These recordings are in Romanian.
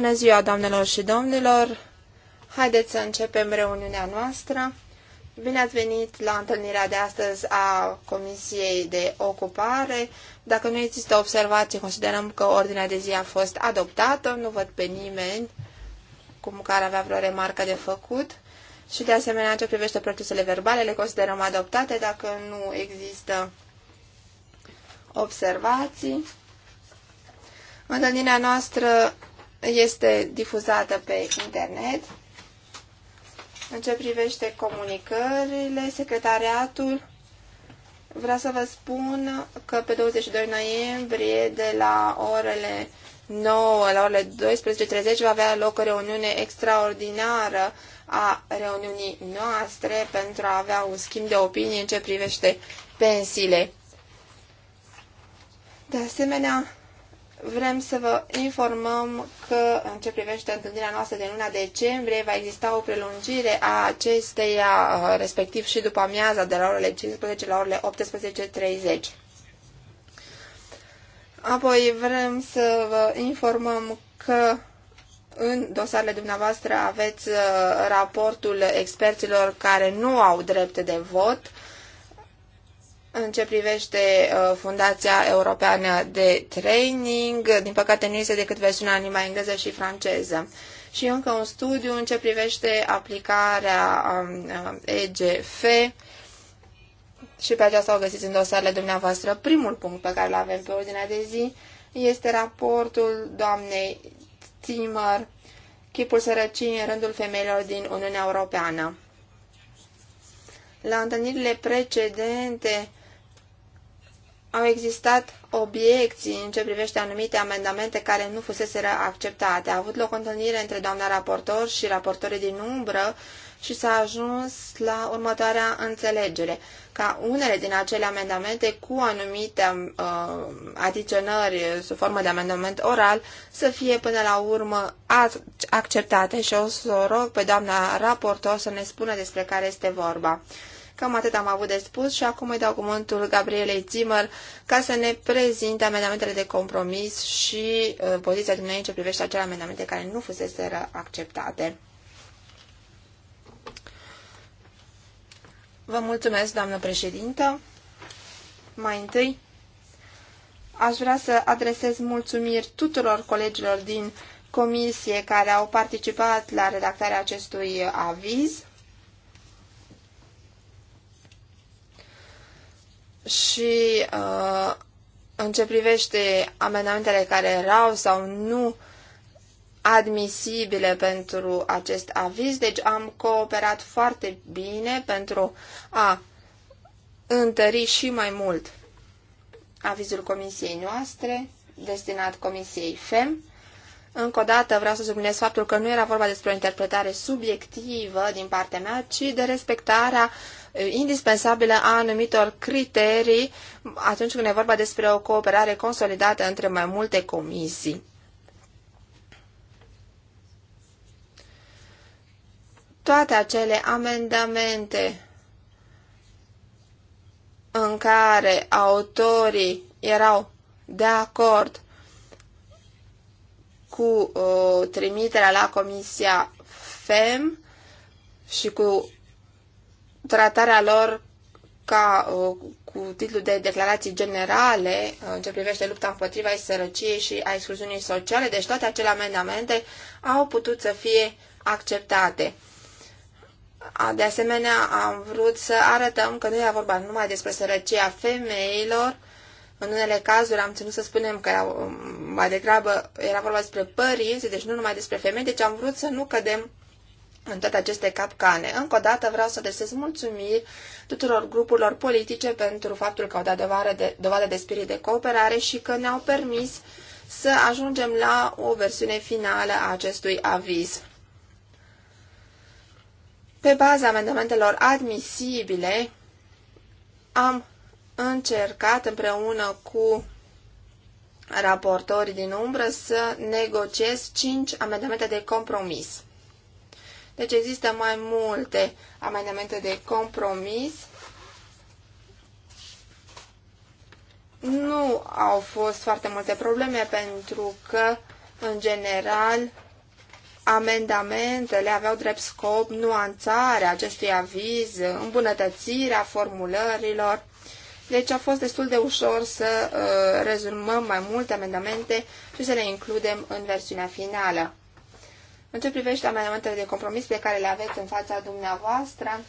Bună ziua, doamnelor și domnilor! Haideți să începem reuniunea noastră. Bine ați venit la întâlnirea de astăzi a Comisiei de Ocupare. Dacă nu există observații, considerăm că ordinea de zi a fost adoptată. Nu văd pe nimeni cum care avea vreo remarcă de făcut. Și de asemenea, ce privește procesele verbale, le considerăm adoptate dacă nu există observații. Întâlnirea noastră este difuzată pe internet. În ce privește comunicările, secretariatul vrea să vă spun că pe 22 noiembrie de la orele 9 la orele 12.30 va avea loc o reuniune extraordinară a reuniunii noastre pentru a avea un schimb de opinie în ce privește pensiile. De asemenea, Vrem să vă informăm că, în ce privește întâlnirea noastră de luna decembrie, va exista o prelungire a acesteia, uh, respectiv și după amiaza, de la orele 15 la orele 18.30. Apoi vrem să vă informăm că în dosarele dumneavoastră aveți uh, raportul experților care nu au drept de vot în ce privește uh, Fundația Europeană de Training, din păcate nu este decât versiunea în limba engleză și franceză. Și încă un studiu în ce privește aplicarea um, uh, EGF și pe aceasta o găsiți în dosarele dumneavoastră. Primul punct pe care îl avem pe ordinea de zi este raportul doamnei Timmer, chipul sărăcii în rândul femeilor din Uniunea Europeană. La întâlnirile precedente au existat obiecții în ce privește anumite amendamente care nu fuseseră acceptate. A avut loc o întâlnire între doamna raportor și raportorii din umbră și s-a ajuns la următoarea înțelegere, ca unele din acele amendamente cu anumite uh, adiționări sub formă de amendament oral să fie până la urmă acceptate și o să rog pe doamna raportor să ne spună despre care este vorba. Cam atât am avut de spus și acum îi dau cuvântul Gabrielei Zimmer ca să ne prezinte amendamentele de compromis și uh, poziția dumneavoastră ce privește acele amendamente care nu fusese acceptate. Vă mulțumesc, doamnă președintă. Mai întâi, aș vrea să adresez mulțumiri tuturor colegilor din comisie care au participat la redactarea acestui uh, aviz. și uh, în ce privește amendamentele care erau sau nu admisibile pentru acest aviz, deci am cooperat foarte bine pentru a întări și mai mult avizul comisiei noastre, destinat comisiei FEM. Încă o dată vreau să subliniez faptul că nu era vorba despre o interpretare subiectivă din partea mea, ci de respectarea uh, indispensabilă a anumitor criterii atunci când e vorba despre o cooperare consolidată între mai multe comisii. Toate acele amendamente în care autorii erau de acord cu uh, trimiterea la Comisia FEM și cu tratarea lor ca cu titlul de declarații generale uh, în ce privește lupta împotriva sărăciei și a excluziunii sociale, deci toate acele amendamente au putut să fie acceptate. De asemenea, am vrut să arătăm că nu e vorba numai despre sărăcia femeilor, în unele cazuri am ținut să spunem că um, mai degrabă era vorba despre părinți, deci nu numai despre femei, deci am vrut să nu cădem în toate aceste capcane. Încă o dată vreau să desez mulțumiri tuturor grupurilor politice pentru faptul că au dat dovadă de, dovadă de spirit de cooperare și că ne-au permis să ajungem la o versiune finală a acestui aviz. Pe baza amendamentelor admisibile, am încercat împreună cu raportorii din umbră să negociez 5 amendamente de compromis. Deci există mai multe amendamente de compromis. Nu au fost foarte multe probleme pentru că, în general, amendamentele aveau drept scop nuanțarea acestui aviz, îmbunătățirea formulărilor. Deci a fost destul de ușor să uh, rezumăm mai multe amendamente și să le includem în versiunea finală. În ce privește amendamentele de compromis pe care le aveți în fața dumneavoastră,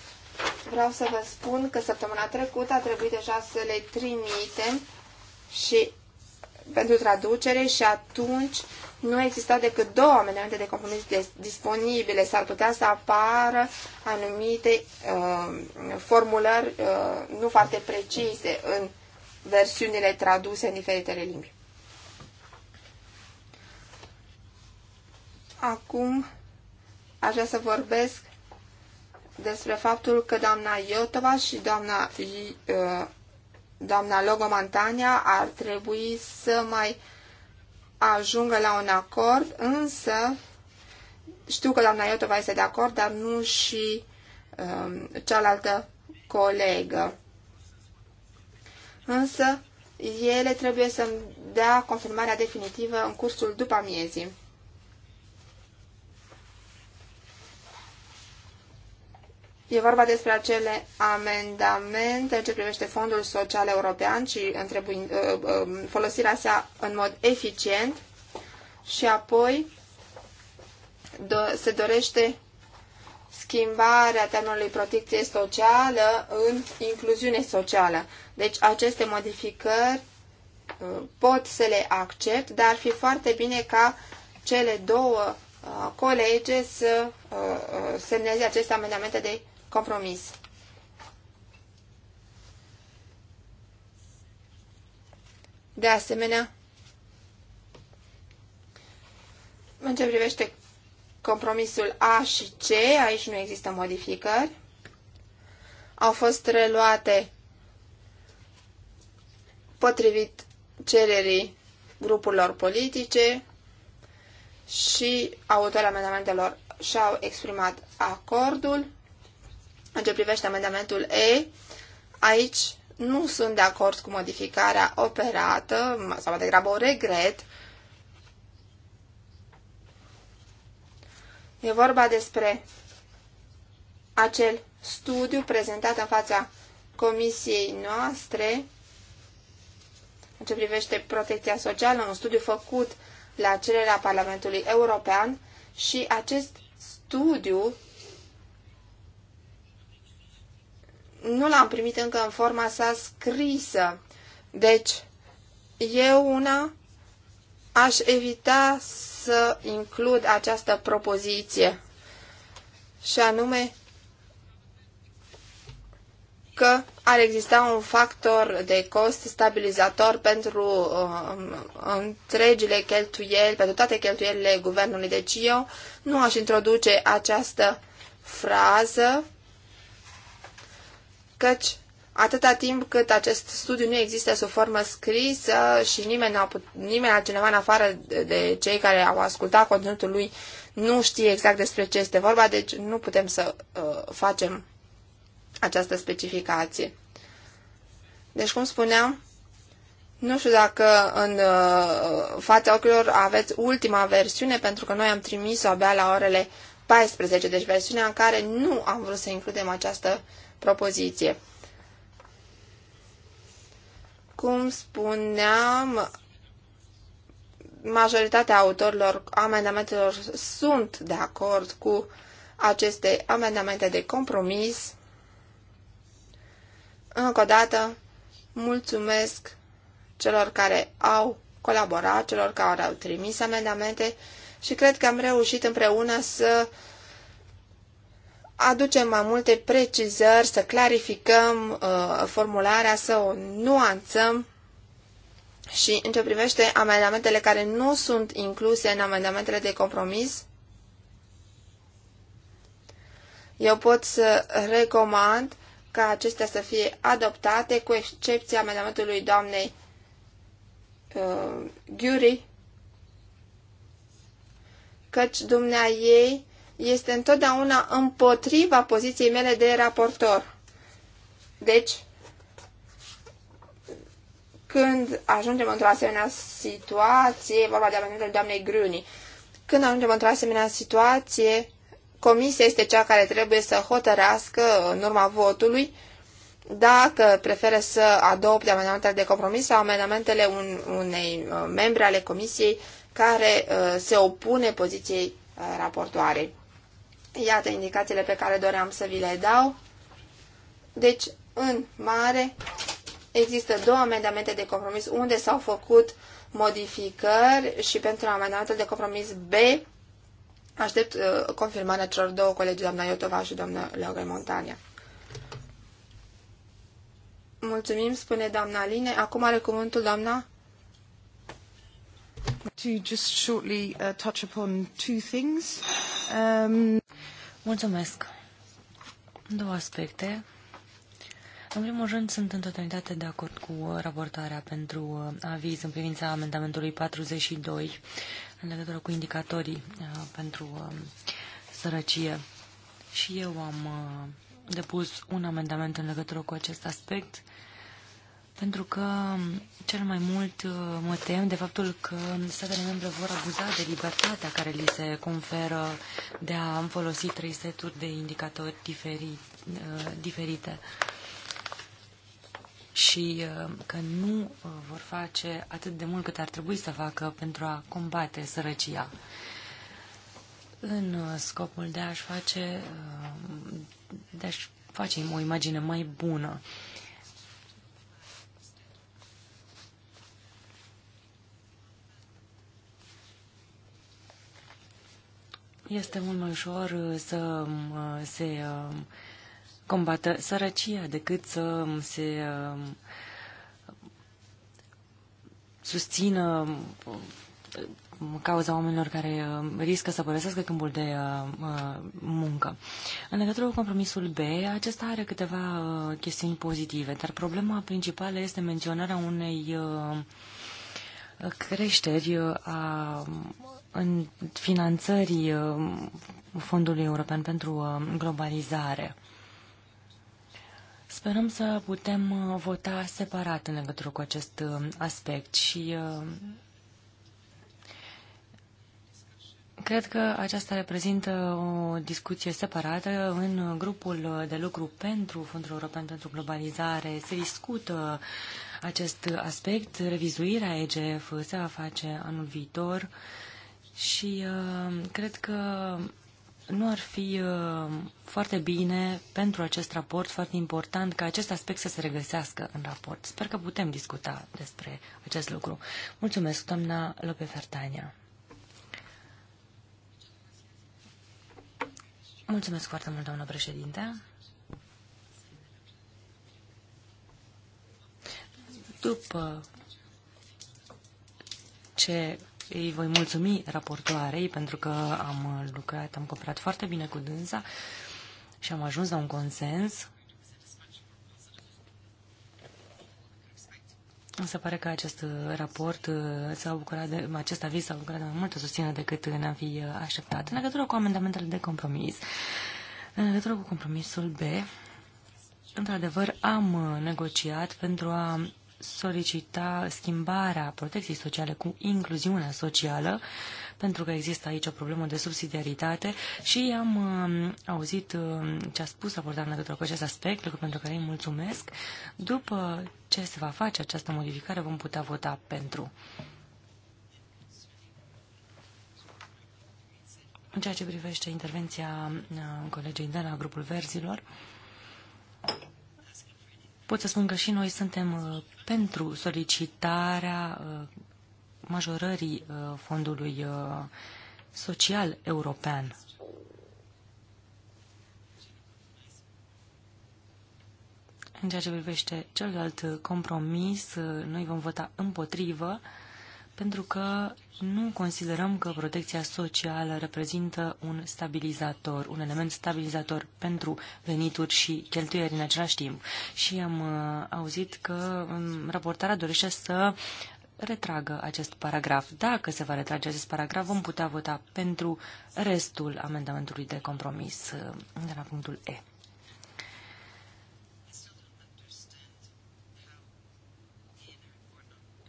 vreau să vă spun că săptămâna trecută a trebuit deja să le trimitem și pentru traducere și atunci nu exista decât două amendamente de compromis disponibile. S-ar putea să apară anumite uh, formulări uh, nu foarte precise în versiunile traduse în diferitele limbi. Acum aș vrea să vorbesc despre faptul că doamna Iotova și doamna, uh, doamna Logomantania ar trebui să mai ajungă la un acord, însă știu că doamna Iotova este de acord, dar nu și um, cealaltă colegă. Însă ele trebuie să-mi dea confirmarea definitivă în cursul după amiezii. E vorba despre acele amendamente în ce privește Fondul Social European și ă, ă, folosirea sa în mod eficient și apoi se dorește schimbarea termenului protecție socială în incluziune socială. Deci aceste modificări ă, pot să le accept, dar ar fi foarte bine ca cele două colege să semneze aceste amendamente de Compromis. De asemenea, în ce privește compromisul A și C, aici nu există modificări. Au fost reluate potrivit cererii grupurilor politice și autorii amendamentelor și-au exprimat acordul. În ce privește amendamentul E, aici nu sunt de acord cu modificarea operată, sau mai degrabă o regret. E vorba despre acel studiu prezentat în fața comisiei noastre în ce privește protecția socială, un studiu făcut la cererea Parlamentului European și acest studiu nu l-am primit încă în forma sa scrisă. Deci, eu una aș evita să includ această propoziție și anume că ar exista un factor de cost stabilizator pentru uh, întregile cheltuieli, pentru toate cheltuielile guvernului. Deci eu nu aș introduce această frază căci atâta timp cât acest studiu nu există sub formă scrisă și nimeni, a put, nimeni altcineva în afară de cei care au ascultat conținutul lui nu știe exact despre ce este vorba, deci nu putem să uh, facem această specificație. Deci, cum spuneam, nu știu dacă în uh, fața ochilor aveți ultima versiune, pentru că noi am trimis-o abia la orele 14, deci versiunea în care nu am vrut să includem această uh, propoziție. Cum spuneam, majoritatea autorilor amendamentelor sunt de acord cu aceste amendamente de compromis. Încă o dată, mulțumesc celor care au colaborat, celor care au trimis amendamente și cred că am reușit împreună să aducem mai multe precizări, să clarificăm uh, formularea, să o nuanțăm și în ce privește amendamentele care nu sunt incluse în amendamentele de compromis, eu pot să recomand ca acestea să fie adoptate, cu excepția amendamentului doamnei uh, Ghiuri, căci dumnea ei este întotdeauna împotriva poziției mele de raportor. Deci, când ajungem într-o asemenea situație, e vorba de amendamentul doamnei Gruni, când ajungem într-o asemenea situație, comisia este cea care trebuie să hotărească în urma votului dacă preferă să adopte amendamentele de compromis sau amendamentele un, unei uh, membre ale comisiei care uh, se opune poziției uh, raportoarei. Iată indicațiile pe care doream să vi le dau. Deci, în mare, există două amendamente de compromis unde s-au făcut modificări și pentru amendamentul de compromis B aștept uh, confirmarea celor două colegi, doamna Iotova și doamna Leogă Montania. Mulțumim, spune doamna Aline. Acum are cuvântul doamna To just shortly uh, touch upon two things. Um... Mulțumesc. Două aspecte. În primul rând, sunt în totalitate de acord cu raportarea pentru uh, aviz în privința amendamentului 42 în legătură cu indicatorii uh, pentru uh, sărăcie. Și eu am depus un amendament în legătură cu acest aspect pentru că cel mai mult uh, mă tem de faptul că statele membre vor abuza de libertatea care li se conferă de a folosi trei seturi de indicatori diferi, uh, diferite și uh, că nu vor face atât de mult cât ar trebui să facă pentru a combate sărăcia. În scopul de a-și face, de a face o imagine mai bună Este mult mai ușor uh, să um, uh, se um, combată sărăcia decât să um, se susțină cauza oamenilor care riscă să părăsească câmpul de uh, muncă. În legătură cu compromisul B, acesta are câteva chestiuni pozitive, dar problema principală este menționarea unei creșteri uh, a în finanțării uh, Fondului European pentru uh, Globalizare. Sperăm să putem vota separat în legătură cu acest aspect și Cred că aceasta reprezintă o discuție separată. În grupul de lucru pentru Fondul European pentru Globalizare se discută uh, acest aspect. Revizuirea EGF se va face anul viitor și uh, cred că nu ar fi uh, foarte bine pentru acest raport, foarte important, ca acest aspect să se regăsească în raport. Sper că putem discuta despre acest lucru. Mulțumesc, doamna Lope Fertania. Mulțumesc foarte mult, doamnă președinte. După ce îi voi mulțumi raportoarei pentru că am lucrat, am cooperat foarte bine cu dânsa și am ajuns la un consens. Se pare că acest raport uh, s-a bucurat de, acest aviz s-a bucurat de mai multă susținere decât ne-am fi uh, așteptat. În legătură cu amendamentele de compromis, în legătură cu compromisul B, într-adevăr am uh, negociat pentru a solicita schimbarea protecției sociale cu incluziunea socială, pentru că există aici o problemă de subsidiaritate și am uh, auzit uh, ce a spus abordat în legătură cu acest aspect, lucru pentru care îi mulțumesc. După ce se va face această modificare, vom putea vota pentru. În ceea ce privește intervenția uh, colegei de la grupul verzilor, pot să spun că și noi suntem uh, pentru solicitarea uh, majorării uh, fondului social european. În ceea ce privește celălalt compromis, noi vom vota împotrivă pentru că nu considerăm că protecția socială reprezintă un stabilizator, un element stabilizator pentru venituri și cheltuieli în același timp. Și am uh, auzit că um, raportarea dorește să retragă acest paragraf. Dacă se va retrage acest paragraf, vom putea vota pentru restul amendamentului de compromis uh, de la punctul E.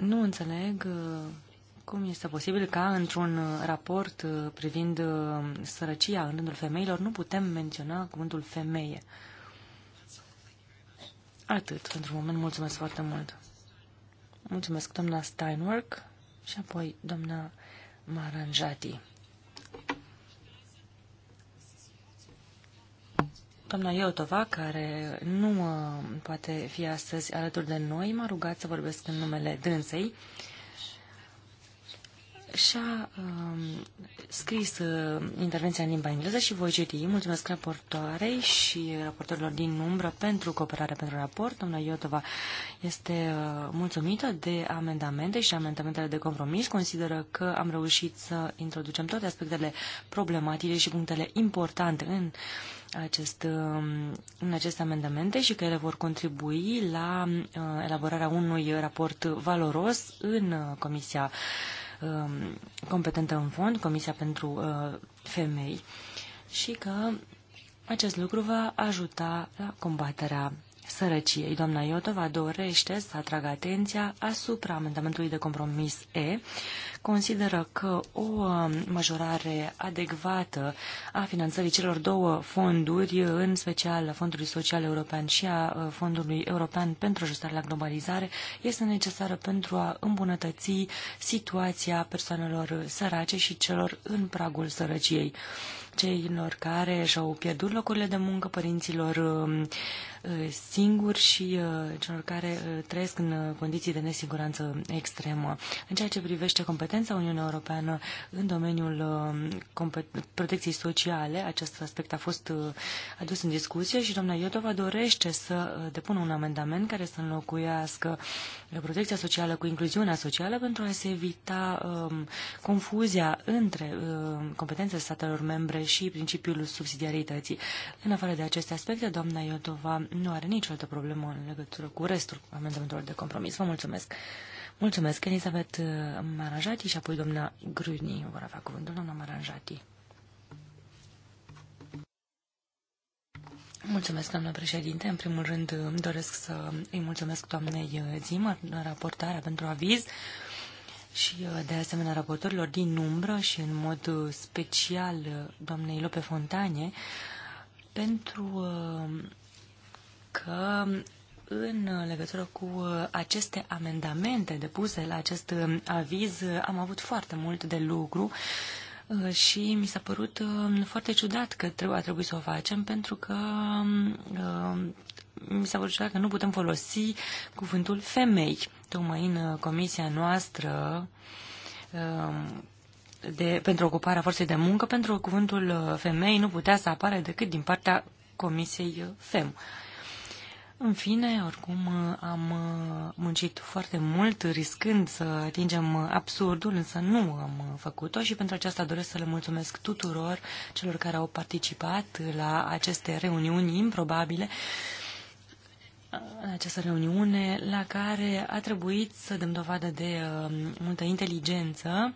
Nu înțeleg uh, cum este posibil ca într-un uh, raport uh, privind sărăcia în rândul femeilor nu putem menționa cuvântul femeie. Atât. Pentru moment, mulțumesc foarte mult. Mulțumesc, doamna Steinwerk și apoi doamna Maranjati. Doamna Iotova, care nu uh, poate fi astăzi alături de noi, m-a rugat să vorbesc în numele dânsei și-a um, scris uh, intervenția în limba engleză și voi citi. Mulțumesc raportoarei și raportorilor din umbră pentru cooperare pentru raport. Doamna Iotova este uh, mulțumită de amendamente și amendamentele de compromis. Consideră că am reușit să introducem toate aspectele problematice și punctele importante în uh, acest, um, în aceste amendamente și că ele vor contribui la uh, elaborarea unui raport valoros în uh, Comisia um, competentă în fond, Comisia pentru uh, Femei, și că acest lucru va ajuta la combaterea sărăciei. Doamna Iotova dorește să atragă atenția asupra amendamentului de compromis E. Consideră că o um, majorare adecvată a finanțării celor două fonduri, în special a Fondului Social European și a uh, Fondului European pentru ajustare la globalizare, este necesară pentru a îmbunătăți situația persoanelor sărace și celor în pragul sărăciei. Celor care și-au pierdut locurile de muncă, părinților um, Eh, singuri și eh, celor care eh, trăiesc în condiții de nesiguranță extremă. În ceea ce privește competența Uniunii Europeană în domeniul protecției sociale, acest aspect a fost adus în discuție și doamna Iotova dorește să depună un amendament care să înlocuiască protecția socială cu incluziunea socială pentru a se evita um, confuzia între um, competențele statelor membre și principiul subsidiarității. În afară de aceste aspecte, doamna Iotova nu are nicio altă problemă în legătură cu restul amendamentelor de compromis. Vă mulțumesc. Mulțumesc, Elisabeth uh, Maranjati și apoi doamna Gruni vor avea cuvântul, doamna Maranjati. Mulțumesc, doamnă președinte. În primul rând îmi doresc să îi mulțumesc doamnei Zimă, raportarea pentru aviz și uh, de asemenea raportorilor din umbră și în mod uh, special doamnei Lope Fontane pentru că în legătură cu aceste amendamente depuse la acest aviz am avut foarte mult de lucru uh, și mi s-a părut um, foarte ciudat că a trebuit să o facem pentru că um, uh, mi s-a părut ciudat că nu putem folosi cuvântul femei. Tocmai în uh, comisia noastră um, de, pentru ocuparea forței de muncă, pentru cuvântul femei nu putea să apare decât din partea comisiei FEM. Uh, în fine, oricum am uh, muncit foarte mult riscând să atingem absurdul, însă nu am făcut-o și pentru aceasta doresc să le mulțumesc tuturor celor care au participat la aceste reuniuni improbabile în această reuniune la care a trebuit să dăm dovadă de um, multă inteligență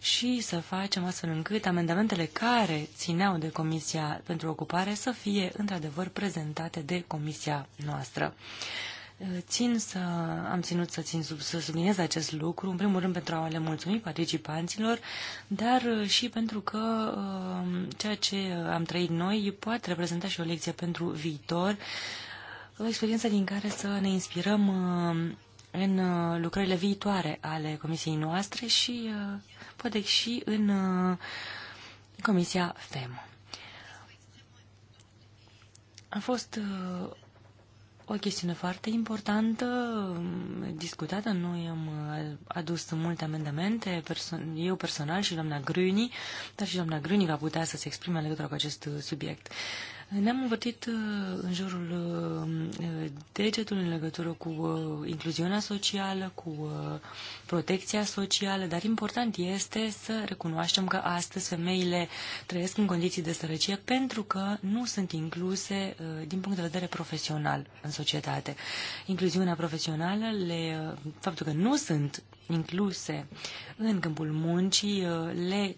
și să facem astfel încât amendamentele care țineau de Comisia pentru Ocupare să fie într-adevăr prezentate de Comisia noastră. Țin să, am ținut să, țin sub, să subliniez acest lucru, în primul rând pentru a le mulțumi participanților, dar și pentru că um, ceea ce am trăit noi poate reprezenta și o lecție pentru viitor, o experiență din care să ne inspirăm uh, în uh, lucrările viitoare ale comisiei noastre și uh, poate și în comisia FEM. A fost o chestiune foarte importantă, um, discutată. Noi am adus multe amendamente, perso- eu personal și doamna Grâni, dar și doamna Grâni va putea să se exprime legătură cu acest subiect. Uh, ne-am învățit uh, în jurul uh, degetului în legătură cu uh, incluziunea socială, cu protecția socială, dar important este să recunoaștem că astăzi femeile trăiesc în condiții de sărăcie pentru că nu sunt incluse din punct de vedere profesional în societate. Incluziunea profesională, le, faptul că nu sunt incluse în câmpul muncii, le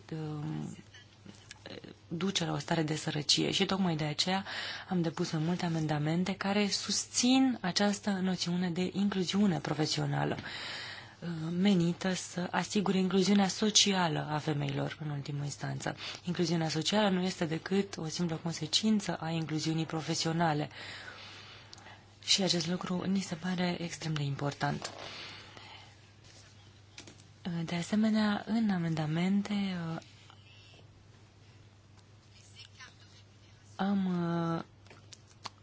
duce la o stare de sărăcie și tocmai de aceea am depus în multe amendamente care susțin această noțiune de incluziune profesională uh, menită să asigure incluziunea socială a femeilor în ultimă instanță. Incluziunea socială nu este decât o simplă consecință a incluziunii profesionale și acest lucru ni se pare extrem de important. Uh, de asemenea, în amendamente uh, am uh,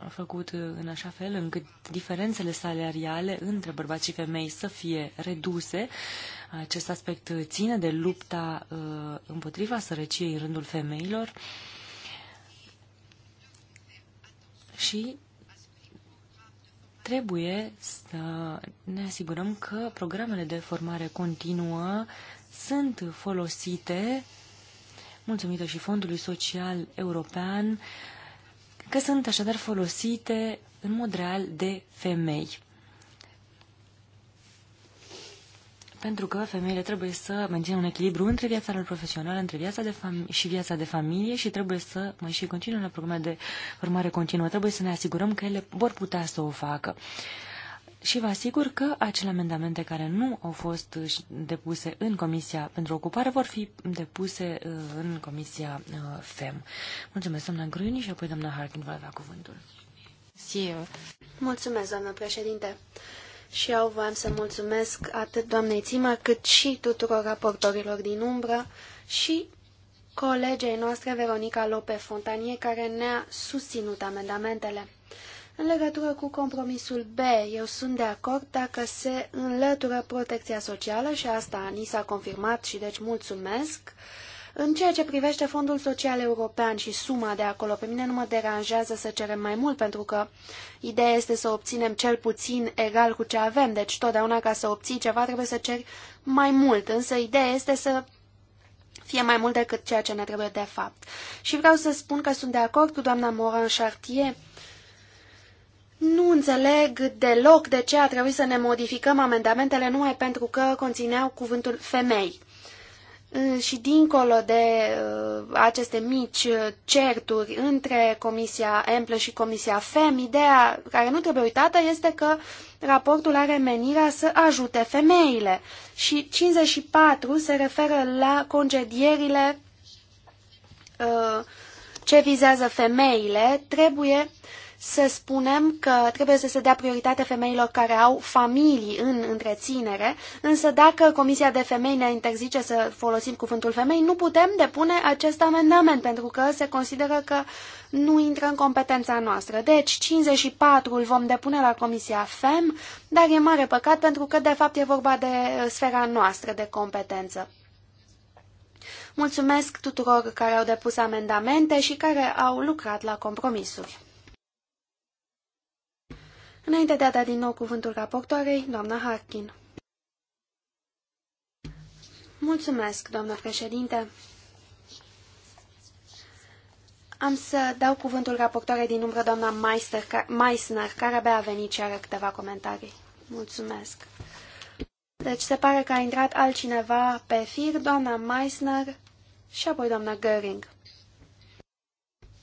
făcut uh, în așa fel încât diferențele salariale între bărbați și femei să fie reduse. Acest aspect ține de lupta uh, împotriva sărăciei în rândul femeilor și trebuie să ne asigurăm că programele de formare continuă sunt folosite mulțumită și Fondului Social European, că sunt așadar folosite în mod real de femei. Pentru că femeile trebuie să mențină un echilibru între viața lor profesională, între viața de și viața de familie și trebuie să mai și continuă la programe de formare continuă. Trebuie să ne asigurăm că ele vor putea să o facă. Uh, și vă asigur că acele amendamente care nu au fost depuse în Comisia pentru Ocupare vor fi depuse uh, în Comisia uh, FEM. Mulțumesc, doamna Gruni, și apoi doamna Harkin va avea cuvântul. Mulțumesc, doamnă președinte. Și eu voiam să mulțumesc atât doamnei Țima, cât și tuturor raportorilor din umbră și colegei noastre, Veronica Lope Fontanie, care ne-a susținut amendamentele. În legătură cu compromisul B, eu sunt de acord dacă se înlătură protecția socială și asta ni s-a confirmat și deci mulțumesc. În ceea ce privește Fondul Social European și suma de acolo, pe mine nu mă deranjează să cerem mai mult, pentru că ideea este să obținem cel puțin egal cu ce avem, deci totdeauna ca să obții ceva trebuie să ceri mai mult, însă ideea este să fie mai mult decât ceea ce ne trebuie de fapt. Și vreau să spun că sunt de acord cu doamna Moran Chartier, nu înțeleg deloc de ce a trebuit să ne modificăm amendamentele numai pentru că conțineau cuvântul femei. Și dincolo de uh, aceste mici uh, certuri între Comisia Emplă și Comisia FEM, ideea care nu trebuie uitată este că raportul are menirea să ajute femeile și 54 se referă la concedierile uh, ce vizează femeile, trebuie uh, să spunem că trebuie să se dea prioritate femeilor care au familii în întreținere, însă dacă Comisia de Femei ne interzice să folosim cuvântul femei, nu putem depune acest amendament, pentru că se consideră că nu intră în competența noastră. Deci, 54-ul vom depune la Comisia FEM, dar e mare păcat pentru că, de fapt, e vorba de uh, sfera noastră de competență. Mulțumesc tuturor care au depus amendamente și care au lucrat la compromisuri. Înainte de a da din nou cuvântul raportoarei, doamna Harkin. Mulțumesc, doamna președinte. Am să dau cuvântul raportoarei din umbră, doamna Meister, ca, Meissner, care abia a venit și are câteva comentarii. Mulțumesc. Deci se pare că a intrat altcineva pe fir, doamna Meissner și apoi doamna Göring.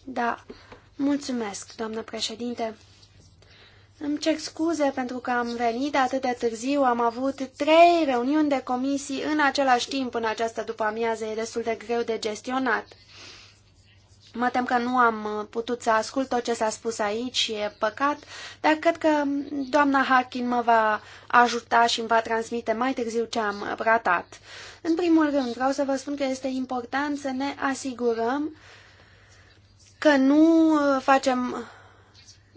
Da, mulțumesc, doamnă președinte. Îmi cer scuze pentru că am venit atât de târziu, am avut trei reuniuni de comisii în același timp în această după-amiază, e destul de greu de gestionat. Mă tem că nu am putut să ascult tot ce s-a spus aici și e păcat, dar cred că doamna Harkin mă va ajuta și îmi va transmite mai târziu ce am ratat. În primul rând, vreau să vă spun că este important să ne asigurăm că nu facem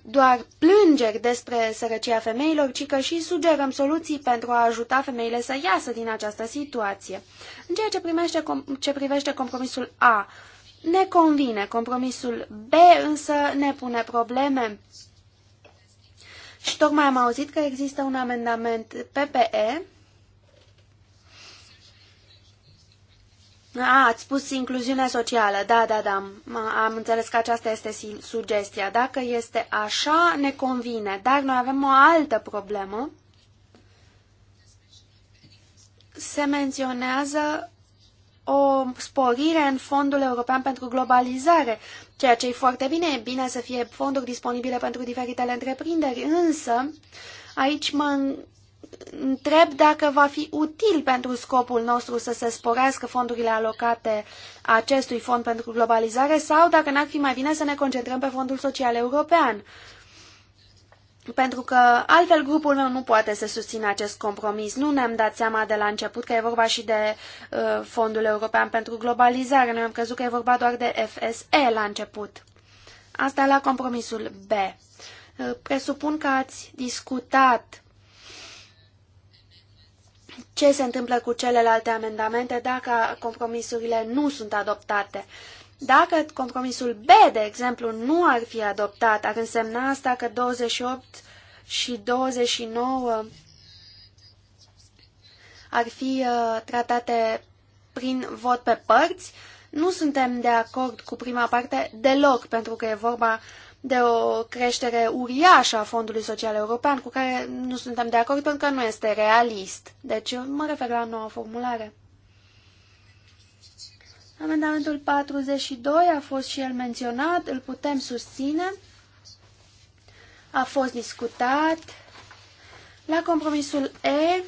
doar plângeri despre sărăcia femeilor, ci că și sugerăm soluții pentru a ajuta femeile să iasă din această situație. În ceea ce, primește, ce privește compromisul A, ne convine. Compromisul B însă ne pune probleme. Și tocmai am auzit că există un amendament PPE A, ați spus incluziunea socială. Da, da, da. Am înțeles că aceasta este sugestia. Dacă este așa, ne convine. Dar noi avem o altă problemă. Se menționează o sporire în Fondul European pentru Globalizare, ceea ce e foarte bine, e bine să fie fonduri disponibile pentru diferitele întreprinderi, însă aici mă întreb dacă va fi util pentru scopul nostru să se sporească fondurile alocate acestui fond pentru globalizare sau dacă n-ar fi mai bine să ne concentrăm pe Fondul Social European. Pentru că altfel grupul meu nu poate să susțină acest compromis. Nu ne-am dat seama de la început că e vorba și de uh, Fondul European pentru Globalizare. Noi am crezut că e vorba doar de FSE la început. Asta la compromisul B. Uh, presupun că ați discutat ce se întâmplă cu celelalte amendamente dacă compromisurile nu sunt adoptate. Dacă compromisul B, de exemplu, nu ar fi adoptat, ar însemna asta că 28 și 29 ar fi uh, tratate prin vot pe părți. Nu suntem de acord cu prima parte deloc, pentru că e vorba de o creștere uriașă a Fondului Social European, cu care nu suntem de acord pentru că nu este realist. Deci eu mă refer la noua formulare. Amendamentul 42 a fost și el menționat, îl putem susține, a fost discutat. La compromisul E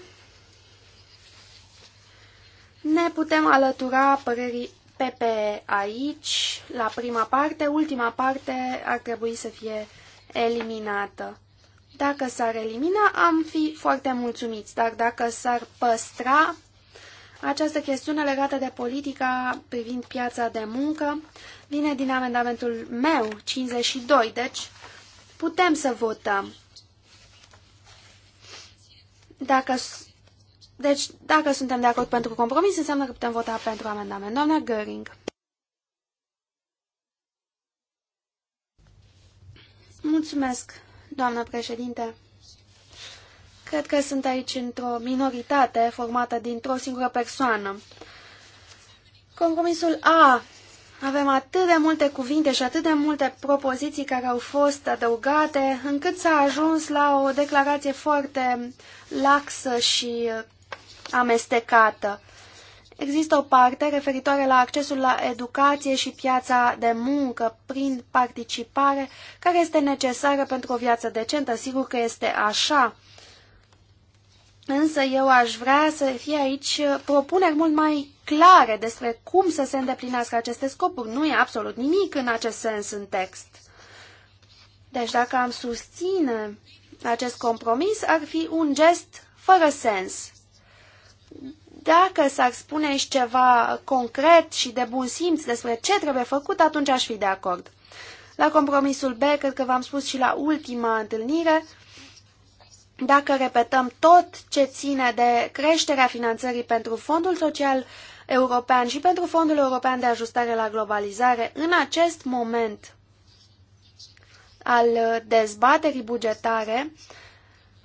ne putem alătura părerii PP aici, la prima parte, ultima parte ar trebui să fie eliminată. Dacă s-ar elimina, am fi foarte mulțumiți, dar dacă s-ar păstra această chestiune legată de politica privind piața de muncă vine din amendamentul meu, 52, deci putem să votăm. Dacă deci, dacă suntem de acord pentru compromis, înseamnă că putem vota pentru amendament. Doamna Göring. Mulțumesc, doamnă președinte. Cred că sunt aici într-o minoritate formată dintr-o singură persoană. Compromisul A. Avem atât de multe cuvinte și atât de multe propoziții care au fost adăugate, încât s-a ajuns la o declarație foarte laxă și amestecată. Există o parte referitoare la accesul la educație și piața de muncă prin participare, care este necesară pentru o viață decentă. Sigur că este așa. Însă eu aș vrea să fie aici propuneri mult mai clare despre cum să se îndeplinească aceste scopuri. Nu e absolut nimic în acest sens în text. Deci dacă am susține acest compromis, ar fi un gest fără sens. Dacă s-ar spune și ceva concret și de bun simț despre ce trebuie făcut, atunci aș fi de acord. La compromisul B, cred că v-am spus și la ultima întâlnire, dacă repetăm tot ce ține de creșterea finanțării pentru Fondul Social European și pentru Fondul European de Ajustare la Globalizare, în acest moment al dezbaterii bugetare, uh,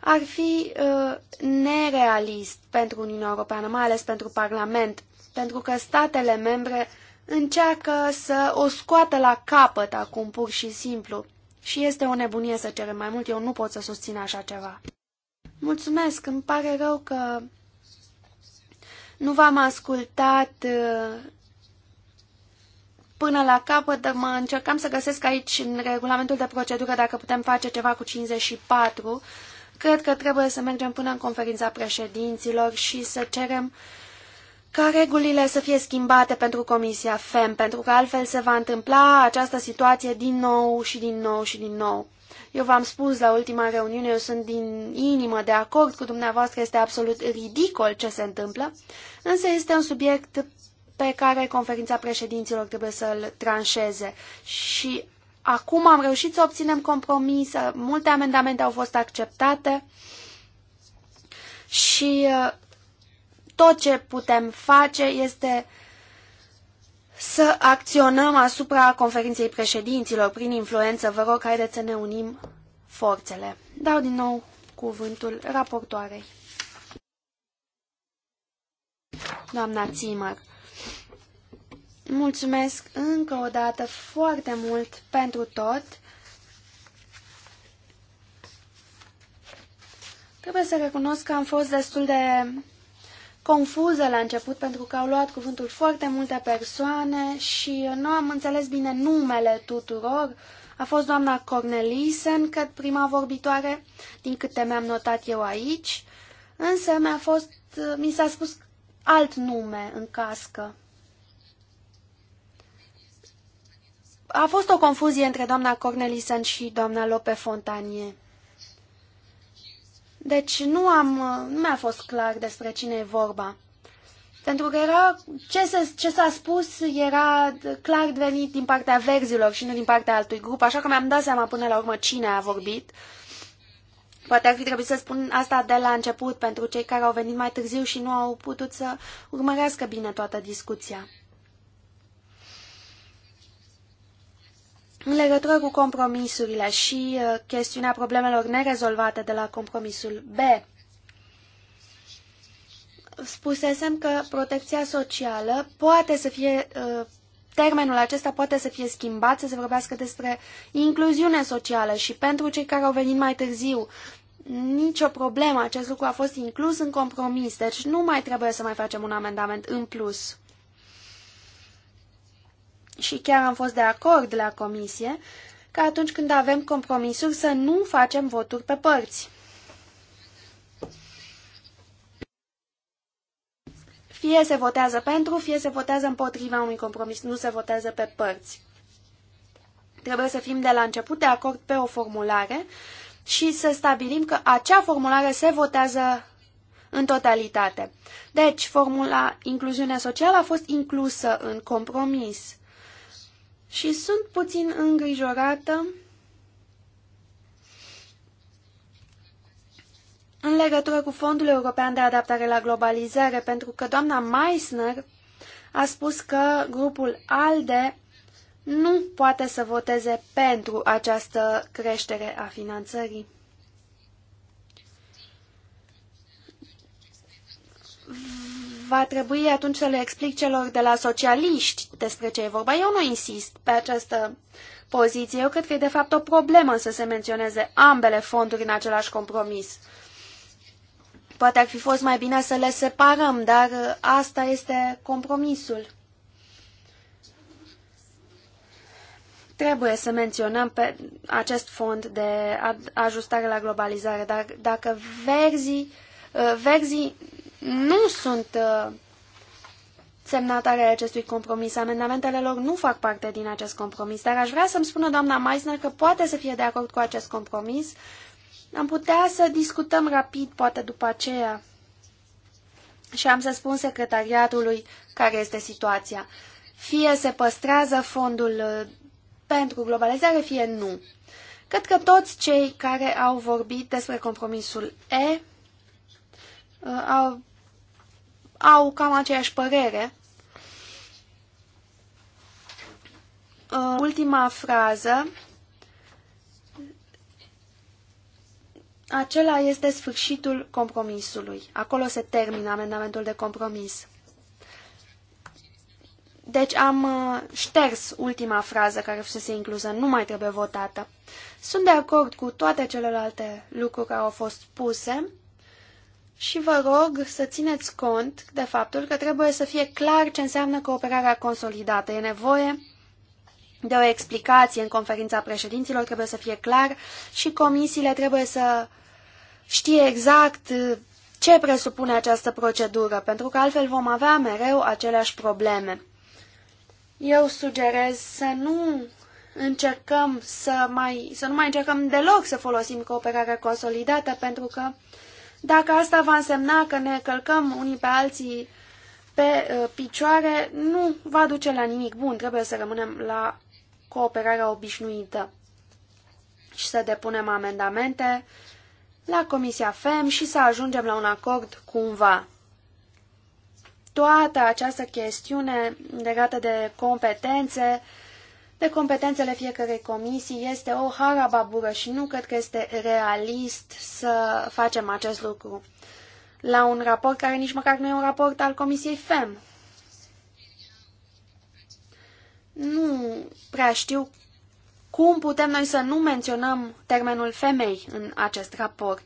ar fi uh, nerealist pentru Uniunea Europeană, mai ales pentru Parlament, pentru că statele membre încearcă să o scoată la capăt acum pur și simplu. Și este o nebunie să cerem mai mult, eu nu pot să susțin așa ceva. Mulțumesc, îmi pare rău că nu v-am ascultat uh, până la capăt, dar mă încercam să găsesc aici în regulamentul de procedură dacă putem face ceva cu 54, Cred că trebuie să mergem până în conferința președinților și să cerem ca regulile să fie schimbate pentru Comisia FEM, pentru că altfel se va întâmpla această situație din nou și din nou și din nou. Eu v-am spus la ultima reuniune, eu sunt din inimă de acord cu dumneavoastră, este absolut ridicol ce se întâmplă, însă este un subiect pe care conferința președinților trebuie să-l tranșeze și Acum am reușit să obținem compromis, multe amendamente au fost acceptate și uh, tot ce putem face este să acționăm asupra conferinței președinților prin influență. Vă rog, haideți să ne unim forțele. Dau din nou cuvântul raportoarei. Doamna Țimăr, Mulțumesc încă o dată foarte mult pentru tot. Trebuie să recunosc că am fost destul de confuză la început pentru că au luat cuvântul foarte multe persoane și nu am înțeles bine numele tuturor. A fost doamna Cornelisen, cât prima vorbitoare, din câte mi-am notat eu aici, însă mi-a fost, mi s-a spus alt nume în cască. a fost o confuzie între doamna Cornelison și doamna Lope Fontanie. Deci nu am, nu mi-a fost clar despre cine e vorba. Pentru că era, ce s-a spus era clar venit din partea verzilor și nu din partea altui grup, așa că mi-am dat seama până la urmă cine a vorbit. Poate ar fi trebuit să spun asta de la început pentru cei care au venit mai târziu și nu au putut să urmărească bine toată discuția. În legătură cu compromisurile și uh, chestiunea problemelor nerezolvate de la compromisul B, spusesem că protecția socială poate să fie, uh, termenul acesta poate să fie schimbat, să se vorbească despre incluziune socială și pentru cei care au venit mai târziu, nicio problemă, acest lucru a fost inclus în compromis, deci nu mai trebuie să mai facem un amendament în plus și chiar am fost de acord la comisie că atunci când avem compromisuri să nu facem voturi pe părți. Fie se votează pentru, fie se votează împotriva unui compromis, nu se votează pe părți. Trebuie să fim de la început de acord pe o formulare și să stabilim că acea formulare se votează în totalitate. Deci, formula incluziune socială a fost inclusă în compromis și sunt puțin îngrijorată în legătură cu Fondul European de Adaptare la Globalizare, pentru că doamna Meissner a spus că grupul ALDE nu poate să voteze pentru această creștere a finanțării va trebui atunci să le explic celor de la socialiști despre ce e vorba. Eu nu insist pe această poziție. Eu cred că e de fapt o problemă să se menționeze ambele fonduri în același compromis. Poate ar fi fost mai bine să le separăm, dar asta este compromisul. Trebuie să menționăm pe acest fond de ajustare la globalizare, dar dacă verzii, verzii nu sunt uh, semnatare acestui compromis. Amendamentele lor nu fac parte din acest compromis, dar aș vrea să-mi spună doamna Meisner că poate să fie de acord cu acest compromis. Am putea să discutăm rapid, poate după aceea. Și am să spun secretariatului care este situația. Fie se păstrează fondul uh, pentru globalizare, fie nu. Cred că toți cei care au vorbit despre compromisul E uh, au au cam aceeași părere. Uh, ultima frază. Acela este sfârșitul compromisului. Acolo se termină amendamentul de compromis. Deci am uh, șters ultima frază care fusese inclusă, nu mai trebuie votată. Sunt de acord cu toate celelalte lucruri care au fost puse și vă rog să țineți cont de faptul că trebuie să fie clar ce înseamnă cooperarea consolidată. E nevoie de o explicație în conferința președinților, trebuie să fie clar și comisiile trebuie să știe exact ce presupune această procedură, pentru că altfel vom avea mereu aceleași probleme. Eu sugerez să nu încercăm să mai, să nu mai încercăm deloc să folosim cooperarea consolidată, pentru că uh, dacă asta va însemna că ne călcăm unii pe alții pe uh, picioare, nu va duce la nimic bun. Trebuie să rămânem la cooperarea obișnuită și să depunem amendamente la Comisia FEM și să ajungem la un acord cumva. Toată această chestiune legată de competențe de competențele fiecărei comisii este o harababură și nu cred că este realist să facem acest lucru la un raport care nici măcar nu e un raport al Comisiei FEM. Nu prea știu cum putem noi să nu menționăm termenul femei în acest raport.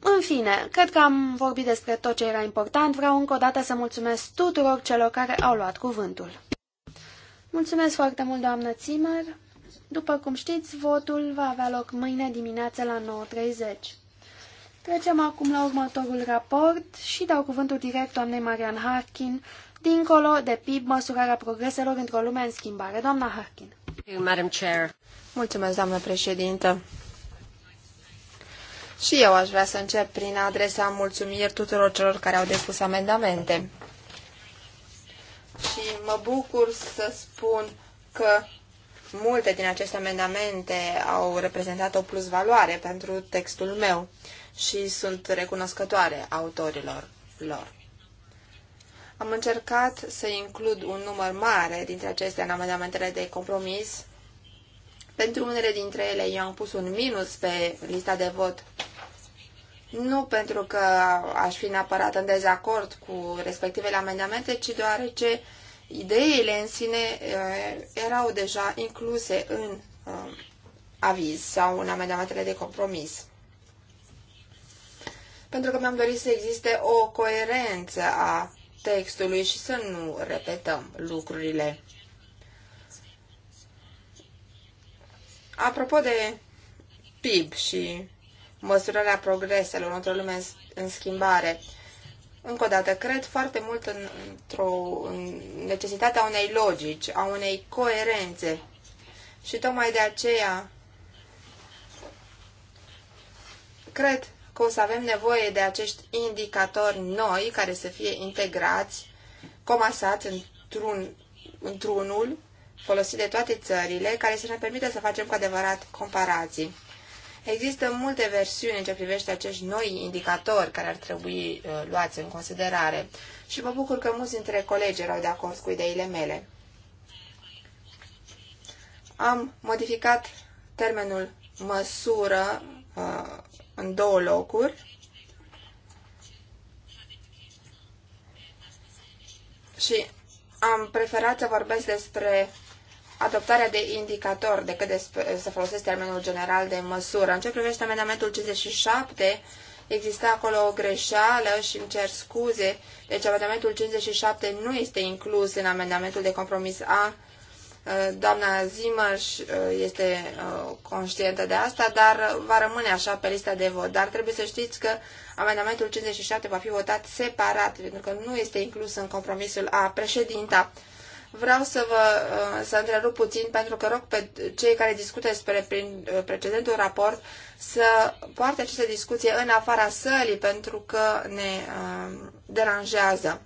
În fine, cred că am vorbit despre tot ce era important. Vreau încă o dată să mulțumesc tuturor celor care au luat cuvântul. Mulțumesc foarte mult, doamnă Zimmer. După cum știți, votul va avea loc mâine dimineață la 9.30. Trecem acum la următorul raport și dau cuvântul direct doamnei Marian Harkin, dincolo de PIB, măsurarea progreselor într-o lume în schimbare. Doamna Harkin. Mulțumesc, doamnă președintă. Și eu aș vrea să încep prin adresa mulțumiri tuturor celor care au depus amendamente și mă bucur să spun că multe din aceste amendamente au reprezentat o plusvaloare pentru textul meu și sunt recunoscătoare autorilor lor. Am încercat să includ un număr mare dintre acestea în amendamentele de compromis. Pentru unele dintre ele eu am pus un minus pe lista de vot nu pentru că aș fi neapărat în dezacord cu respectivele amendamente, ci deoarece ideile în sine eh, erau deja incluse în eh, aviz sau în amendamentele de compromis. Pentru că mi-am dorit să existe o coerență a textului și să nu repetăm lucrurile. Apropo de PIB și măsurarea progreselor într-o lume în schimbare. Încă o dată, cred foarte mult în, într-o în necesitatea unei logici, a unei coerențe. Și tocmai de aceea cred că o să avem nevoie de acești indicatori noi care să fie integrați, comasați într-un, într-unul folosit de toate țările, care să ne permită să facem cu adevărat comparații. Există multe versiuni în ce privește acești noi indicatori care ar trebui uh, luați în considerare și mă bucur că mulți dintre colegi erau de acord cu ideile mele. Am modificat termenul măsură uh, în două locuri și am preferat să vorbesc despre adoptarea de indicator decât de, să folosesc termenul general de măsură. În ce privește amendamentul 57, exista acolo o greșeală și îmi cer scuze, deci amendamentul 57 nu este inclus în amendamentul de compromis A. Uh, doamna Zimăș uh, este uh, conștientă de asta, dar va rămâne așa pe lista de vot. Dar trebuie să știți că amendamentul 57 va fi votat separat, pentru că nu este inclus în compromisul A. Președinta Vreau să vă uh, să întrerup puțin pentru că rog pe cei care discută despre prin uh, precedentul raport să poarte această discuție în afara sălii pentru că ne uh, deranjează.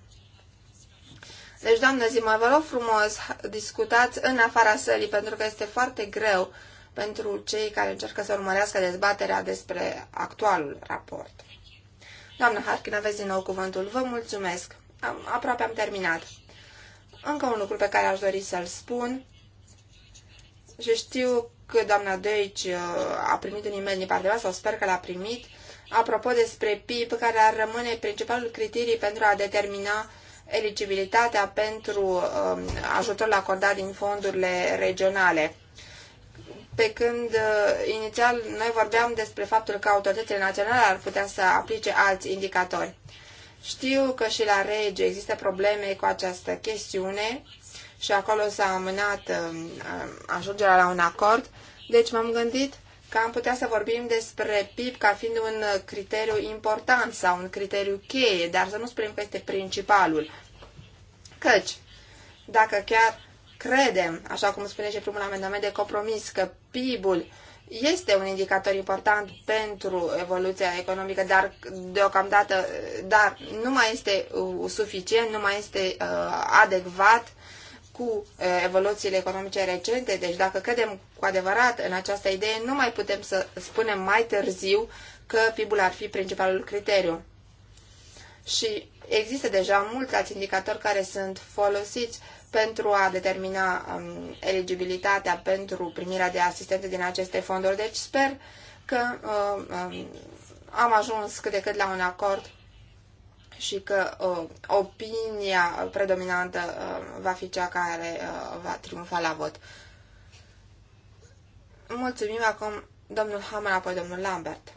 Deci, doamnă Zima, vă rog frumos, discutați în afara sălii pentru că este foarte greu pentru cei care încercă să urmărească dezbaterea despre actualul raport. Doamnă Harkin, aveți din nou cuvântul. Vă mulțumesc. Am, aproape am terminat. Încă un lucru pe care aș dori să-l spun și știu că doamna Deici uh, a primit un e-mail din partea mea sau sper că l-a primit apropo despre PIB care ar rămâne principalul criteriu pentru a determina eligibilitatea pentru um, ajutorul acordat din fondurile regionale. Pe când uh, inițial noi vorbeam despre faptul că autoritățile naționale ar putea să aplice alți indicatori. Știu că și la rege există probleme cu această chestiune și acolo s-a amânat um, um, ajungerea la un acord, deci m-am gândit că am putea să vorbim despre PIB ca fiind un criteriu important sau un criteriu cheie, dar să nu spunem că este principalul. Căci, dacă chiar credem, așa cum spune și primul amendament de compromis, că PIB-ul este un indicator important pentru evoluția economică, dar deocamdată dar nu mai este uh, suficient, nu mai este uh, adecvat cu uh, evoluțiile economice recente. Deci dacă credem cu adevărat în această idee, nu mai putem să spunem mai târziu că PIB-ul ar fi principalul criteriu. Și există deja mulți alți indicatori care sunt folosiți pentru a determina um, eligibilitatea pentru primirea de asistente din aceste fonduri. Deci sper că uh, um, am ajuns cât de cât la un acord și că uh, opinia predominantă uh, va fi cea care uh, va triumfa la vot. Mulțumim acum domnul Hammer, apoi domnul Lambert.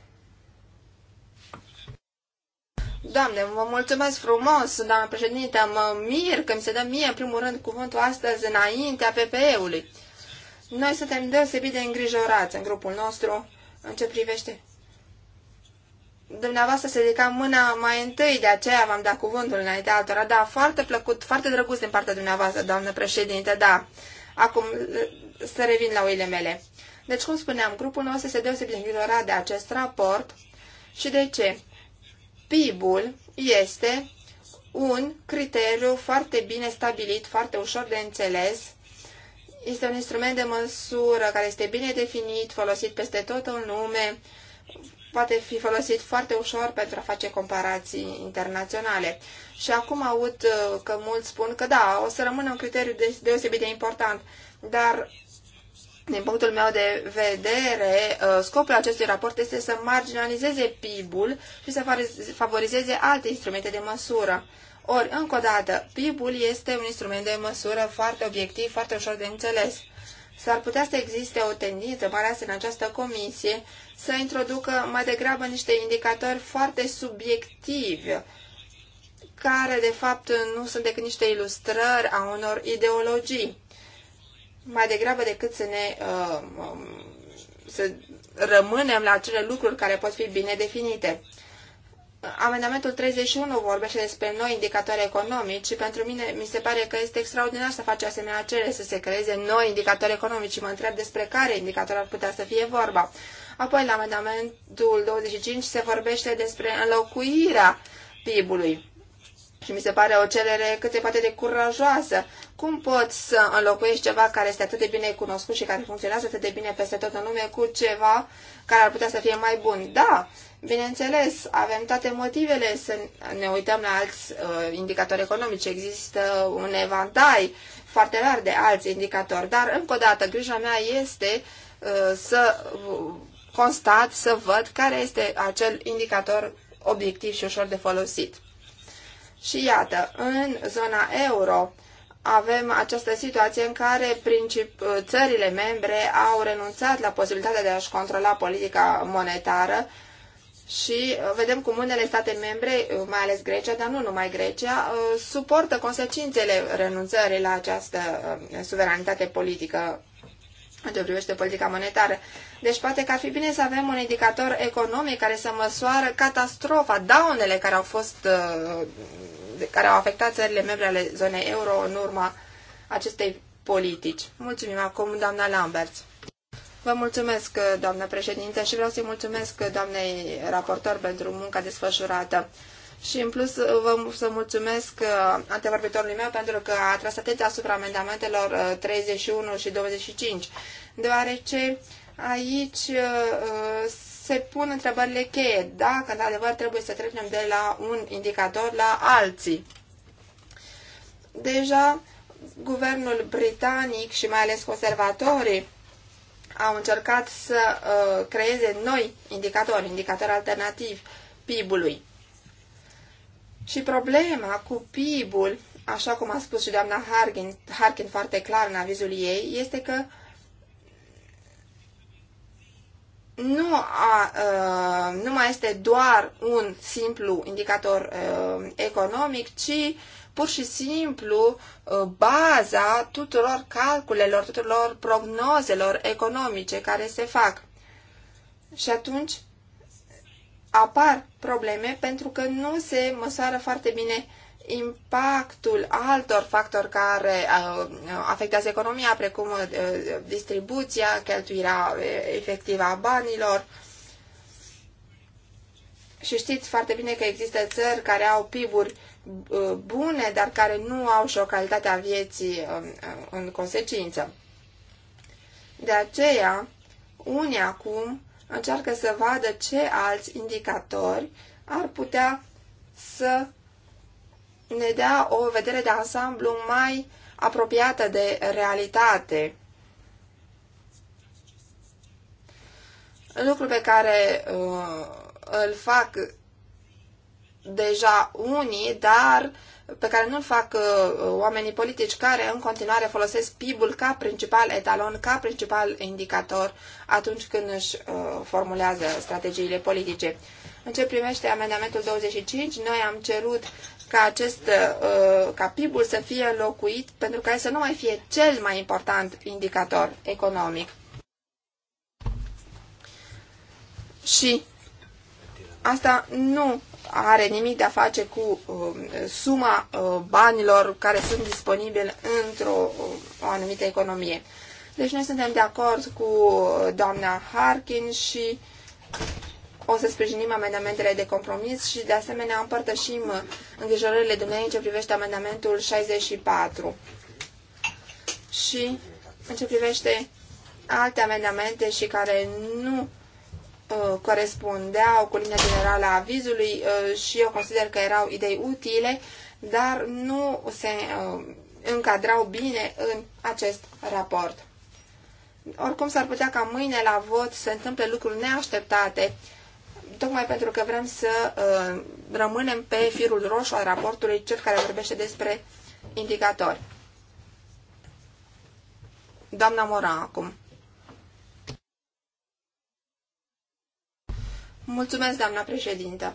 Doamne, vă mulțumesc frumos, doamna președinte, mă mir că mi se dă mie, în primul rând, cuvântul astăzi înaintea PPE-ului. Noi suntem deosebit de îngrijorați în grupul nostru în ce privește. Dumneavoastră se dedica mâna mai întâi, de aceea v-am dat cuvântul înaintea altora. Da, foarte plăcut, foarte drăguț din partea dumneavoastră, doamnă președinte, da. Acum să revin la oile mele. Deci, cum spuneam, grupul nostru se deosebit de îngrijorat de acest raport și de ce? PIB-ul este un criteriu foarte bine stabilit, foarte ușor de înțeles. Este un instrument de măsură care este bine definit, folosit peste tot în lume, poate fi folosit foarte ușor pentru a face comparații internaționale. Și acum aud uh, că mulți spun că da, o să rămână un criteriu deosebit de important, dar din punctul meu de vedere, uh, scopul acestui raport este să marginalizeze PIB-ul și să favorizeze alte instrumente de măsură. Ori, încă o dată, PIB-ul este un instrument de măsură foarte obiectiv, foarte ușor de înțeles. S-ar putea să existe o tendință, mai ales în această comisie, să introducă mai degrabă niște indicatori foarte subiectivi, care de fapt nu sunt decât niște ilustrări a unor ideologii mai degrabă decât să ne uh, um, să rămânem la acele lucruri care pot fi bine definite. Amendamentul 31 vorbește despre noi indicatori economici și pentru mine mi se pare că este extraordinar să faci asemenea cere să se creeze noi indicatori economici și mă întreb despre care indicator ar putea să fie vorba. Apoi, la amendamentul 25 se vorbește despre înlocuirea PIB-ului. Și mi se pare o cerere cât se poate de curajoasă. Cum poți să înlocuiești ceva care este atât de bine cunoscut și care funcționează atât de bine peste tot în lume cu ceva care ar putea să fie mai bun? Da, bineînțeles, avem toate motivele să ne uităm la alți uh, indicatori economici. Există un evantai foarte rar de alți indicatori, dar încă o dată grija mea este uh, să constat, să văd care este acel indicator obiectiv și ușor de folosit. Și iată, în zona euro avem această situație în care princip, uh, țările membre au renunțat la posibilitatea de a-și controla politica monetară și uh, vedem cum unele state membre, uh, mai ales Grecia, dar nu numai Grecia, suportă consecințele renunțării la această suveranitate politică în ce privește politica monetară. Deci poate că ar fi bine să avem un indicator economic care să măsoară catastrofa, daunele care au fost, uh, care au afectat țările membre ale zonei euro în urma acestei politici. Mulțumim acum, doamna Lambert. Vă mulțumesc, doamnă președinte, și vreau să-i mulțumesc doamnei raportor pentru munca desfășurată. Și în plus vă să mulțumesc uh, antevorbitorului meu pentru că a tras atenția asupra amendamentelor 31 uh, și 25, deoarece aici uh, se pun întrebările cheie, dacă într-adevăr trebuie să trecem de la un indicator la alții. Deja guvernul britanic și mai ales conservatorii au încercat să uh, creeze noi indicatori, indicatori alternativi PIB-ului. Și problema cu PIB-ul, așa cum a spus și doamna Harkin, Harkin foarte clar în avizul ei, este că nu, a, uh, nu mai este doar un simplu indicator uh, economic, ci pur și simplu uh, baza tuturor calculelor, tuturor prognozelor economice care se fac. Și atunci apar probleme pentru că nu se măsoară foarte bine impactul altor factori care uh, afectează economia, precum uh, distribuția, cheltuirea uh, efectivă a banilor. Și știți foarte bine că există țări care au PIB-uri bune, dar care nu au și o calitate a vieții în consecință. De aceea, unii acum încearcă să vadă ce alți indicatori ar putea să ne dea o vedere de ansamblu mai apropiată de realitate. Lucru pe care uh, îl fac deja unii, dar pe care nu-l fac uh, oamenii politici care în continuare folosesc PIB-ul ca principal etalon, ca principal indicator atunci când își uh, formulează strategiile politice. În ce primește amendamentul 25, noi am cerut ca acest uh, ca PIB-ul să fie înlocuit pentru ca să nu mai fie cel mai important indicator economic. Și asta nu are nimic de a face cu uh, suma uh, banilor care sunt disponibili într-o uh, anumită economie. Deci noi suntem de acord cu uh, doamna Harkin și o să sprijinim amendamentele de compromis și de asemenea împărtășim uh, îngrijorările dumneavoastră în ce privește amendamentul 64. Și în ce privește alte amendamente și care nu Uh, corespundeau cu linia generală a avizului uh, și eu consider că erau idei utile, dar nu se uh, încadrau bine în acest raport. Oricum s-ar putea ca mâine la vot să întâmple lucruri neașteptate, tocmai pentru că vrem să uh, rămânem pe firul roșu al raportului, cel care vorbește despre indicatori. Doamna Mora acum. Mulțumesc, doamna președintă.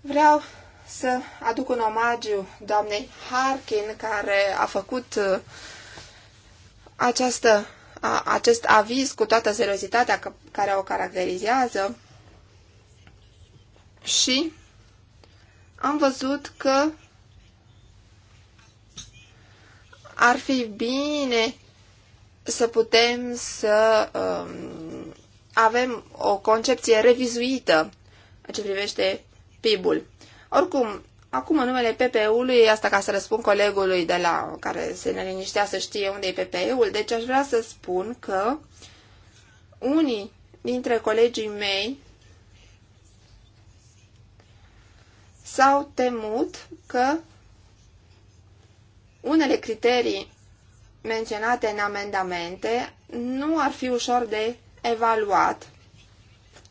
Vreau să aduc un omagiu doamnei Harkin, care a făcut uh, această, a, acest aviz cu toată seriozitatea care o caracterizează și am văzut că ar fi bine să putem să um, avem o concepție revizuită în ce privește PIB-ul. Oricum, acum în numele PPE-ului, asta ca să răspund colegului de la care se ne liniștea să știe unde e PPE-ul, deci aș vrea să spun că unii dintre colegii mei s-au temut că unele criterii menționate în amendamente nu ar fi ușor de evaluat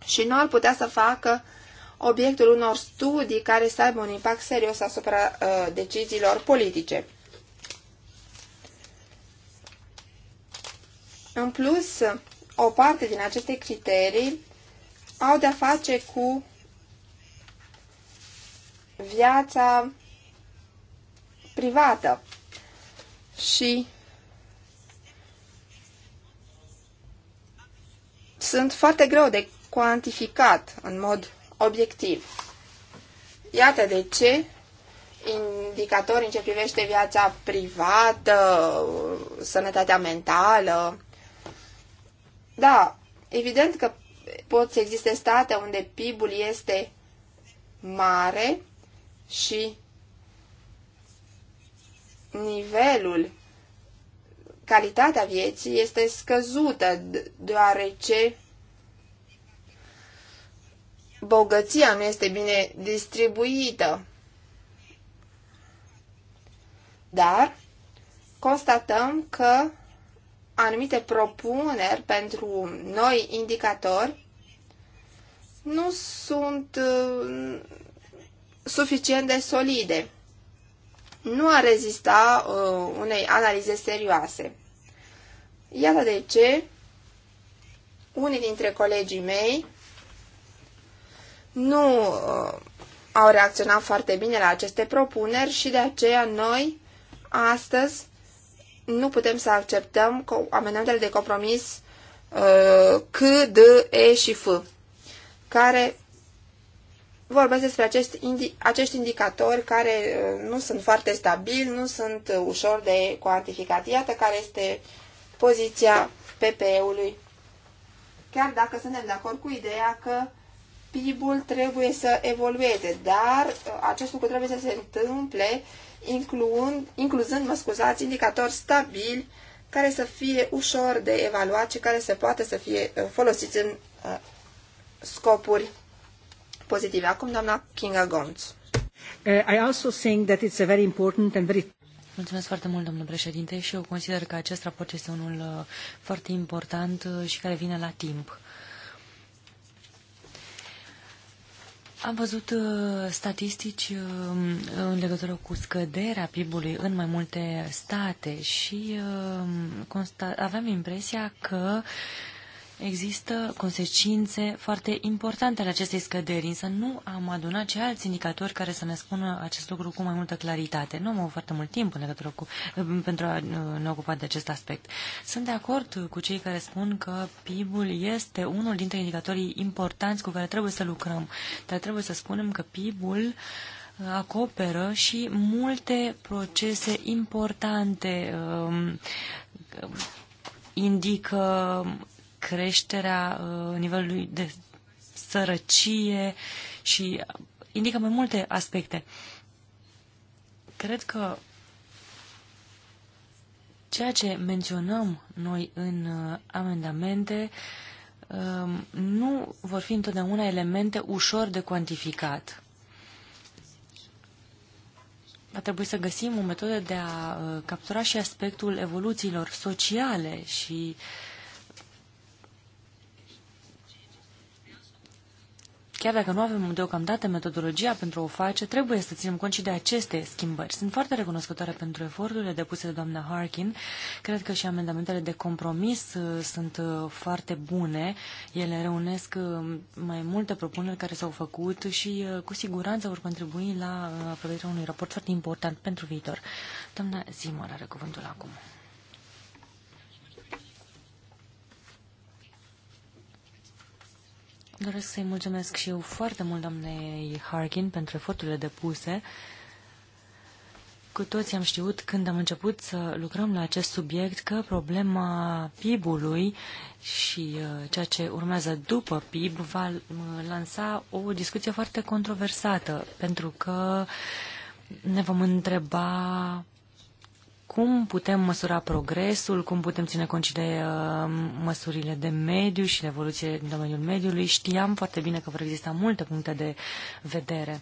și nu ar putea să facă obiectul unor studii care să aibă un impact serios asupra uh, deciziilor politice. În plus, o parte din aceste criterii au de-a face cu viața privată și sunt foarte greu de cuantificat în mod obiectiv. Iată de ce indicatori în ce privește viața privată, sănătatea mentală. Da, evident că pot să existe state unde PIB-ul este mare și nivelul, calitatea vieții este scăzută, deoarece bogăția nu este bine distribuită. Dar constatăm că anumite propuneri pentru noi indicatori nu sunt uh, suficient de solide. Nu a rezista uh, unei analize serioase. Iată de ce unii dintre colegii mei nu uh, au reacționat foarte bine la aceste propuneri și de aceea noi astăzi nu putem să acceptăm amendamentele de compromis uh, C, D, E și F, care vorbesc despre acest indi- acești indicatori care uh, nu sunt foarte stabili, nu sunt ușor de cuantificat. Iată care este poziția PPE-ului. Chiar dacă suntem de acord cu ideea că PIB-ul trebuie să evolueze, dar uh, acest lucru trebuie să se întâmple incluând, incluzând, mă scuzați, indicatori stabili care să fie ușor de evaluat și care să poată să fie uh, folosiți în uh, scopuri pozitive. Acum, doamna Kinga Gonț. I also think that it's a very important and very Mulțumesc foarte mult, domnule președinte, și eu consider că acest raport este unul foarte important și care vine la timp. Am văzut uh, statistici uh, în legătură cu scăderea PIB-ului în mai multe state și uh, Aveam impresia că uh, există consecințe foarte importante ale acestei scăderi, însă nu am adunat ce alți indicatori care să ne spună acest lucru cu mai multă claritate. Nu am avut foarte mult timp în legătură cu, pentru a uh, ne ocupa de acest aspect. Sunt de acord cu cei care spun că PIB-ul este unul dintre indicatorii importanți cu care trebuie să lucrăm, dar trebuie să spunem că PIB-ul uh, acoperă și multe procese importante, um, indică creșterea uh, nivelului de sărăcie și indică mai multe aspecte. Cred că ceea ce menționăm noi în uh, amendamente um, nu vor fi întotdeauna elemente ușor de cuantificat. Va trebui să găsim o metodă de a uh, captura și aspectul evoluțiilor sociale și uh, Chiar dacă nu avem deocamdată metodologia pentru a o face, trebuie să ținem cont și de aceste schimbări. Sunt foarte recunoscătoare pentru eforturile depuse de doamna Harkin. Cred că și amendamentele de compromis uh, sunt uh, foarte bune. Ele reunesc uh, mai multe propuneri care s-au făcut și cu siguranță vor contribui la aprovierea unui raport foarte important pentru viitor. Doamna Zimor are cuvântul acum. Doresc să-i mulțumesc și eu foarte mult doamnei Harkin pentru eforturile depuse. Cu toți am știut când am început să lucrăm la acest subiect că problema PIB-ului și uh, ceea ce urmează după PIB va uh, lansa o discuție foarte controversată, pentru că ne vom întreba cum putem măsura progresul, cum putem ține cont de uh, măsurile de mediu și de evoluție din domeniul mediului? Știam foarte bine că vor exista multe puncte de vedere.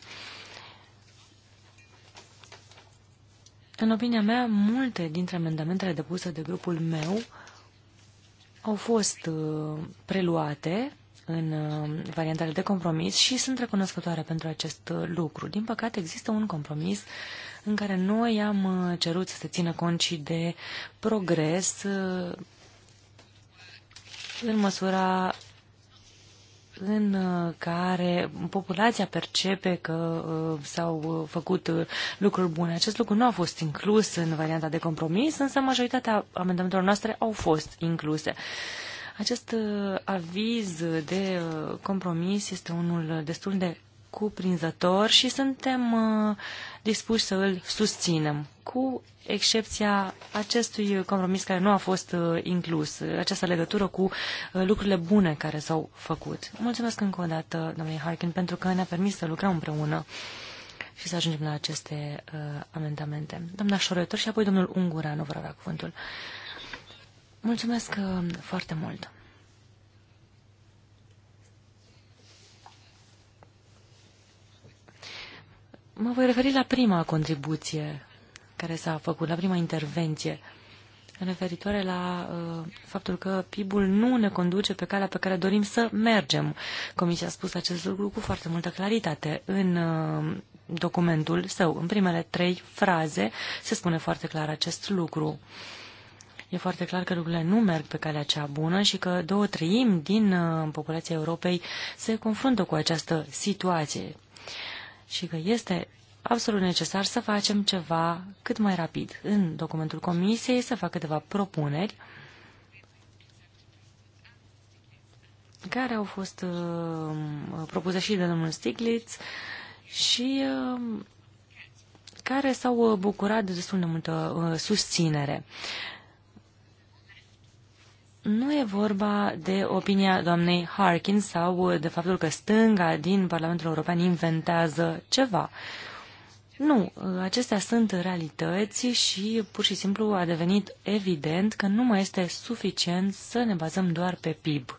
În opinia mea, multe dintre amendamentele depuse de grupul meu au fost uh, preluate în uh, variantele de compromis și sunt recunoscătoare pentru acest uh, lucru. Din păcate, există un compromis în care noi am uh, cerut să se țină cont și de progres uh, în măsura în uh, care populația percepe că s-au făcut lucruri bune. Acest lucru nu a fost inclus în varianta de compromis, însă majoritatea amendamentelor noastre au fost incluse. Acest aviz de compromis este unul destul de cuprinzător și suntem uh, dispuși să îl susținem, cu excepția acestui compromis care nu a fost uh, inclus, această legătură cu uh, lucrurile bune care s-au făcut. Mulțumesc încă o dată, domnului Harkin, pentru că ne-a permis să lucrăm împreună și să ajungem la aceste uh, amendamente. Doamna Șorător și apoi domnul nu vor avea cuvântul. Mulțumesc uh, foarte mult! Mă voi referi la prima contribuție care s-a făcut, la prima intervenție, referitoare la uh, faptul că PIB-ul nu ne conduce pe calea pe care dorim să mergem. Comisia a spus acest lucru cu foarte multă claritate. În uh, documentul său, în primele trei fraze, se spune foarte clar acest lucru. E foarte clar că lucrurile nu merg pe calea cea bună și că două treimi din uh, populația Europei se confruntă cu această situație. Uh, și că este absolut necesar să facem ceva cât mai rapid. În documentul comisiei să fac câteva propuneri care au fost uh, propuse și de domnul Stiglitz și uh, care s-au uh, bucurat de destul de multă uh, susținere. Uh, nu e vorba de opinia doamnei Harkin sau de faptul că stânga din Parlamentul European inventează ceva. Nu, acestea sunt realități și pur și simplu a devenit evident că nu mai este suficient să ne bazăm doar pe PIB.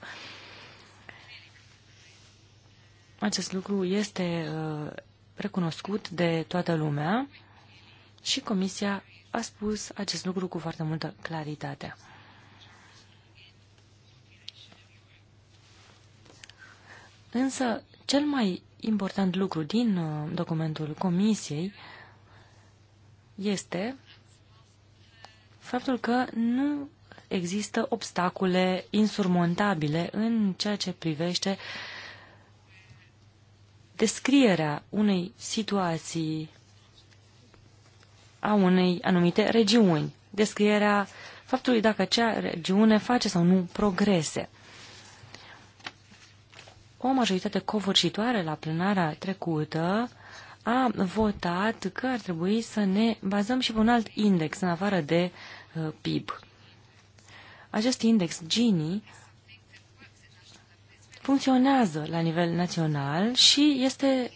Acest lucru este uh, recunoscut de toată lumea și Comisia a spus acest lucru cu foarte multă claritate. Însă, cel mai important lucru din uh, documentul Comisiei este faptul că nu există obstacole insurmontabile în ceea ce privește descrierea unei situații a unei anumite regiuni, descrierea faptului dacă acea regiune face sau nu progrese o majoritate covârșitoare la plenara trecută a votat că ar trebui să ne bazăm și pe un alt index în afară de uh, PIB. Acest index Gini funcționează la nivel național și este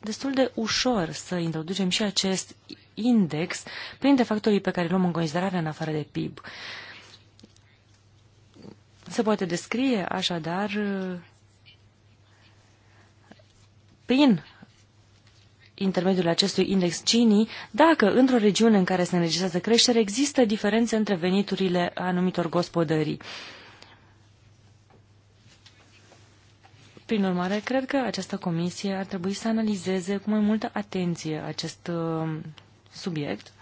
destul de ușor să introducem și acest index printre factorii pe care luăm în considerare în afară de PIB. Uh, se poate descrie așadar uh, prin intermediul acestui index Gini, dacă într-o regiune în care se înregistrează creștere există diferențe între veniturile anumitor gospodării. Prin urmare, cred că această comisie ar trebui să analizeze cu mai multă atenție acest uh, subiect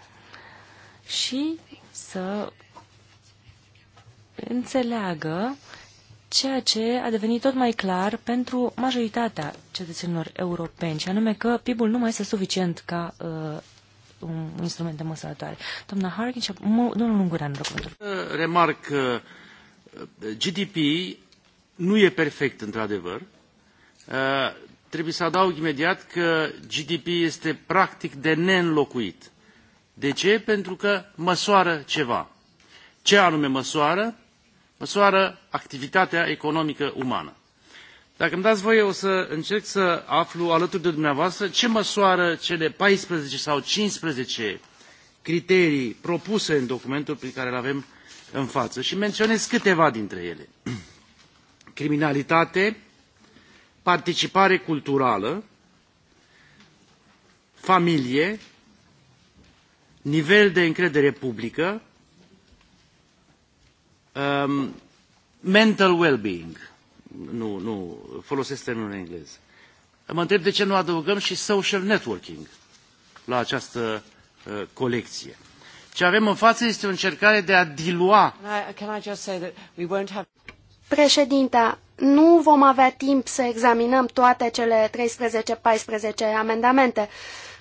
și să înțeleagă ceea ce a devenit tot mai clar pentru majoritatea cetățenilor europeni, și anume că PIB-ul nu mai este suficient ca uh, un instrument de măsurătoare. Doamna Harkin și domnul Ungurean, rog. Remarc că uh, GDP nu e perfect, într-adevăr. Uh, trebuie să adaug imediat că GDP este practic de neînlocuit. De ce? Pentru că măsoară ceva. Ce anume măsoară? măsoară activitatea economică umană. Dacă îmi dați voie, o să încerc să aflu alături de dumneavoastră ce măsoară cele 14 sau 15 criterii propuse în documentul pe care îl avem în față și menționez câteva dintre ele. Criminalitate, participare culturală, familie, nivel de încredere publică, Um, mental well-being. Nu, nu, folosesc termenul în engleză. Mă întreb de ce nu adăugăm și social networking la această uh, colecție. Ce avem în față este o încercare de a dilua... Președinte, nu vom avea timp să examinăm toate cele 13-14 amendamente.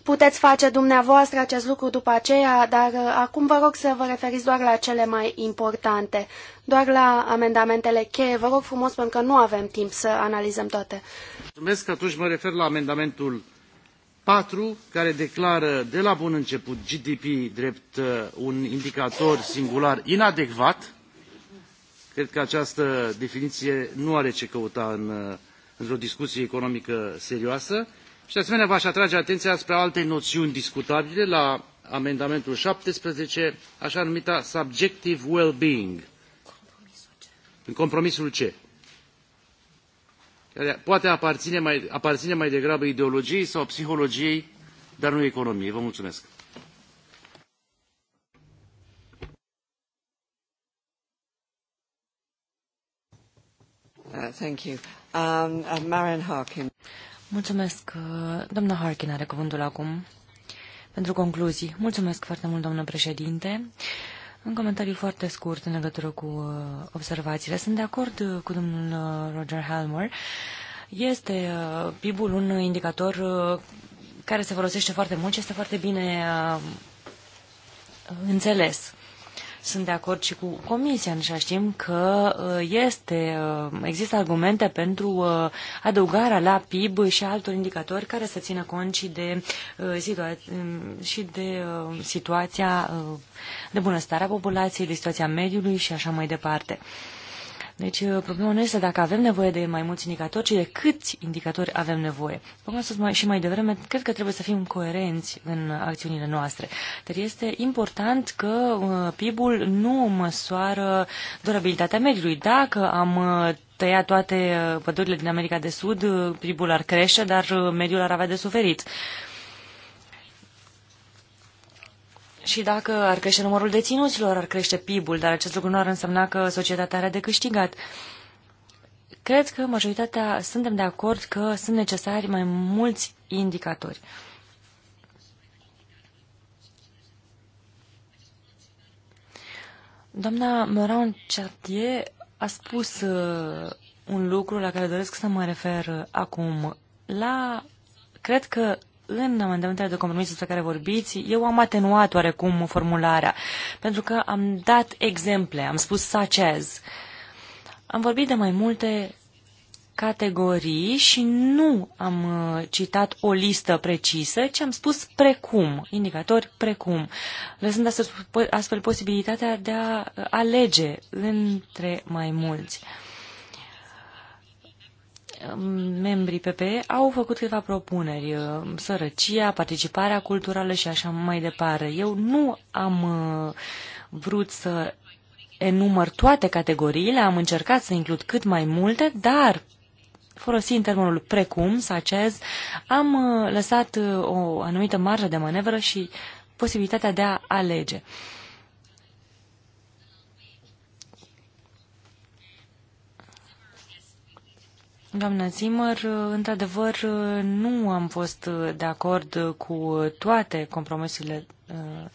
Puteți face dumneavoastră acest lucru după aceea, dar uh, acum vă rog să vă referiți doar la cele mai importante, doar la amendamentele cheie. Vă rog frumos, pentru că nu avem timp să analizăm toate. Mulțumesc, atunci mă refer la amendamentul 4, care declară de la bun început GDP drept uh, un indicator singular inadecvat. Cred că această definiție nu are ce căuta în, uh, într-o discuție economică serioasă și de asemenea v-aș atrage atenția asupra altei noțiuni discutabile la amendamentul 17, așa numita subjective well-being, în compromisul C, care poate aparține mai, aparține mai degrabă ideologiei sau psihologiei, dar nu economiei. Vă mulțumesc. Uh, thank you. Um, uh, Marian Harkin. Mulțumesc. Doamna Harkin are cuvântul acum pentru concluzii. Mulțumesc foarte mult, doamnă președinte. Un comentariu foarte scurt în legătură cu uh, observațiile. Sunt de acord uh, cu domnul uh, Roger Helmer. Este PIB-ul un indicator care se folosește foarte mult și este foarte bine înțeles. Sunt de acord și cu Comisia, și știm că uh, este, uh, există argumente pentru uh, adăugarea la PIB și altor indicatori care să țină cont și de, um, și de situația de bunăstare a populației, de situația mediului și așa mai departe. Deci, uh, problema nu este dacă avem nevoie de mai mulți indicatori, ci de câți indicatori avem nevoie. Cum am spus mai, și mai devreme, cred că trebuie să fim coerenți în acțiunile noastre. Dar este important că uh, PIB-ul nu măsoară durabilitatea mediului. Dacă am uh, tăia toate pădurile din America de Sud, PIB-ul ar crește, dar mediul ar avea de suferit. Uh, Și dacă ar crește numărul deținuților, ar crește PIB-ul, dar acest lucru nu ar însemna că societatea are de câștigat. Cred că majoritatea suntem de acord că sunt necesari mai mulți indicatori. Doamna Moran Chartier a spus uh, un lucru la care doresc să mă refer uh, acum. La, cred că în amendamentele de compromis despre care vorbiți, eu am atenuat oarecum formularea, pentru că am dat exemple, am spus such as. Am vorbit de mai multe categorii și nu am uh, citat o listă precisă, ci am spus precum, indicatori precum, lăsând astfel, posibilitatea de a uh, alege între mai mulți membrii PPE au făcut câteva propuneri, uh, sărăcia, participarea culturală și așa mai departe. Eu nu am uh, vrut să enumăr toate categoriile, am încercat să includ cât mai multe, dar folosind termenul precum, sacez, am uh, lăsat o anumită marjă de manevră și posibilitatea de a alege. Uh, Doamna Zimăr, într-adevăr, nu am fost de acord cu toate compromisurile, uh,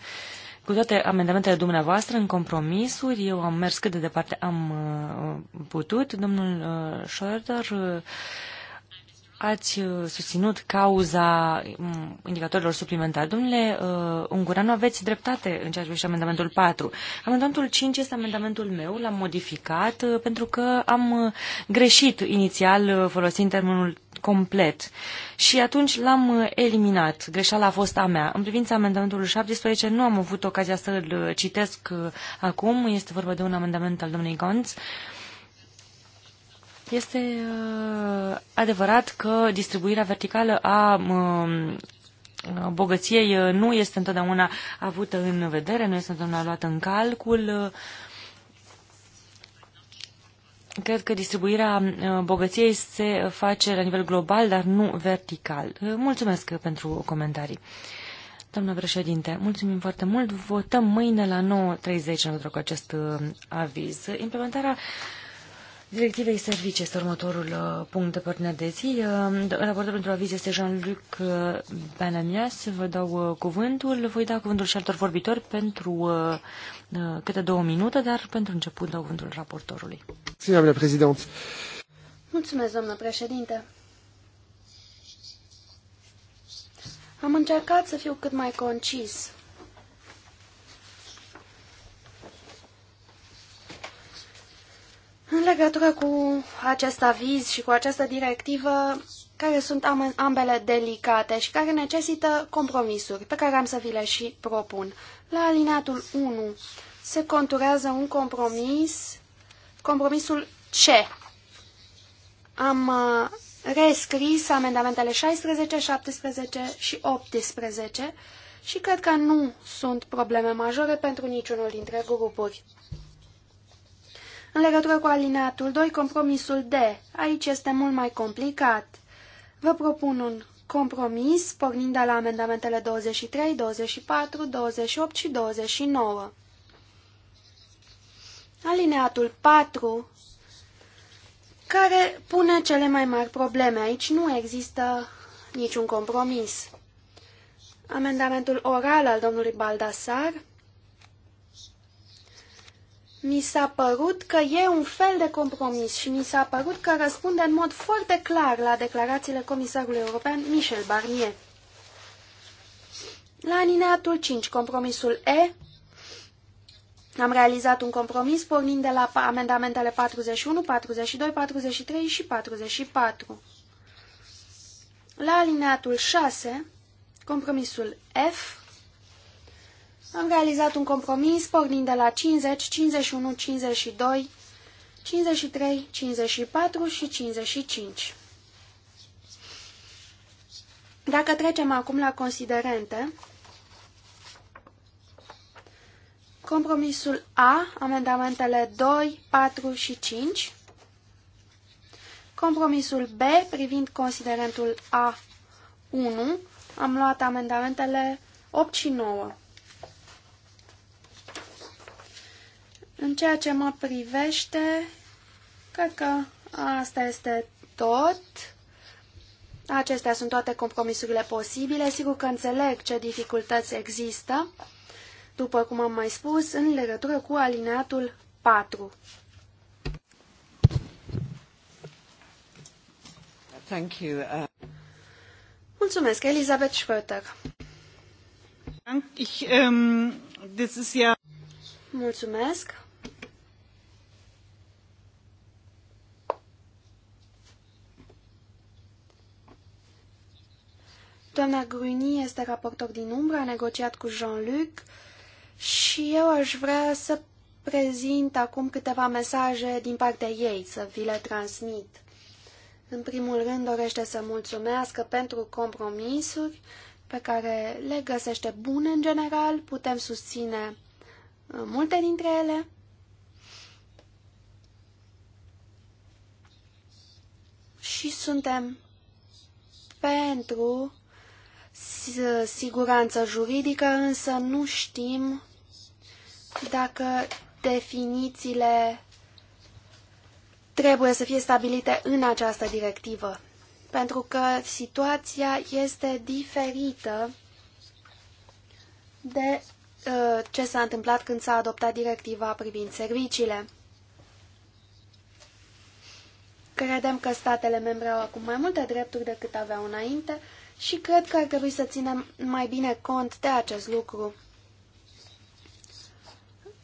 cu toate amendamentele dumneavoastră în compromisuri. Eu am mers cât de departe am uh, putut. Domnul uh, Schroeder ați uh, susținut cauza mm, indicatorilor suplimentari. Domnule uh, Ungureanu, aveți dreptate în ceea ce privește amendamentul 4. Amendamentul 5 este amendamentul meu, l-am modificat uh, pentru că am greșit inițial folosind termenul complet și atunci l-am eliminat. Greșeala a fost a mea. În privința amendamentului 17 nu am avut ocazia să-l citesc acum. Este vorba de un amendament al domnului Gonț. Uh, este uh, adevărat că distribuirea verticală a um, uh, bogăției uh, nu este întotdeauna avută în vedere, nu este întotdeauna luată în calcul. Cred că distribuirea bogăției se face la nivel global, dar nu vertical. Mulțumesc pentru comentarii. Doamna președinte, mulțumim foarte mult. Votăm mâine la 9.30 în cu acest aviz. Implementarea Directivei Servicii este următorul uh, punct de ordine de zi. Uh, raportul pentru aviz este Jean-Luc uh, Benamias. Vă dau cuvântul. Voi da cuvântul și altor vorbitori pentru câte două minute, dar pentru început dau cuvântul raportorului. Mulțumesc, doamnă președinte. Am încercat să fiu cât mai concis În legătură cu acest aviz și cu această directivă, care sunt ambele delicate și care necesită compromisuri, pe care am să vi le și propun. La alineatul 1 se conturează un compromis, compromisul C. Am uh, rescris amendamentele 16, 17 și 18 și cred că nu sunt probleme majore pentru niciunul dintre grupuri. În legătură cu alineatul 2, compromisul D. Aici este mult mai complicat. Vă propun un compromis, pornind de la amendamentele 23, 24, 28 și 29. Alineatul 4, care pune cele mai mari probleme. Aici nu există niciun compromis. Amendamentul oral al domnului Baldassar mi s-a părut că e un fel de compromis și mi s-a părut că răspunde în mod foarte clar la declarațiile comisarului european Michel Barnier. La alineatul 5, compromisul E, am realizat un compromis pornind de la amendamentele 41, 42, 43 și 44. La alineatul 6, compromisul F, am realizat un compromis pornind de la 50, 51, 52, 53, 54 și 55. Dacă trecem acum la considerente, compromisul A, amendamentele 2, 4 și 5, compromisul B, privind considerentul A1, am luat amendamentele 8 și 9. În ceea ce mă privește, cred că asta este tot. Acestea sunt toate compromisurile posibile. Sigur că înțeleg ce dificultăți există, după cum am mai spus, în legătură cu alineatul 4. Thank you. Uh... Mulțumesc, Elizabeth Schröter. Ähm, Mulțumesc. Doamna Gruni este raportor din umbră, a negociat cu Jean-Luc și eu aș vrea să prezint acum câteva mesaje din partea ei, să vi le transmit. În primul rând dorește să mulțumească pentru compromisuri pe care le găsește bune în general, putem susține uh, multe dintre ele. Și suntem pentru Uh, siguranță juridică, însă nu știm dacă definițiile trebuie să fie stabilite în această directivă, pentru că situația este diferită de uh, ce s-a întâmplat când s-a adoptat directiva privind serviciile. Credem că statele membre au acum mai multe drepturi decât aveau înainte și cred că ar trebui să ținem mai bine cont de acest lucru.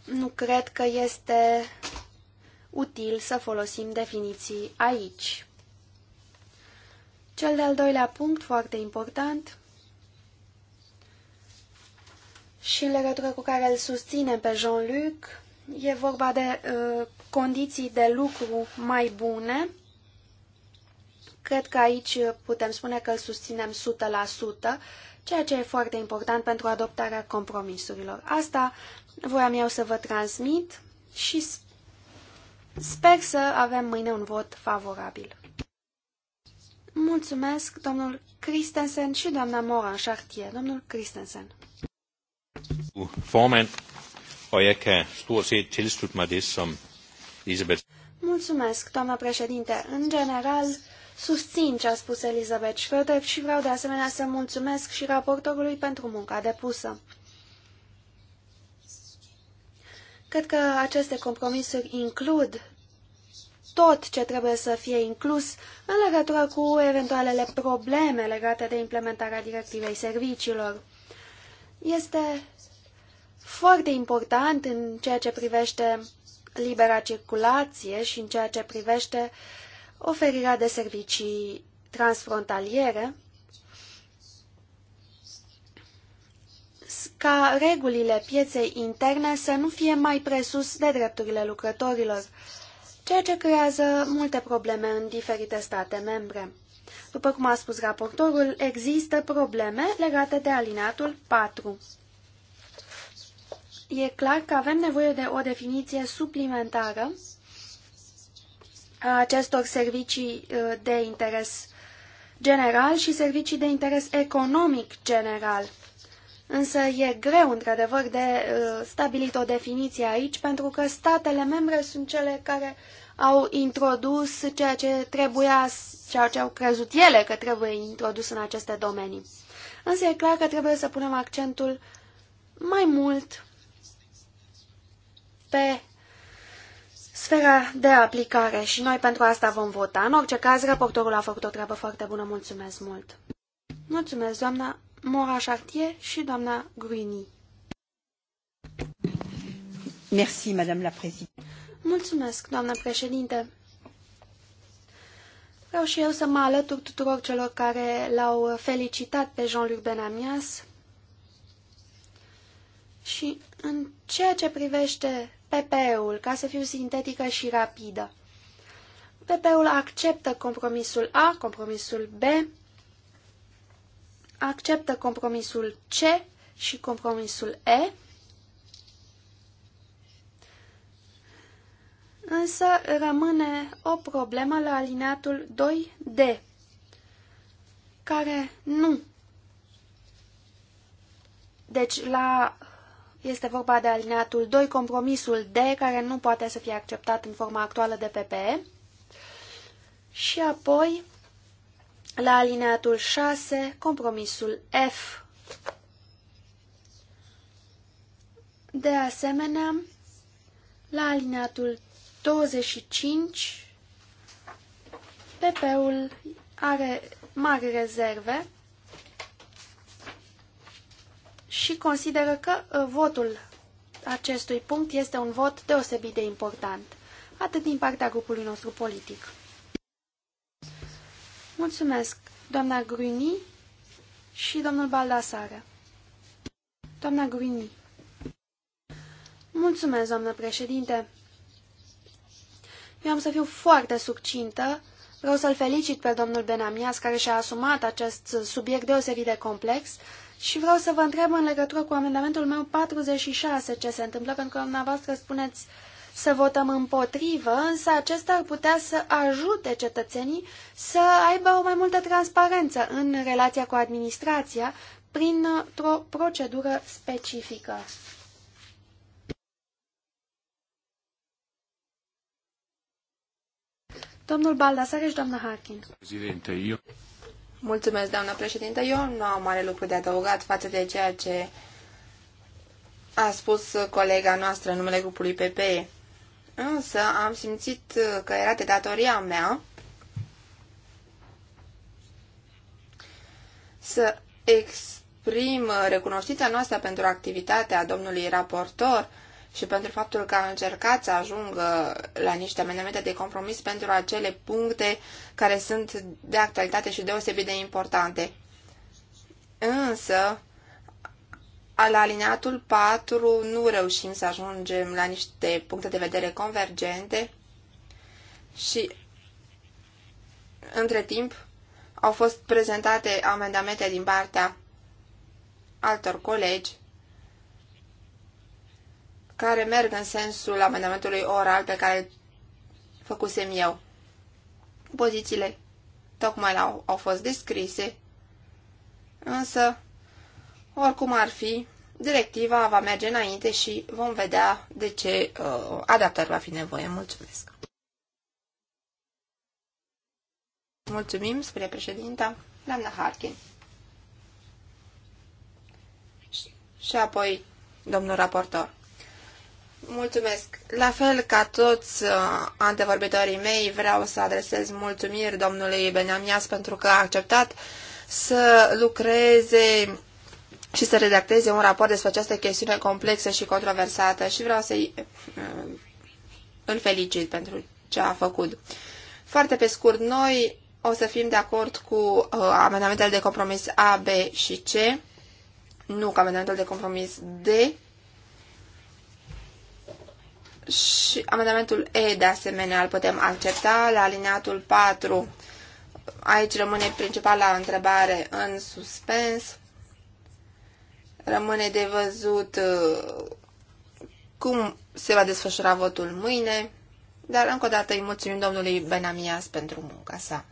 Nu cred că este util să folosim definiții aici. Cel de-al doilea punct, foarte important, și în legătură cu care îl susținem pe Jean-Luc, e vorba de uh, condiții de lucru mai bune Cred că aici putem spune că îl susținem 100%, ceea ce e foarte important pentru adoptarea compromisurilor. Asta voiam eu să vă transmit și sper să avem mâine un vot favorabil. Mulțumesc, domnul Christensen și doamna Moran Chartier. Domnul Christensen. Uh, formand, Mulțumesc, doamna președinte. În general, Susțin ce a spus Elizabeth Schroeder și vreau de asemenea să mulțumesc și raportorului pentru munca depusă. Cred că aceste compromisuri includ tot ce trebuie să fie inclus în legătură cu eventualele probleme legate de implementarea directivei serviciilor. Este foarte important în ceea ce privește libera circulație și în ceea ce privește uh, oferirea de servicii transfrontaliere, ca regulile pieței interne să nu fie mai presus de drepturile lucrătorilor, ceea ce creează multe probleme în diferite state membre. După cum a spus raportorul, există probleme legate de alineatul 4. E clar că avem nevoie de o definiție suplimentară a acestor servicii uh, de interes general și servicii de interes economic general. Însă e greu, într-adevăr, de uh, stabilit o definiție aici, pentru că statele membre sunt cele care au introdus ceea ce trebuia, ceea ce au crezut ele că trebuie introdus în aceste domenii. Însă e clar că trebuie să punem accentul mai mult pe sfera de aplicare și noi pentru asta vom vota. În orice caz, raportorul a făcut o treabă foarte bună. Mulțumesc mult! Mulțumesc, doamna Mora Chartier și doamna Gruini. Merci, madame la președinte. Mulțumesc, doamna președinte. Vreau și eu să mă alătur tuturor celor care l-au felicitat pe Jean-Luc Benamias. Și în ceea ce privește PPE-ul, ca să fiu sintetică și rapidă. PP-ul acceptă compromisul A, compromisul B, acceptă compromisul C și compromisul E, însă rămâne o problemă la alineatul 2D, care nu. Deci, la este vorba de alineatul 2, compromisul D, care nu poate să fie acceptat în forma actuală de PPE. Și apoi, la alineatul 6, compromisul F. De asemenea, la alineatul 25, PP-ul are mari rezerve și consideră că uh, votul acestui punct este un vot deosebit de important, atât din partea grupului nostru politic. Mulțumesc, doamna Gruni și domnul Baldasare. Doamna Gruni. Mulțumesc, doamnă președinte. Eu am să fiu foarte succintă. Vreau să-l felicit pe domnul Benamias, care și-a asumat acest subiect deosebit de complex și vreau să vă întreb în legătură cu amendamentul meu 46 ce se întâmplă, pentru că dumneavoastră spuneți să votăm împotrivă, însă acesta ar putea să ajute cetățenii să aibă o mai multă transparență în relația cu administrația printr-o procedură specifică. Domnul Baldasare și doamna Harkin. Președinte, eu Mulțumesc, doamna președinte. Eu nu am mare lucru de adăugat față de ceea ce a spus colega noastră în numele grupului PP. Însă am simțit că era de datoria mea să exprim recunoștința noastră pentru activitatea domnului raportor, și pentru faptul că a încercat să ajungă la niște amendamente de compromis pentru acele puncte care sunt de actualitate și deosebit de importante. Însă, la alineatul 4 nu reușim să ajungem la niște puncte de vedere convergente și între timp au fost prezentate amendamente din partea altor colegi care merg în sensul amendamentului oral pe care făcusem eu. Pozițiile tocmai au, au fost descrise, însă, oricum ar fi, directiva va merge înainte și vom vedea de ce uh, adaptări va fi nevoie. Mulțumesc! Mulțumim, spune președinta, doamna Harkin. Și apoi, domnul raportor. Mulțumesc. La fel ca toți uh, antevorbitorii mei, vreau să adresez mulțumiri domnului Beniamias pentru că a acceptat să lucreze și să redacteze un raport despre această chestiune complexă și controversată și vreau să-i uh, îl felicit pentru ce a făcut. Foarte pe scurt, noi o să fim de acord cu uh, amendamentele de compromis A, B și C, nu cu amendamentul de compromis D, și amendamentul E, de asemenea, îl putem accepta la alineatul 4. Aici rămâne principala întrebare în suspens. Rămâne de văzut uh, cum se va desfășura votul mâine, dar încă o dată îi mulțumim domnului Benamias pentru munca sa.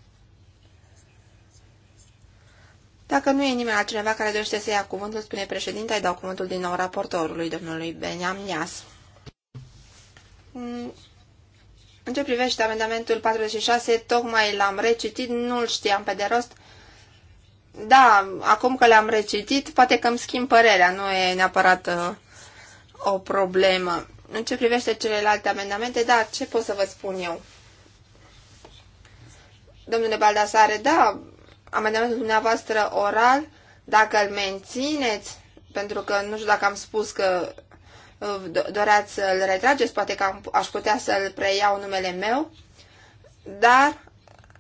Dacă nu e nimeni altcineva care dorește să ia cuvântul, spune președinte, îi dau cuvântul din nou raportorului, domnului Beniam în ce privește amendamentul 46, tocmai l-am recitit, nu-l știam pe de rost. Da, acum că l-am recitit, poate că îmi schimb părerea, nu e neapărat uh, o problemă. În ce privește celelalte amendamente, da, ce pot să vă spun eu? Domnule Baldasare, da, amendamentul dumneavoastră oral, dacă îl mențineți, pentru că nu știu dacă am spus că Uh, doreați să-l retrageți, poate că aș putea să-l preiau numele meu, dar,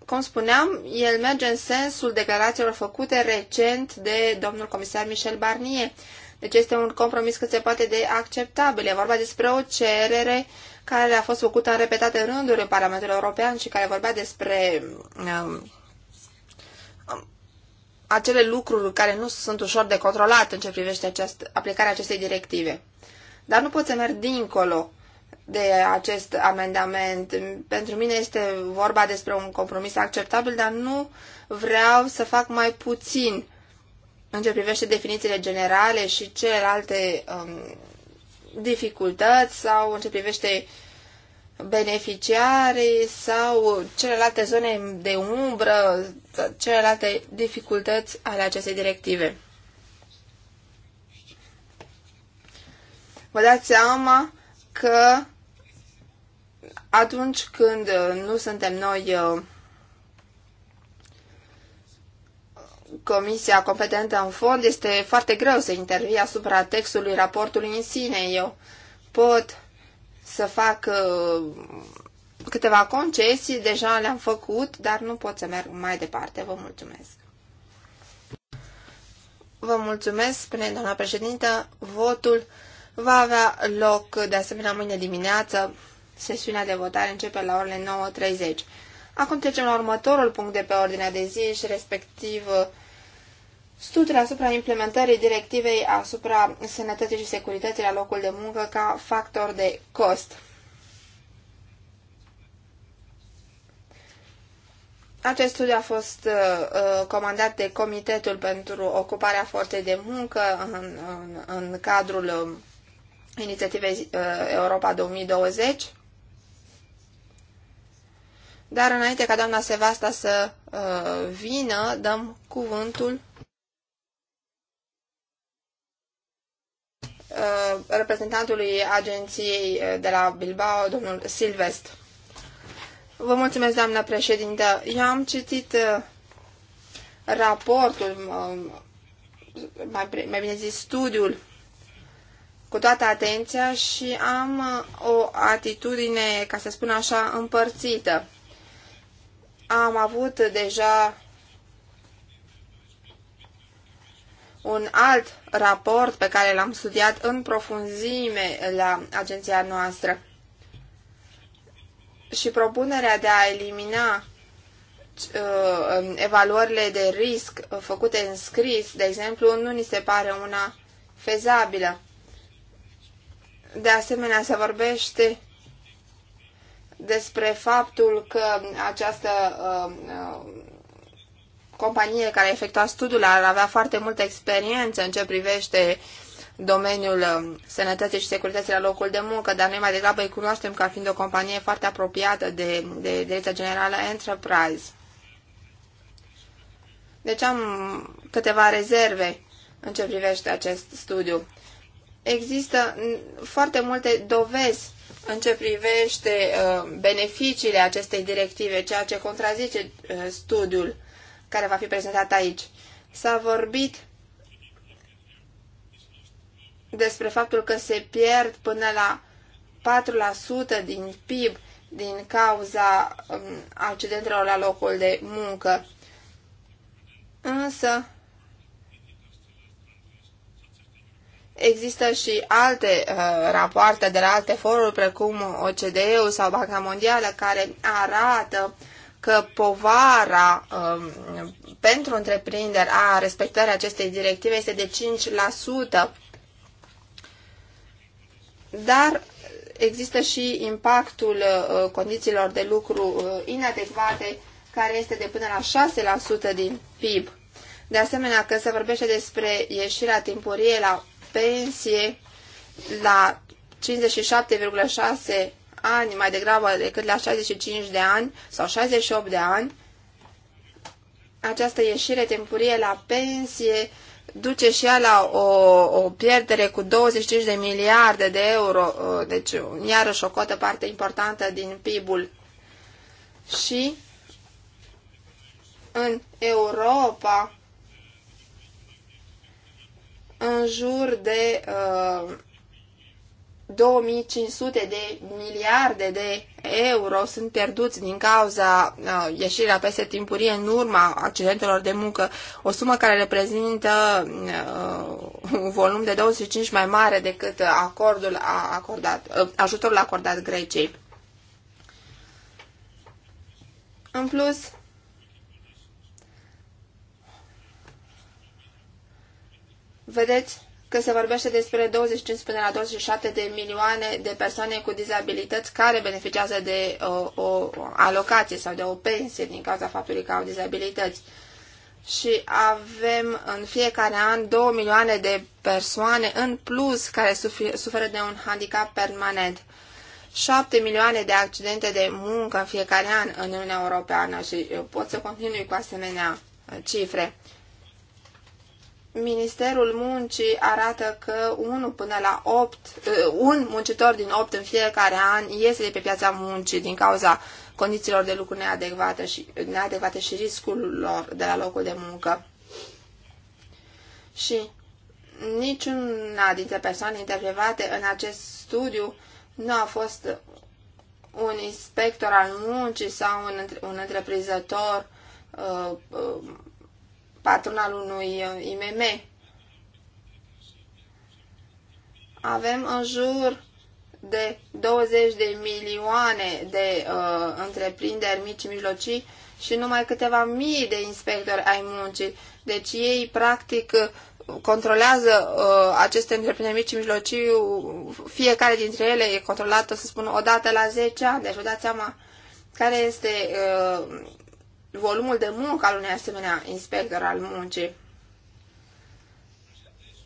cum spuneam, el merge în sensul declarațiilor făcute recent de domnul comisar Michel Barnier. Deci este un compromis cât se poate de acceptabil. E vorba despre o cerere care a fost făcută în repetate rânduri în Parlamentul European și care vorbea despre um, um acele lucruri care nu sunt ușor de controlat în ce privește această, aplicarea acestei directive. Dar nu pot să merg dincolo de acest amendament. Pentru mine este vorba despre un compromis acceptabil, dar nu vreau să fac mai puțin în ce privește definițiile generale și celelalte um, dificultăți sau în ce privește beneficiarii sau celelalte zone de umbră, celelalte dificultăți ale acestei directive. vă dați seama că atunci când uh, nu suntem noi uh, comisia competentă în fond, este foarte greu să intervii asupra textului raportului în sine. Eu pot să fac uh, câteva concesii, deja le-am făcut, dar nu pot să merg mai departe. Vă mulțumesc. Vă mulțumesc, spune doamna președintă, votul va avea loc de asemenea mâine dimineață. Sesiunea de votare începe la orele 9.30. Acum trecem la următorul punct de pe ordinea de zi și respectiv uh, studiul asupra implementării directivei asupra sănătății și securității la locul de muncă ca factor de cost. Acest studiu a fost uh, uh comandat de Comitetul pentru Ocuparea Forței de Muncă în, în, în cadrul um, inițiativei uh, Europa 2020. Dar înainte ca doamna Sevasta să uh, vină, dăm cuvântul uh, reprezentantului agenției de la Bilbao, domnul Silvest. Vă mulțumesc, doamna președintă. Eu am citit raportul, um, mai bine zis studiul cu toată atenția și am uh, o atitudine, ca să spun așa, împărțită. Am avut deja un alt raport pe care l-am studiat în profunzime la agenția noastră. Și propunerea de a elimina uh, evaluările de risc făcute în scris, de exemplu, nu ni se pare una fezabilă. De asemenea, se vorbește despre faptul că această uh, companie care a efectuat studiul ar avea foarte multă experiență în ce privește domeniul um, sănătății și securității la locul de muncă, dar noi mai degrabă îi cunoaștem ca fiind o companie foarte apropiată de, de Direcția Generală Enterprise. Deci am câteva rezerve în ce privește acest studiu. Există foarte multe dovezi în ce privește uh, beneficiile acestei directive, ceea ce contrazice uh, studiul care va fi prezentat aici. S-a vorbit despre faptul că se pierd până la 4% din PIB din cauza um, accidentelor la locul de muncă. Însă, Există și alte uh, rapoarte de la alte foruri, precum OCDE-ul sau Banca Mondială, care arată că povara uh, pentru întreprinderi a respectării acestei directive este de 5%, dar există și impactul uh, condițiilor de lucru uh, inadecvate, care este de până la 6% din PIB. De asemenea, că se vorbește despre ieșirea timpurie la pensie la 57,6 ani mai degrabă decât la 65 de ani sau 68 de ani, această ieșire temporie la pensie duce și ea la o, o pierdere cu 25 de miliarde de euro, uh, deci iarăși o cotă parte importantă din PIB-ul. Și în Europa în jur de uh, 2500 de miliarde de euro sunt pierduți din cauza uh, ieșirea peste timpurie în urma accidentelor de muncă, o sumă care reprezintă uh, un volum de 25 mai mare decât acordul a acordat, uh, ajutorul acordat Greciei. În plus, Vedeți că se vorbește despre 25 până la 27 de milioane de persoane cu dizabilități care beneficiază de uh, o, o alocație sau de o pensie din cauza faptului că au dizabilități. Și avem în fiecare an 2 milioane de persoane în plus care suferă de un handicap permanent. 7 milioane de accidente de muncă în fiecare an în Uniunea Europeană și uh, pot să continui cu asemenea uh, cifre. Ministerul Muncii arată că 1 până la 8, eh, un muncitor din 8 în fiecare an iese de pe piața muncii din cauza condițiilor de lucru neadecvate și, neadecvate și riscul lor de la locul de muncă. Și niciuna dintre persoane intervievate în acest studiu nu a fost un inspector al muncii sau un, un întreprinzător uh, uh, patronal unui uh, IMM. Avem în jur de 20 de milioane de uh, întreprinderi mici și mijlocii și numai câteva mii de inspectori ai muncii. Deci ei, practic, controlează uh, aceste întreprinderi mici și mijlocii, fiecare dintre ele e controlată, să spun, o dată la 10 ani. Deci vă dați seama care este uh, volumul de muncă al unei asemenea inspector al muncii.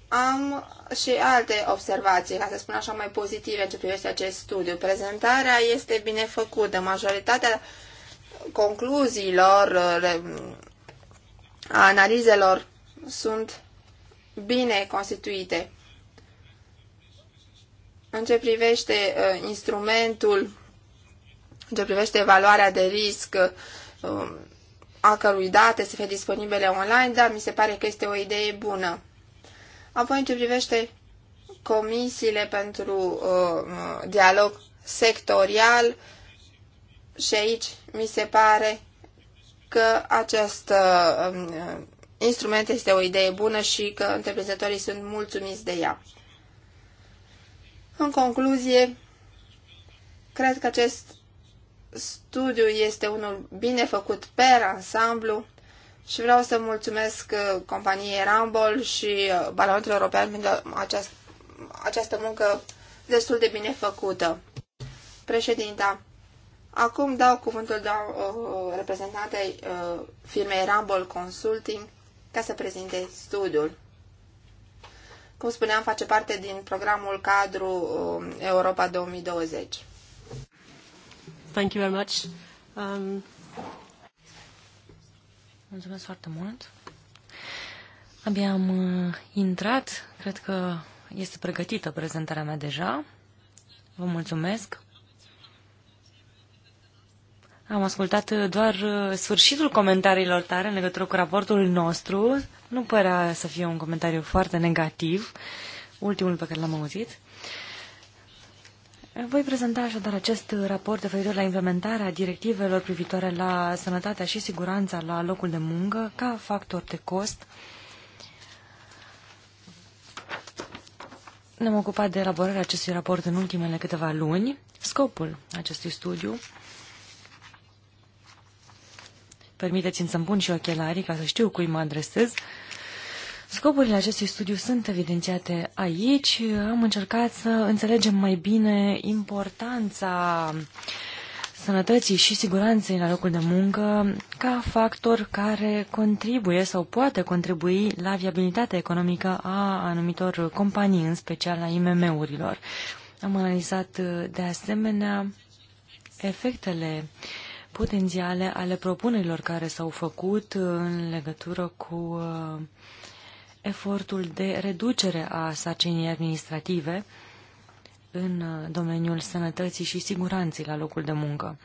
Am și alte observații, ca să spun așa, mai pozitive în ce privește acest studiu. Prezentarea este bine făcută. Majoritatea concluziilor, a analizelor sunt bine constituite. În ce privește uh, instrumentul, în ce privește evaluarea de risc, uh, a cărui date să fie disponibile online, dar mi se pare că este o idee bună. Apoi, în ce privește comisiile pentru uh, dialog sectorial, și aici mi se pare că acest uh, um, instrument este o idee bună și că întreprinzătorii sunt mulțumiți de ea. În concluzie, cred că acest studiu este unul bine făcut pe ansamblu și vreau să mulțumesc uh, companiei Rambol și uh, Parlamentul European pentru această, această muncă destul de bine făcută. Președinta, acum dau cuvântul dau, uh, reprezentantei firmei Rambol Consulting ca să prezinte studiul. Cum spuneam, face parte din programul cadru Europa 2020. Thank you very much. Um... Mulțumesc foarte mult. Abia am uh, intrat. Cred că este pregătită prezentarea mea deja. Vă mulțumesc. Am ascultat uh, doar uh, sfârșitul comentariilor tare în legătură cu raportul nostru. Nu părea să fie un comentariu foarte negativ, ultimul pe care l-am auzit. Voi prezenta așadar acest raport referitor la implementarea directivelor privitoare la sănătatea și siguranța la locul de muncă ca factor de cost. Ne-am ocupat de elaborarea acestui raport în ultimele câteva luni. Scopul acestui studiu Permiteți-mi să-mi pun și ochelarii ca să știu cui mă adresez. Uh, Scopurile acestui studiu sunt evidențiate aici. Am încercat să înțelegem mai bine importanța sănătății și siguranței la locul de muncă ca factor care contribuie sau poate contribui la viabilitatea economică a anumitor companii, în special a IMM-urilor. Am analizat de asemenea efectele potențiale ale propunerilor care s-au făcut în legătură cu uh, efortul de reducere a sarcinii administrative în uh, domeniul sănătății și siguranței la locul de muncă.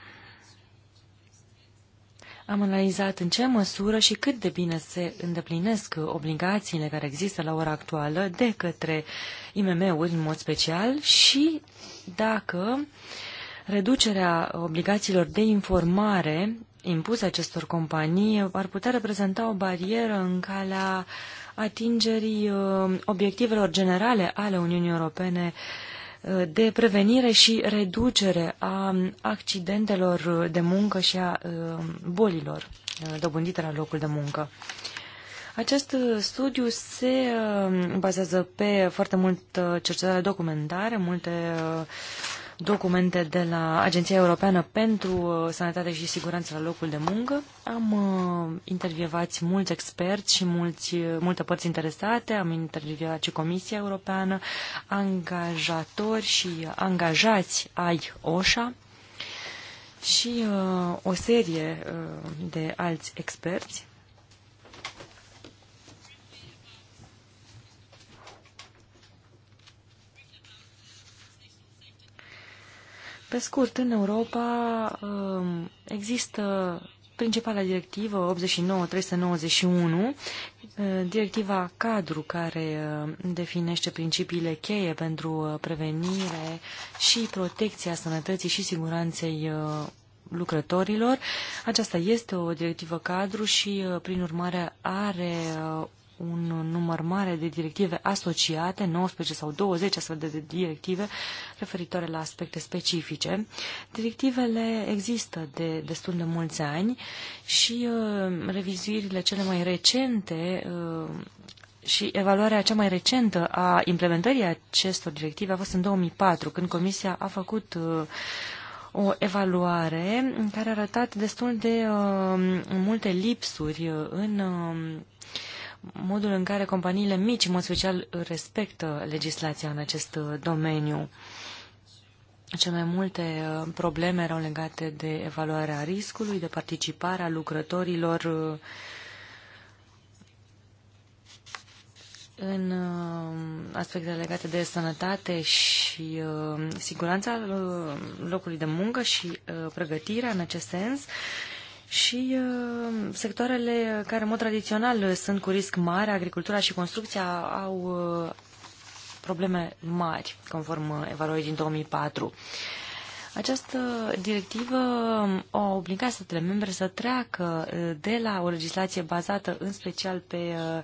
Am analizat în ce măsură și cât de bine se îndeplinesc obligațiile care există la ora actuală de către IMM-uri în mod special și dacă reducerea obligațiilor de informare impuse acestor companii ar putea reprezenta o barieră în calea uh, atingerii uh, obiectivelor generale ale Uniunii Europene uh, de prevenire și reducere a accidentelor de muncă și a uh, bolilor dobândite la locul de muncă. Acest studiu se bazează pe foarte multă cercetare documentare, multe documente de la Agenția Europeană pentru uh, Sănătate și Siguranță la locul de muncă. Am uh, intervievat mulți experți și mulți, uh, multe părți interesate, am intervievat și Comisia Europeană, angajatori și angajați ai OSHA și uh, o serie uh, de alți experți. Pe scurt, în Europa um, există principala directivă 89-391, uh, directiva cadru care uh, definește principiile cheie pentru uh, prevenire și protecția sănătății și siguranței lucrătorilor. Aceasta este o directivă cadru și, prin urmare, are un număr mare de directive asociate, 19 sau 20 astfel de directive referitoare la aspecte specifice. Directivele există de destul de mulți ani și uh, revizuirile cele mai recente uh, și evaluarea cea mai recentă a implementării acestor directive a fost în 2004, când Comisia a făcut uh, o evaluare care a arătat destul de uh, multe lipsuri în uh, modul în care companiile mici, în mod special, respectă legislația în acest uh, domeniu. Cele mai multe uh, probleme erau legate de evaluarea riscului, de participarea lucrătorilor uh, în aspecte legate de sănătate și siguranța locului de muncă și pregătirea în acest sens și uh, sectoarele care în mod tradițional sunt cu risc mare, agricultura și construcția, au uh, probleme mari, conform uh, evaluării din 2004. Această directivă um, a obligat statele membre să treacă uh, de la o legislație bazată în special pe uh,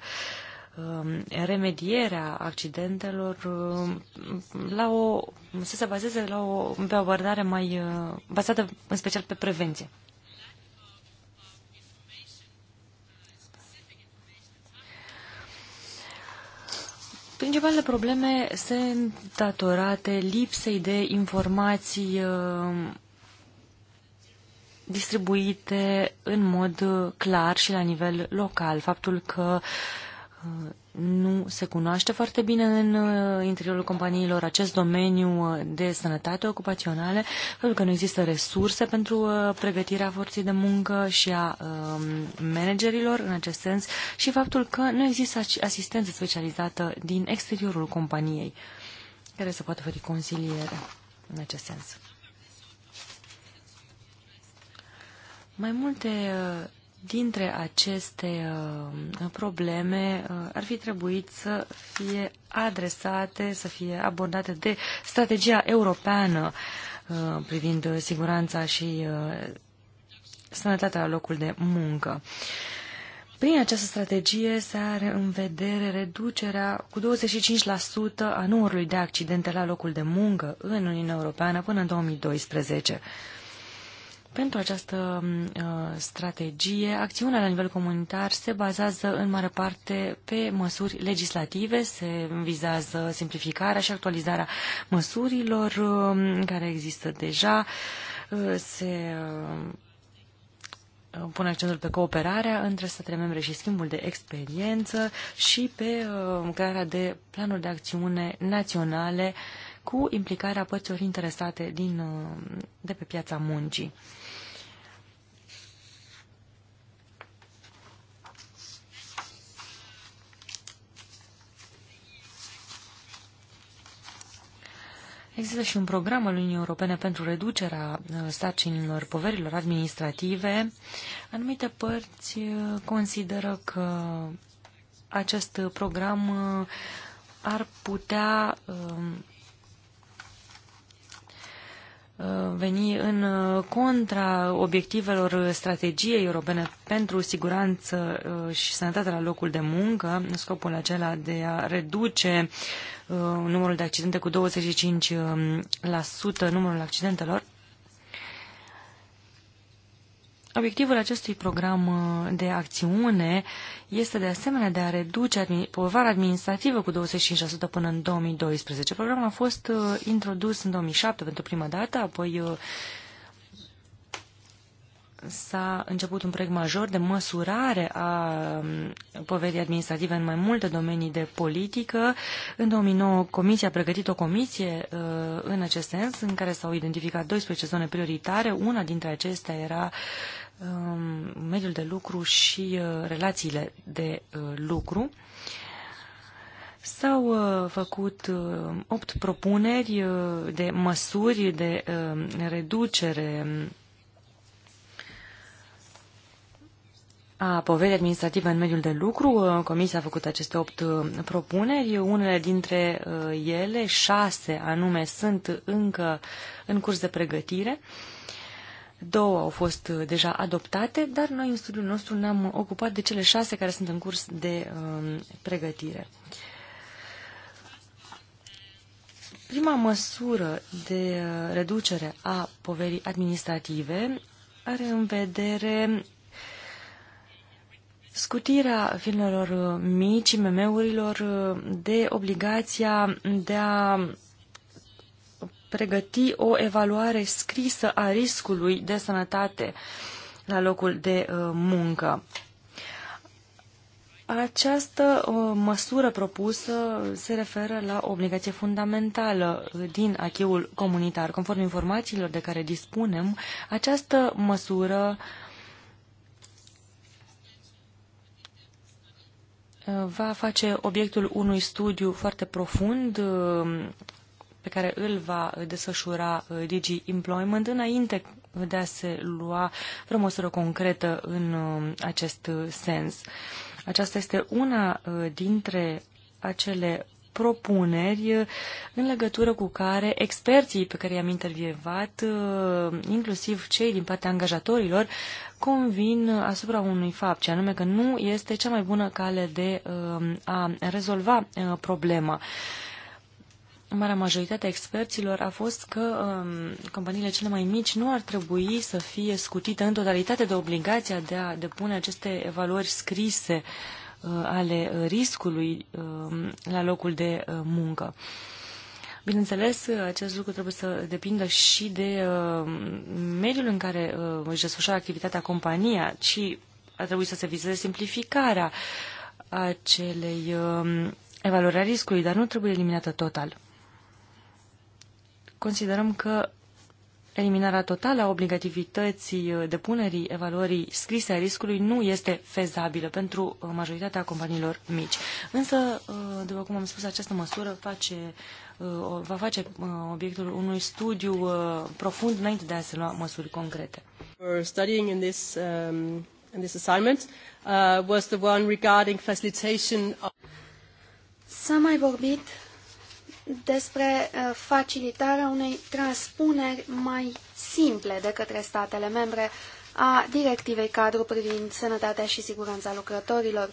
um, remedierea accidentelor um, la o, să se bazeze la o, pe o abordare mai bazată în special pe prevenție. Principalele probleme sunt datorate lipsei de informații uh, distribuite în mod uh, clar și la nivel local. Faptul că uh, nu se cunoaște foarte bine în uh, interiorul companiilor acest domeniu uh, de sănătate ocupațională, pentru că nu există resurse pentru uh, pregătirea forței de muncă și a um, managerilor în acest sens și faptul că nu există asistență specializată din exteriorul companiei care să poată oferi consiliere în acest sens. Mai multe dintre aceste uh, probleme uh, ar fi trebuit să fie adresate, să fie abordate de strategia europeană uh, privind siguranța și uh, sănătatea la locul de muncă. Prin această strategie se are în vedere reducerea cu 25% a numărului de accidente la locul de muncă în Uniunea Europeană până în 2012. Pentru această uh, strategie, acțiunea la nivel comunitar se bazează în mare parte pe măsuri legislative, se vizează simplificarea și actualizarea măsurilor um, care există deja, uh, se uh, pune accentul pe cooperarea între statele membre și schimbul de experiență și pe crearea de planuri de acțiune naționale cu implicarea părților interesate din, de pe piața muncii. Există și un program al Uniunii Europene pentru reducerea uh, sarcinilor poverilor administrative. Anumite părți uh, consideră că acest program uh, ar putea um, veni în contra obiectivelor strategiei europene pentru siguranță și sănătate la locul de muncă, scopul acela de a reduce Uh, numărul de accidente cu 25%, um, numărul accidentelor. Obiectivul acestui program uh, de acțiune este de asemenea de a reduce povara administrativă cu 25% până în 2012. Programul a fost uh, introdus în 2007 pentru prima dată, apoi s-a început un proiect major de măsurare a um, poverii administrative în mai multe domenii de politică. În 2009, Comisia a pregătit o comisie uh, în acest sens, în care s-au identificat 12 zone prioritare. Una dintre acestea era um, mediul de lucru și uh, relațiile de uh, lucru. S-au făcut opt propuneri de măsuri de reducere um, a poverii administrative în mediul de lucru. Uh, Comisia a făcut aceste opt uh, propuneri. Unele dintre uh, ele, șase anume, sunt încă în curs de pregătire. Două au fost deja adoptate, dar noi în studiul nostru ne-am ocupat de cele șase care sunt în curs de um, pregătire. Prima măsură de reducere a poverii administrative are în vedere Scutirea filmelor uh, mici, MM-urilor, uh, de obligația de a pregăti o evaluare scrisă a riscului de sănătate la locul de uh, muncă. Această măsură propusă se referă la obligație fundamentală din acheul comunitar. Conform informațiilor de care dispunem, această măsură uh, va face obiectul unui studiu foarte profund uh, pe care îl va desfășura uh, Digi Employment înainte de a se lua vreo măsură concretă în uh, acest sens. Aceasta este una dintre acele propuneri în legătură cu care experții pe care i-am intervievat, inclusiv cei din partea angajatorilor, convin asupra unui fapt, ce anume că nu este cea mai bună cale de um, a rezolva uh, problema. Marea majoritate a experților a fost că um, companiile cele mai mici nu ar trebui să fie scutite în totalitate de obligația de a depune aceste evaluări scrise uh, ale uh, riscului um, la locul de muncă. Bineînțeles, acest lucru trebuie să depindă și de uh, mediul în care uh, își desfășoară activitatea compania, ci a trebuit să se vizeze simplificarea acelei um, evaluări a riscului, dar nu trebuie eliminată total. Considerăm că eliminarea totală a obligativității uh, depunerii evaluării scrise a riscului nu este fezabilă pentru uh, majoritatea companiilor mici. Însă, uh, după cum am spus, această măsură face, va face obiectul unui studiu profund înainte de a se lua măsuri concrete. Um, S-a mai vorbit despre uh, facilitarea unei transpuneri mai simple de către statele membre a directivei cadru privind sănătatea și siguranța lucrătorilor.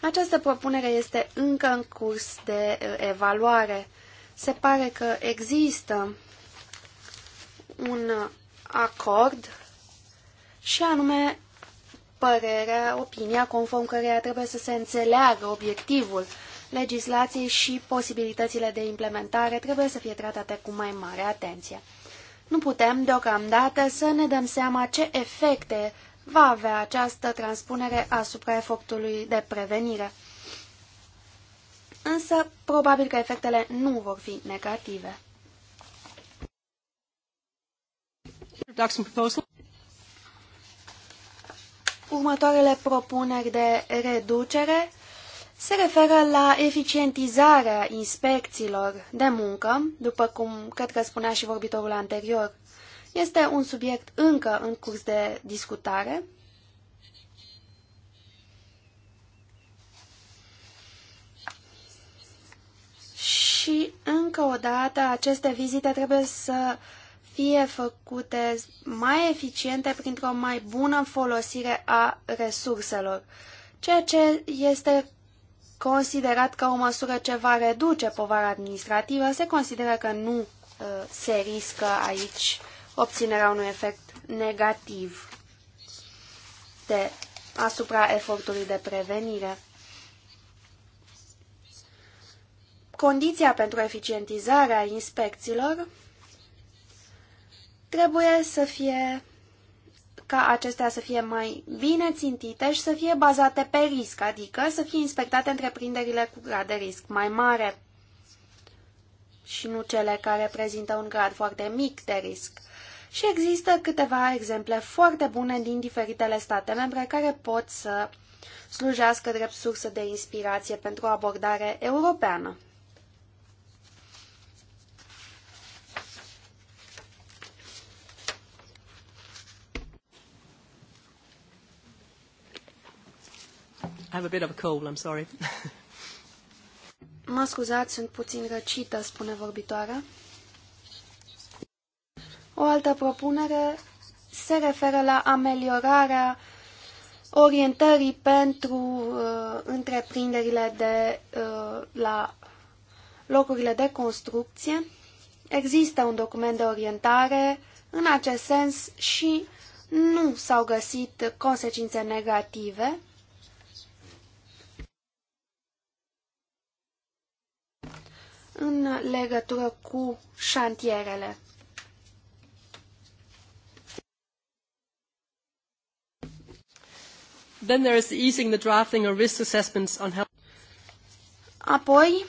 Această propunere este încă în curs de uh, evaluare. Se pare că există un acord și anume părerea, opinia conform căreia trebuie să se înțeleagă obiectivul legislației și posibilitățile de implementare trebuie să fie tratate cu mai mare atenție. Nu putem, deocamdată, să ne dăm seama ce efecte va avea această transpunere asupra efectului de prevenire. Însă, probabil că efectele nu vor fi negative. Următoarele propuneri de reducere se referă la eficientizarea inspecțiilor de muncă, după cum cred că spunea și vorbitorul anterior. Este un subiect încă în curs de discutare. Și, încă o dată, aceste vizite trebuie să fie făcute mai eficiente printr-o mai bună folosire a resurselor, ceea ce este considerat ca o măsură ce va reduce povara administrativă, se consideră că nu uh, se riscă aici obținerea unui efect negativ de, asupra efortului de prevenire. Condiția pentru eficientizarea inspecțiilor trebuie să fie ca acestea să fie mai bine țintite și să fie bazate pe risc, adică să fie inspectate întreprinderile cu grad de risc mai mare și nu cele care prezintă un grad foarte mic de risc. Și există câteva exemple foarte bune din diferitele state membre care pot să slujească drept sursă de inspirație pentru o abordare europeană. have a bit of a cold, I'm sorry. mă scuzați, sunt puțin răcită, spune vorbitoarea. O altă propunere se referă la ameliorarea orientării pentru uh, întreprinderile de uh, la locurile de construcție. Există un document de orientare în acest sens și nu s-au găsit consecințe negative. în legătură cu șantierele. Then there is easing the drafting of risk assessments on health. Apoi,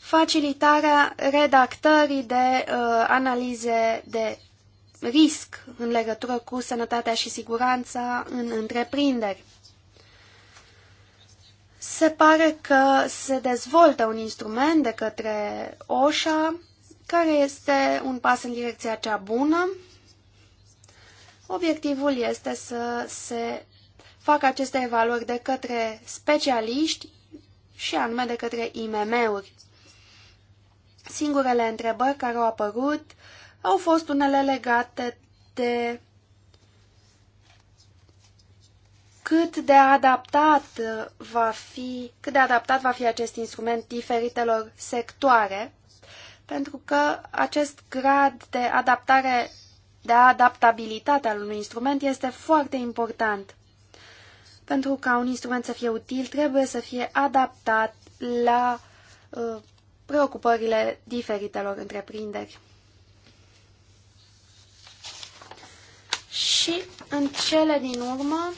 facilitarea redactării de uh, analize de risc în legătură cu sănătatea și siguranța în întreprinderi. Se pare că se dezvoltă un instrument de către OSHA, care este un pas în direcția cea bună. Obiectivul este să se facă aceste evaluări de către specialiști și anume de către IMM-uri. Singurele întrebări care au apărut au fost unele legate de cât de adaptat uh, va fi, cât de adaptat va fi acest instrument diferitelor sectoare, pentru că acest grad de adaptare, de adaptabilitate al unui instrument este foarte important. Pentru ca un instrument să fie util, trebuie să fie adaptat la uh, preocupările diferitelor întreprinderi. Și în cele din urmă,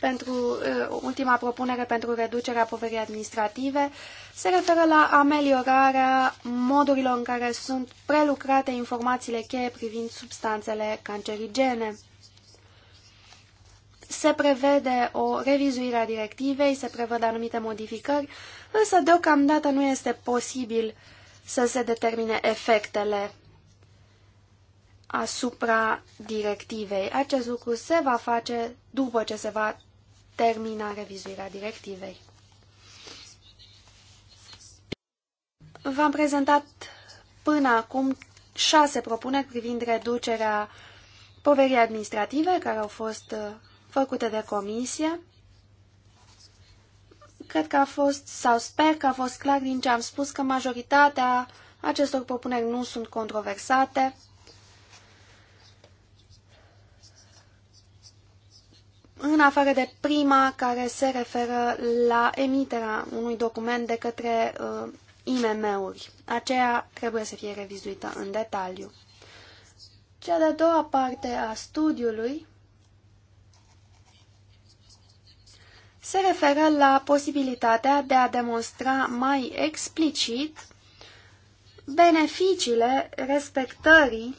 pentru uh, ultima propunere pentru reducerea poverii administrative se referă la ameliorarea modurilor în care sunt prelucrate informațiile cheie privind substanțele cancerigene. Se prevede o revizuire a directivei, se prevăd anumite modificări, însă deocamdată nu este posibil să se determine efectele asupra directivei. Acest lucru se va face după ce se va termina revizuirea directivei. V-am prezentat până acum șase propuneri privind reducerea poverii administrative care au fost uh, făcute de comisie. Cred că a fost, sau sper că a fost clar din ce am spus, că majoritatea acestor propuneri nu sunt controversate în afară de prima care se referă la emiterea unui document de către uh, IMM-uri. Aceea trebuie să fie revizuită în detaliu. Cea de-a doua parte a studiului se referă la posibilitatea de a demonstra mai explicit beneficiile respectării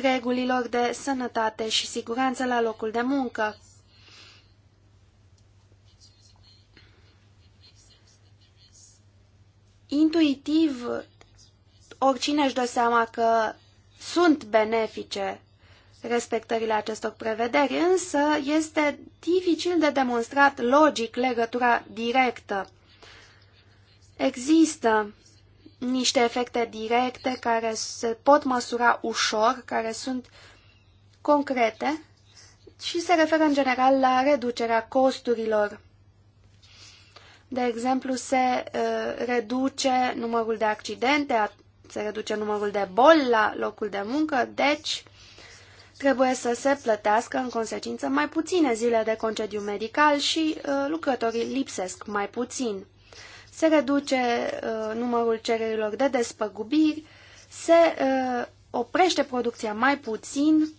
regulilor de sănătate și siguranță la locul de muncă. Intuitiv, oricine își dă seama că sunt benefice respectările acestor prevederi, însă este dificil de demonstrat logic legătura directă. Există niște efecte directe care se pot măsura ușor, care sunt concrete și se referă în general la reducerea costurilor. De exemplu, se uh, reduce numărul de accidente, se reduce numărul de boli la locul de muncă, deci trebuie să se plătească în consecință mai puține zile de concediu medical și uh, lucrătorii lipsesc mai puțin se reduce uh, numărul cererilor de despăgubiri, se uh, oprește producția mai puțin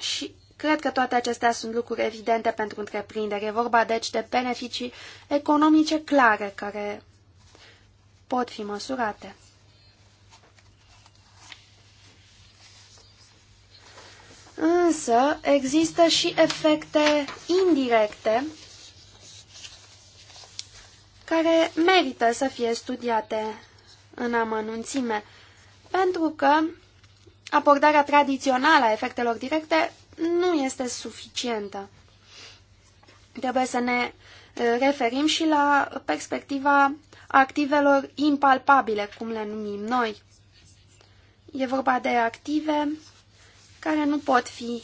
și cred că toate acestea sunt lucruri evidente pentru întreprindere. E vorba deci de beneficii economice clare care pot fi măsurate. Însă există și efecte indirecte care merită să fie studiate în amănunțime, pentru că abordarea tradițională a efectelor directe nu este suficientă. Trebuie să ne referim și la perspectiva activelor impalpabile, cum le numim noi. E vorba de active care nu pot fi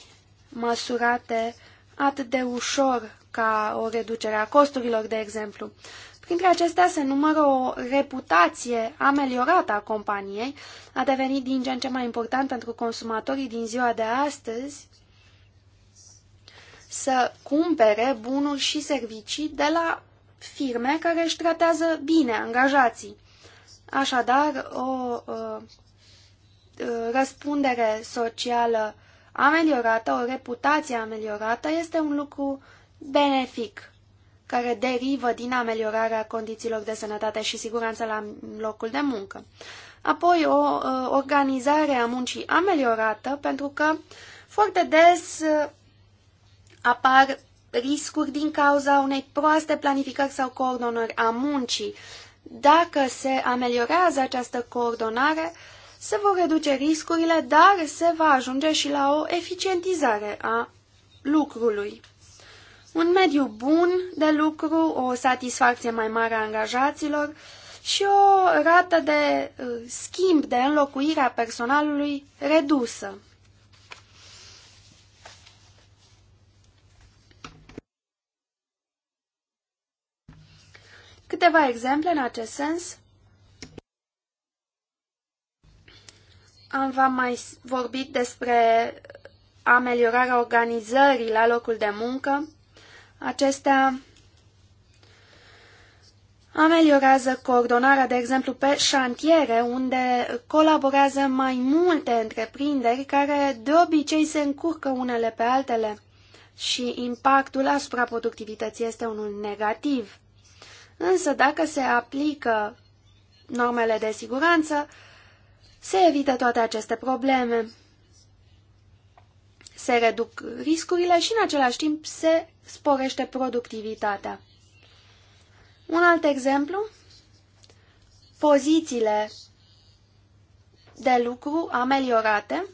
măsurate atât de ușor ca o reducere a costurilor, de exemplu. Printre acestea se numără o reputație ameliorată a companiei, a devenit din ce în ce mai important pentru consumatorii din ziua de astăzi să cumpere bunuri și servicii de la firme care își tratează bine angajații. Așadar, o uh, răspundere socială ameliorată, o reputație ameliorată este un lucru benefic care derivă din ameliorarea condițiilor de sănătate și siguranță la locul de muncă. Apoi o ă, organizare a muncii ameliorată, pentru că foarte des ă, apar riscuri din cauza unei proaste planificări sau coordonări a muncii. Dacă se ameliorează această coordonare, se vor reduce riscurile, dar se va ajunge și la o eficientizare a lucrului un mediu bun de lucru, o satisfacție mai mare a angajaților și o rată de uh, schimb, de înlocuire a personalului redusă. Câteva exemple în acest sens. Am v-am mai vorbit despre ameliorarea organizării la locul de muncă, Acestea ameliorează coordonarea, de exemplu, pe șantiere, unde colaborează mai multe întreprinderi care de obicei se încurcă unele pe altele și impactul asupra productivității este unul negativ. Însă dacă se aplică normele de siguranță, se evită toate aceste probleme se reduc riscurile și în același timp se sporește productivitatea. Un alt exemplu, pozițiile de lucru ameliorate,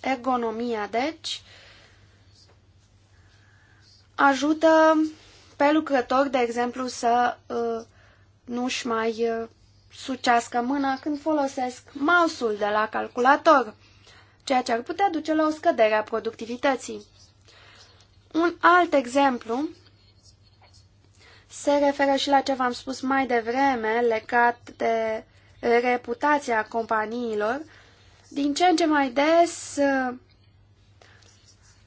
ergonomia deci, ajută pe lucrători, de exemplu, să uh, nu-și mai uh, sucească mâna când folosesc mouse-ul de la calculator ceea ce ar putea duce la o scădere a productivității. Un alt exemplu se referă și la ce v-am spus mai devreme legat de reputația companiilor. Din ce în ce mai des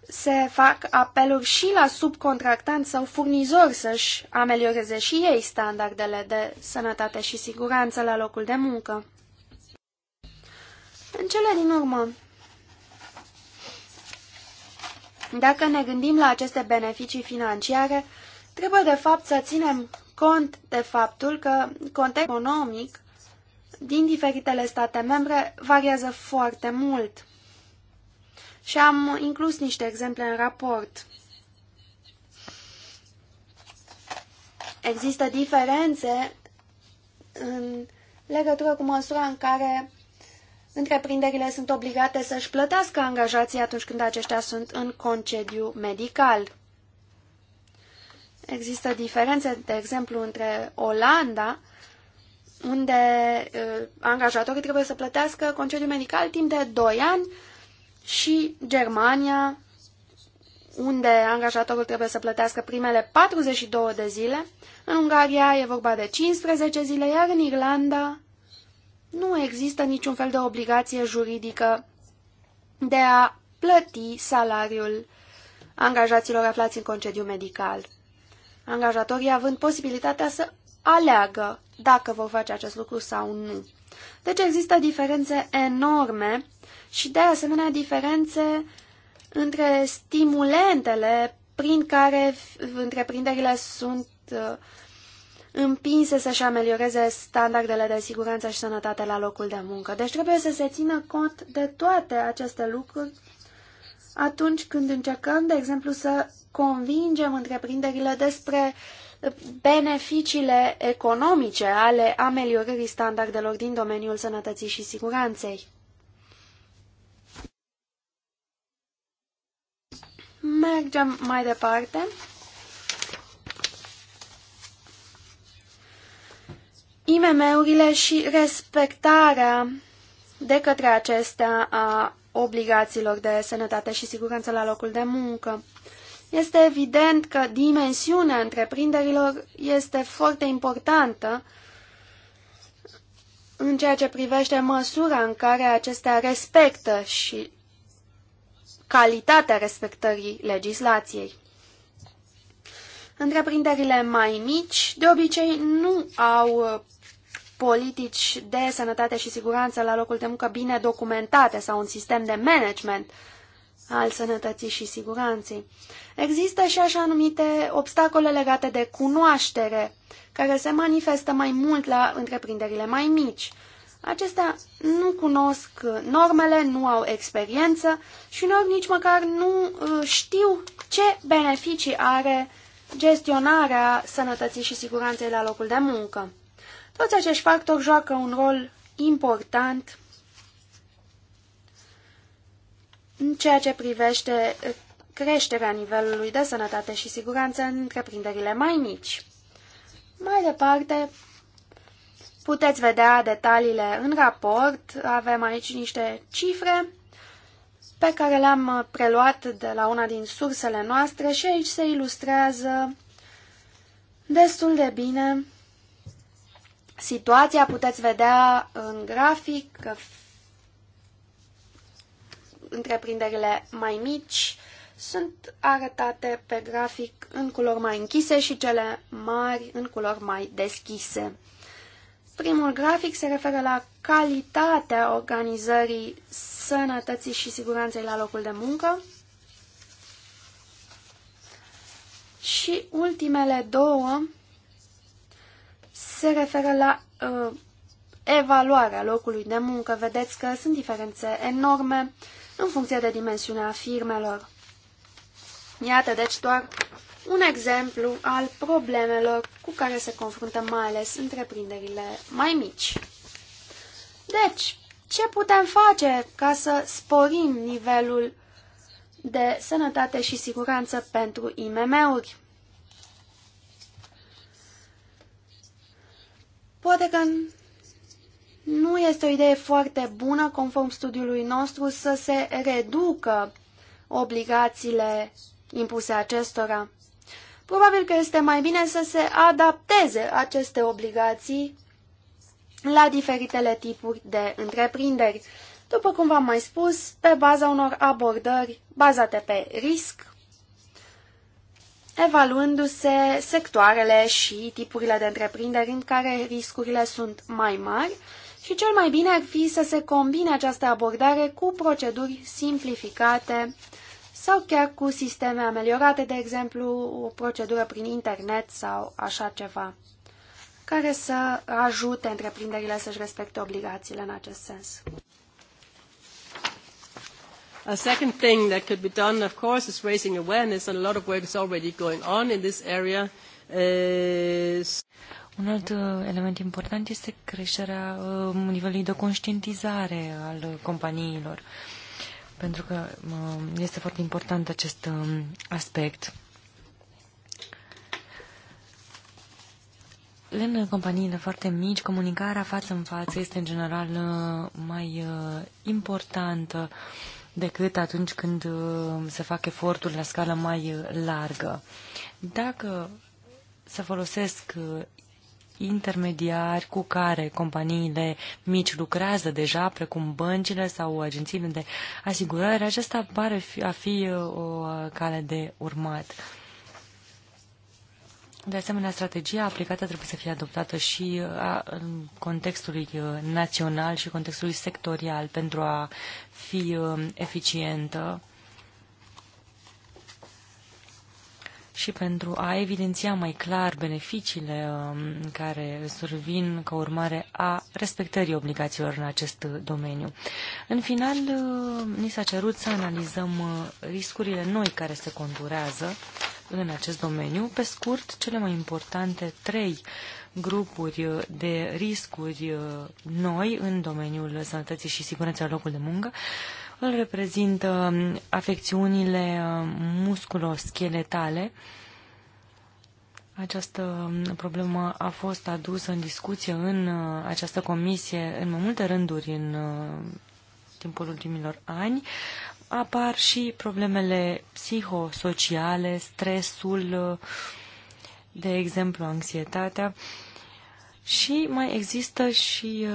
se fac apeluri și la subcontractanți sau furnizori să-și amelioreze și ei standardele de sănătate și siguranță la locul de muncă. În cele din urmă, dacă ne gândim la aceste beneficii financiare, trebuie de fapt să ținem cont de faptul că contextul economic din diferitele state membre variază foarte mult. Și am inclus niște exemple în raport. Există diferențe în legătură cu măsura în care Întreprinderile sunt obligate să-și plătească angajații atunci când aceștia sunt în concediu medical. Există diferențe, de exemplu, între Olanda, unde uh, angajatorii trebuie să plătească concediu medical timp de 2 ani și Germania, unde angajatorul trebuie să plătească primele 42 de zile, în Ungaria e vorba de 15 zile, iar în Irlanda nu există niciun fel de obligație juridică de a plăti salariul angajaților aflați în concediu medical. Angajatorii având posibilitatea să aleagă dacă vor face acest lucru sau nu. Deci există diferențe enorme și de asemenea diferențe între stimulentele prin care întreprinderile sunt uh, împinse să-și amelioreze standardele de siguranță și sănătate la locul de muncă. Deci trebuie să se țină cont de toate aceste lucruri atunci când încercăm, de exemplu, să convingem întreprinderile despre beneficiile economice ale ameliorării standardelor din domeniul sănătății și siguranței. Mergem mai departe. IMM-urile și respectarea de către acestea a obligațiilor de sănătate și siguranță la locul de muncă. Este evident că dimensiunea întreprinderilor este foarte importantă în ceea ce privește măsura în care acestea respectă și calitatea respectării legislației. Întreprinderile mai mici de obicei nu au politici de sănătate și siguranță la locul de muncă bine documentate sau un sistem de management al sănătății și siguranței. Există și așa numite obstacole legate de cunoaștere, care se manifestă mai mult la întreprinderile mai mici. Acestea nu cunosc normele, nu au experiență și uneori nici măcar nu uh, știu ce beneficii are gestionarea sănătății și siguranței la locul de muncă. Toți acești factori joacă un rol important în ceea ce privește creșterea nivelului de sănătate și siguranță în întreprinderile mai mici. Mai departe, puteți vedea detaliile în raport. Avem aici niște cifre pe care le-am preluat de la una din sursele noastre și aici se ilustrează destul de bine situația puteți vedea în grafic că întreprinderile mai mici sunt arătate pe grafic în culori mai închise și cele mari în culori mai deschise. Primul grafic se referă la calitatea organizării sănătății și siguranței la locul de muncă. Și ultimele două se referă la uh, evaluarea locului de muncă. Vedeți că sunt diferențe enorme în funcție de dimensiunea firmelor. Iată, deci, doar un exemplu al problemelor cu care se confruntă mai ales întreprinderile mai mici. Deci, ce putem face ca să sporim nivelul de sănătate și siguranță pentru IMM-uri? Poate că nu este o idee foarte bună, conform studiului nostru, să se reducă obligațiile impuse acestora. Probabil că este mai bine să se adapteze aceste obligații la diferitele tipuri de întreprinderi, după cum v-am mai spus, pe baza unor abordări bazate pe risc evaluându-se sectoarele și tipurile de întreprinderi în care riscurile sunt mai mari și cel mai bine ar fi să se combine această abordare cu proceduri simplificate sau chiar cu sisteme ameliorate, de exemplu, o procedură prin internet sau așa ceva, care să ajute întreprinderile să-și respecte obligațiile în acest sens. A second thing that could be done, of course, is raising awareness, and a lot of work is already going on in this area. Is... Un alt uh, element important este creșterea um, nivelului de conștientizare al companiilor, pentru că um, este foarte important acest um, aspect. În companiile foarte mici, comunicarea față în față este în general uh, mai uh, importantă. Uh, decât atunci când uh, se fac eforturi la scală mai uh, largă. Dacă se folosesc uh, intermediari cu care companiile mici lucrează deja, precum băncile sau agențiile de asigurare, aceasta pare a fi o cale de urmat. De asemenea, strategia aplicată trebuie să fie adoptată și uh, a, în contextului uh, național și contextului sectorial pentru a fi uh, eficientă și pentru a evidenția mai clar beneficiile um, care survin ca urmare a respectării obligațiilor în acest domeniu. În final, um, ni s-a cerut să analizăm uh, riscurile noi care se conturează în acest domeniu. Pe scurt, cele mai importante trei grupuri uh, de riscuri uh, noi în domeniul sănătății și siguranței la locul de muncă îl reprezintă um, afecțiunile um, musculoscheletale. Această um, problemă a fost adusă în discuție în uh, această comisie în mai multe rânduri în uh, timpul ultimilor ani. Apar și problemele psihosociale, stresul, uh, de exemplu, anxietatea. Uh, și mai există și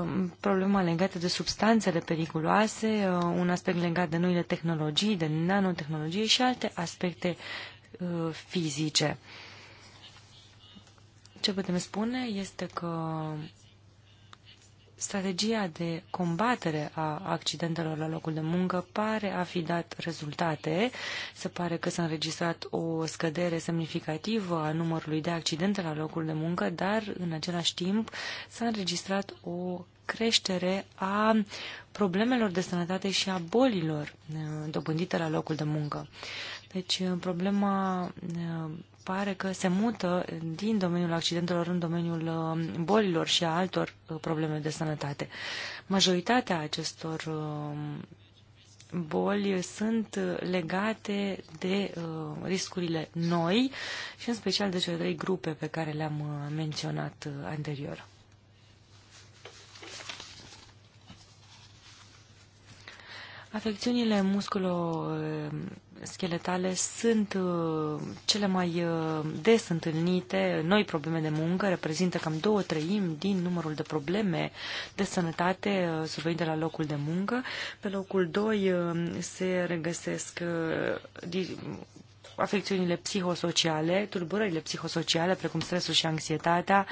uh, problema legată de substanțele periculoase, uh, un aspect legat de noile tehnologii, de nanotehnologie și alte aspecte uh, fizice. Ce putem spune este că Strategia de combatere a accidentelor la locul de muncă pare a fi dat rezultate. Se pare că s-a înregistrat o scădere semnificativă a numărului de accidente la locul de muncă, dar în același timp s-a înregistrat o creștere a problemelor de sănătate și a bolilor uh, dobândite la locul de muncă. Deci uh, problema uh, pare că se mută din domeniul accidentelor în domeniul uh, bolilor și a altor uh, probleme de sănătate. Majoritatea acestor uh, boli sunt legate de riscurile noi și în special de cele trei grupe pe care le-am menționat anterior. Afecțiunile musculo scheletale sunt uh, cele mai uh, des întâlnite noi probleme de muncă, reprezintă cam două treimi din numărul de probleme de sănătate uh, survenite la locul de muncă. Pe locul 2 se regăsesc afecțiunile psihosociale, tulburările psihosociale, precum stresul și anxietatea,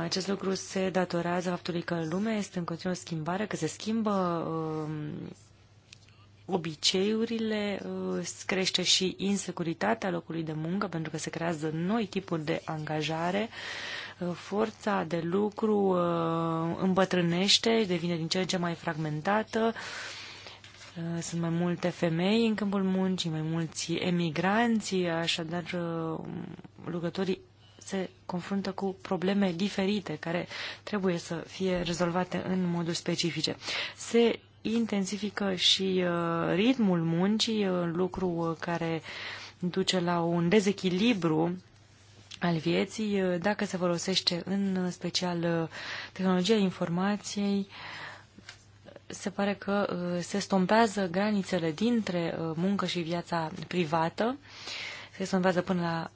acest lucru se datorează faptului că lumea este în continuă schimbare, că se schimbă obiceiurile, uh, crește și insecuritatea locului de muncă, pentru că se creează noi tipuri de angajare, uh, forța de lucru uh, îmbătrânește, devine din ce în ce mai fragmentată, sunt mai multe femei în câmpul muncii, mai mulți emigranți, așadar lucrătorii se confruntă cu probleme diferite care trebuie să fie rezolvate în moduri specifice. Se intensifică și uh, ritmul muncii, uh, lucru uh, care duce la un dezechilibru al vieții, dacă se folosește în special tehnologia informației, se pare că se stompează granițele dintre muncă și viața privată, se stompează până la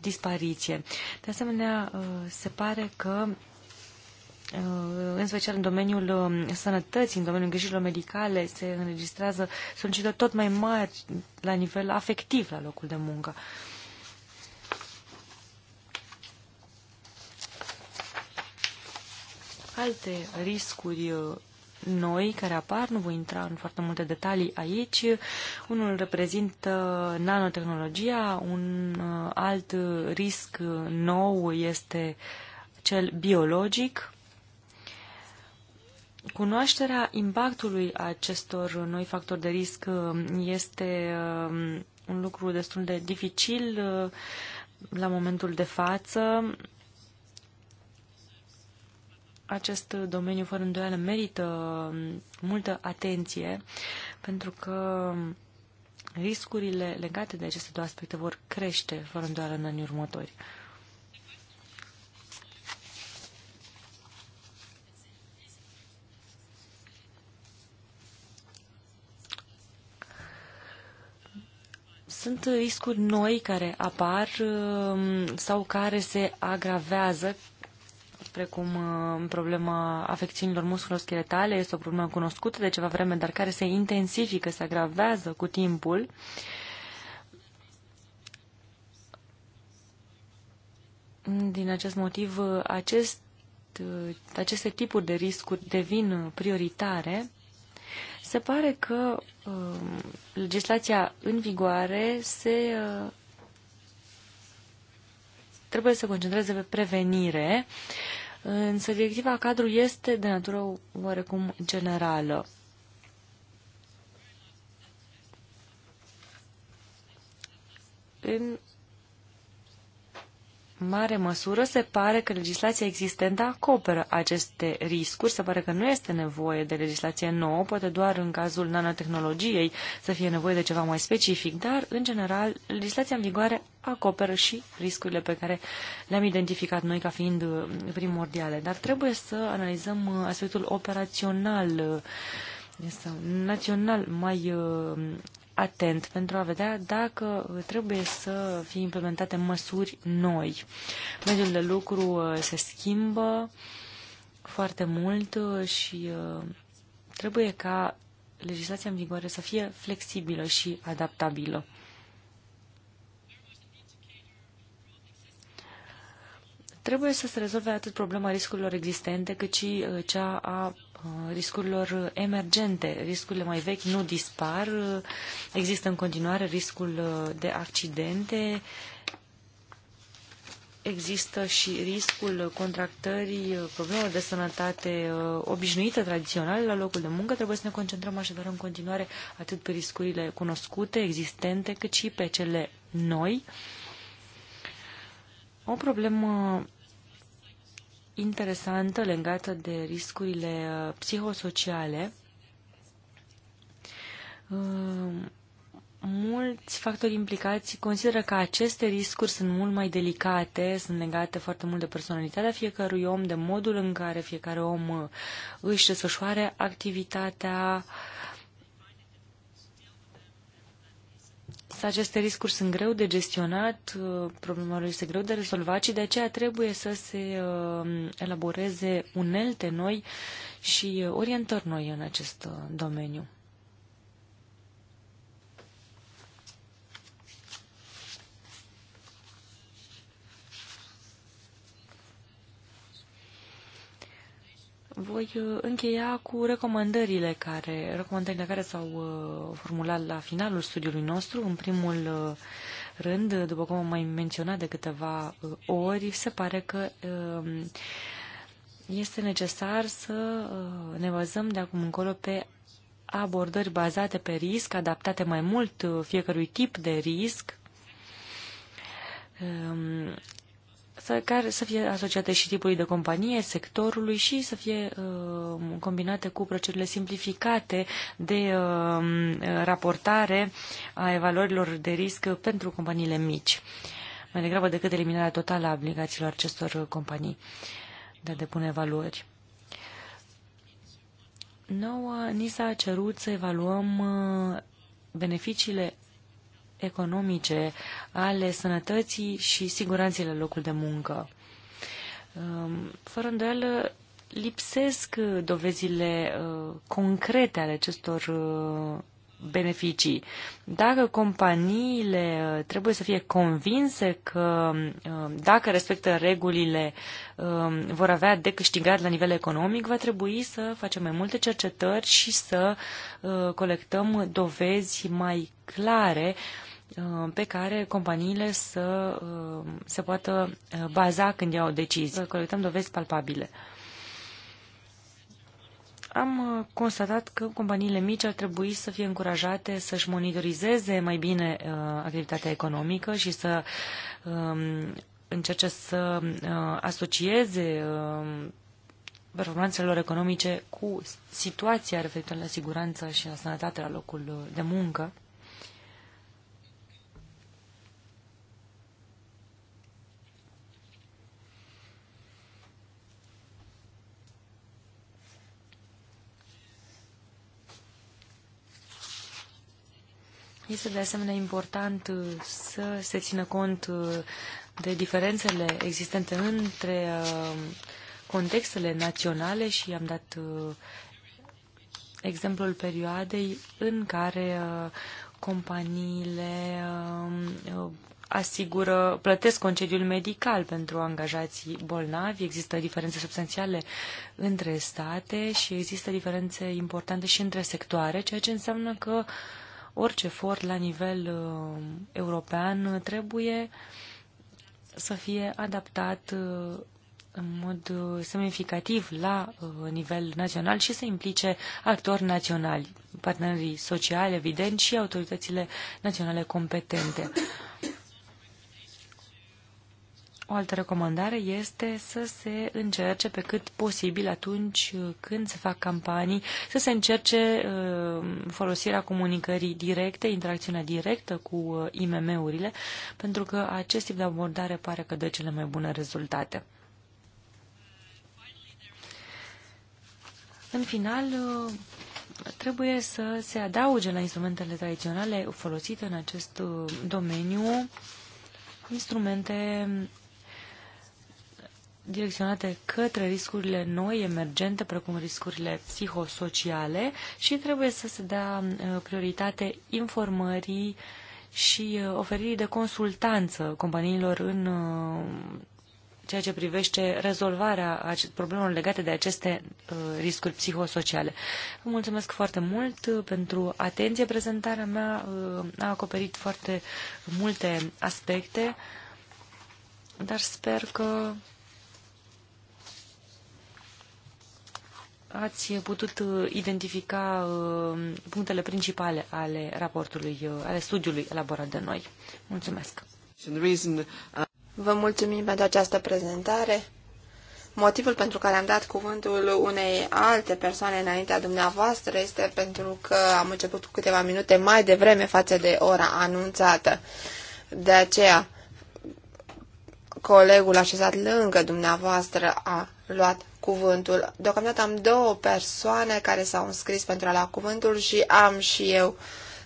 dispariție. De asemenea, se pare că Uh, în special în domeniul um, sănătății, în domeniul îngrijirilor medicale, se înregistrează solicitări tot mai mari la nivel afectiv la locul de muncă. Alte riscuri uh, noi care apar, nu voi intra în foarte multe detalii aici. Unul reprezintă nanotehnologia, un uh, alt risc nou este cel biologic, Cunoașterea impactului acestor noi factori de risc uh, este uh, un lucru destul de dificil uh, la momentul de față. Acest domeniu, fără îndoială, merită multă atenție, pentru că riscurile legate de aceste două aspecte vor crește, fără îndoială, în anii următori. Sunt riscuri noi care apar um, sau care se agravează precum um, problema afecțiunilor musculoscheletale, este o problemă cunoscută de ceva vreme, dar care se intensifică, se agravează cu timpul. Din acest motiv, acest, aceste tipuri de riscuri devin prioritare se pare că uh, legislația în vigoare se uh, trebuie să se concentreze pe prevenire, însă directiva cadru este de natură oarecum generală. În mare măsură se pare că legislația existentă acoperă aceste riscuri. Se pare că nu este nevoie de legislație nouă, poate doar în cazul nanotehnologiei să fie nevoie de ceva mai specific, dar, în general, legislația în vigoare acoperă și riscurile pe care le-am identificat noi ca fiind uh, primordiale. Dar trebuie să analizăm uh, aspectul operațional uh, național mai atent pentru a vedea dacă trebuie să fie implementate măsuri noi. Mediul de lucru uh, se schimbă foarte mult uh, și uh, trebuie ca legislația în vigoare să fie flexibilă și adaptabilă. Trebuie să se rezolve atât problema riscurilor existente, cât și cea a Uh, riscurilor emergente. Riscurile mai vechi nu dispar, uh, există în continuare riscul uh, de accidente, există și riscul contractării problemelor de sănătate obișnuită, tradiționale la locul de muncă. Trebuie să ne concentrăm așadar în continuare atât pe riscurile cunoscute, existente, cât și pe cele noi. O problemă interesantă legată de riscurile uh, psihosociale. Uh, mulți factori implicați consideră că aceste riscuri sunt mult mai delicate, sunt legate foarte mult de personalitatea fiecărui om, de modul în care fiecare om uh, își desfășoare activitatea uh, aceste riscuri sunt greu de gestionat, uh, problema lor este greu de rezolvat și de aceea trebuie să se uh, elaboreze unelte noi și uh, orientări noi în acest domeniu. Voi uh, încheia cu recomandările care, recomandările care s-au uh, formulat la finalul studiului nostru. În primul uh, rând, după cum am mai menționat de câteva ori, se pare că um, este necesar să ne bazăm de acum încolo pe abordări bazate pe risc, adaptate mai mult fiecărui tip de risc, um, să, care să fie asociate și tipului de companie, sectorului și să fie uh, combinate cu procedurile simplificate de uh, raportare a evaluărilor de risc pentru companiile mici, mai degrabă decât eliminarea totală a obligațiilor acestor companii de a depune evaluări. Noua ni s-a cerut să evaluăm uh, beneficiile economice ale sănătății și siguranței la locul de muncă. Um, fără îndoială, lipsesc dovezile uh, concrete ale acestor uh, beneficii. Dacă companiile uh, trebuie să fie convinse că uh, dacă respectă regulile um, vor avea de câștigat la nivel economic, va trebui să facem mai multe cercetări și să uh, colectăm dovezi mai clare pe care companiile să se poată baza când iau decizii. Să colectăm dovezi palpabile am uh, constatat că companiile mici ar trebui să fie încurajate să-și monitorizeze mai bine uh, activitatea economică și să um, încerce să uh, asocieze uh, performanțelor economice cu situația referitoare la siguranță și la sănătatea la locul de muncă. Este de asemenea important uh, să se țină cont uh, de diferențele existente între uh, contextele naționale și am dat exemplul perioadei în care companiile asigură, plătesc concediul medical pentru angajații bolnavi, există diferențe substanțiale între state și există diferențe importante și între sectoare, ceea ce înseamnă că uh, orice for la nivel uh, european trebuie să fie adaptat uh, în mod uh, semnificativ la uh, nivel național și să implice actori naționali, partenerii sociali, evident, și autoritățile naționale competente. O altă recomandare este să se încerce pe cât posibil atunci uh, când se fac campanii, să se încerce uh, folosirea comunicării directe, interacțiunea directă cu uh, IMM-urile, pentru că acest tip de abordare pare că dă cele mai bune rezultate. În final, trebuie să se adauge la instrumentele tradiționale folosite în acest domeniu instrumente direcționate către riscurile noi, emergente, precum riscurile psihosociale și trebuie să se dea uh, prioritate informării și uh, oferirii de consultanță companiilor în uh, ceea ce privește rezolvarea problemelor legate de aceste riscuri psihosociale. Vă mulțumesc foarte mult pentru atenție. Prezentarea mea a acoperit foarte multe aspecte, dar sper că ați putut uh, identifica uh, punctele principale ale raportului, uh, ale studiului elaborat de noi. Mulțumesc! Vă mulțumim pentru această prezentare. Motivul pentru care am dat cuvântul unei alte persoane înaintea dumneavoastră este pentru că am început cu câteva minute mai devreme față de ora anunțată. De aceea, colegul așezat lângă dumneavoastră a luat cuvântul. Deocamdată am două persoane care s-au înscris pentru a lua cuvântul și am și eu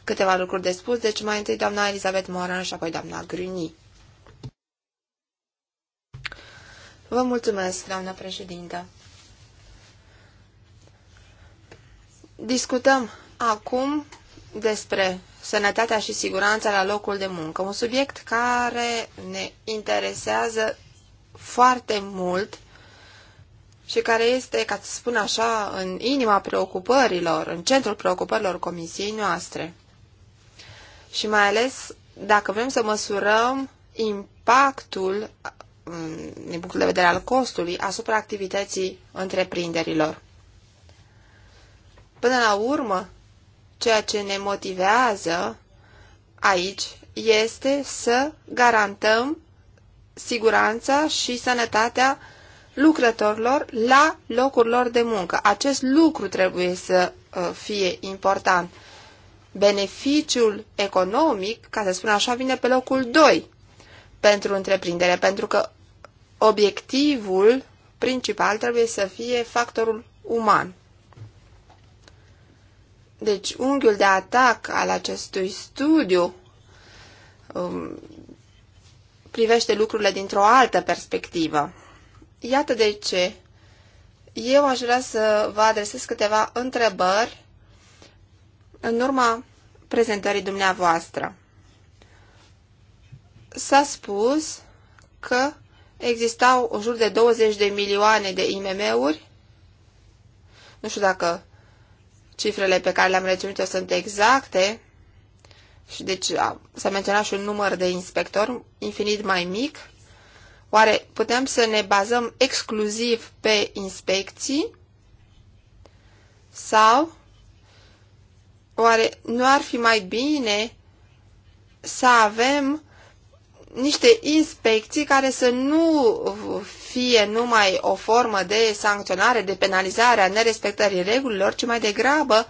câteva lucruri de spus, deci mai întâi doamna Elizabeth Moran și apoi doamna Grini. Vă mulțumesc, doamna președintă. Discutăm acum despre sănătatea și siguranța la locul de muncă, un subiect care ne interesează foarte mult și care este, ca să spun așa, în inima preocupărilor, în centrul preocupărilor comisiei noastre. Și mai ales dacă vrem să măsurăm impactul mm, din punctul de vedere al costului asupra activității întreprinderilor. Până la urmă, ceea ce ne motivează aici este să garantăm siguranța și sănătatea lucrătorilor la locul lor de muncă. Acest lucru trebuie să uh, fie important. Beneficiul economic, ca să spun așa, vine pe locul 2 pentru întreprindere, pentru că obiectivul principal trebuie să fie factorul uman. Deci, unghiul de atac al acestui studiu um, privește lucrurile dintr-o altă perspectivă. Iată de ce eu aș vrea să vă adresez câteva întrebări în urma prezentării dumneavoastră. S-a spus că existau în jur de 20 de milioane de IMM-uri. Nu știu dacă cifrele pe care le-am reținut eu sunt exacte. Și deci s-a menționat și un număr de inspectori infinit mai mic. Oare putem să ne bazăm exclusiv pe inspecții? Sau oare nu ar fi mai bine să avem niște inspecții care să nu fie numai o formă de sancționare, de penalizare a nerespectării regulilor, ci mai degrabă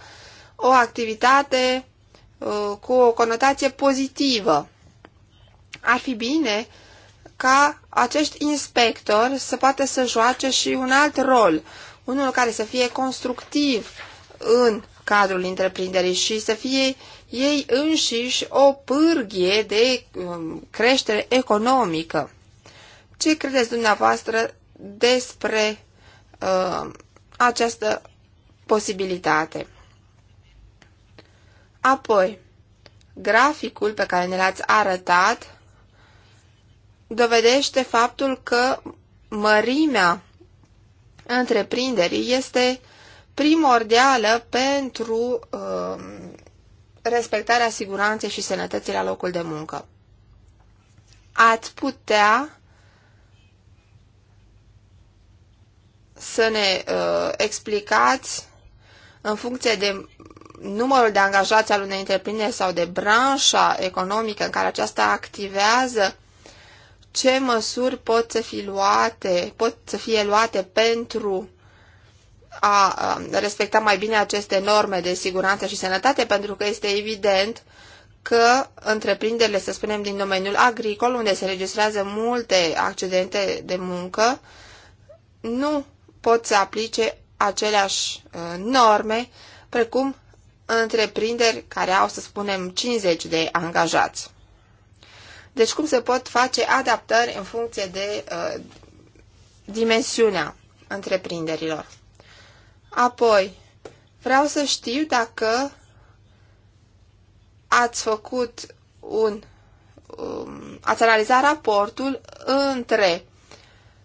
o activitate uh, cu o conotație pozitivă. Ar fi bine ca acești inspectori să poată să joace și un alt rol, unul care să fie constructiv în cadrul întreprinderii și să fie ei înșiși o pârghie de um, creștere economică. Ce credeți dumneavoastră despre uh, această posibilitate? Apoi, graficul pe care ne l-ați arătat dovedește faptul că mărimea întreprinderii este primordială pentru uh, respectarea siguranței și sănătății la locul de muncă. Ați putea să ne uh, explicați în funcție de numărul de angajați al unei întreprinderi sau de branșa economică în care aceasta activează, ce măsuri pot să fie luate, pot să fie luate pentru a respecta mai bine aceste norme de siguranță și sănătate, pentru că este evident că întreprinderile, să spunem, din domeniul agricol, unde se registrează multe accidente de muncă, nu pot să aplice aceleași uh, norme precum întreprinderi care au, să spunem, 50 de angajați. Deci cum se pot face adaptări în funcție de uh, dimensiunea întreprinderilor. Apoi, vreau să știu dacă ați făcut un um, ați analizat raportul între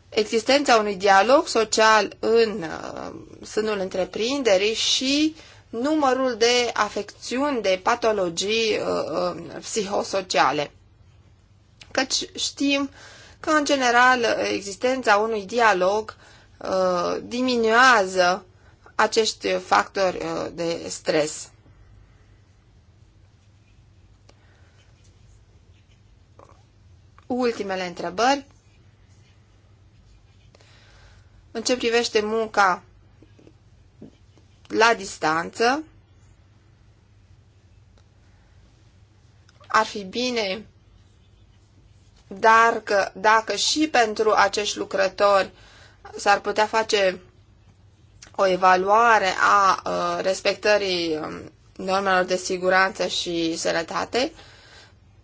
existența unui dialog social în uh, sânul întreprinderii și numărul de afecțiuni, de patologii uh, uh, psihosociale căci știm că, în general, existența unui dialog uh, diminuează acești factori uh, de stres. Ultimele întrebări. În ce privește munca la distanță, ar fi bine dar că dacă și pentru acești lucrători s-ar putea face o evaluare a uh, respectării um, normelor de siguranță și sănătate,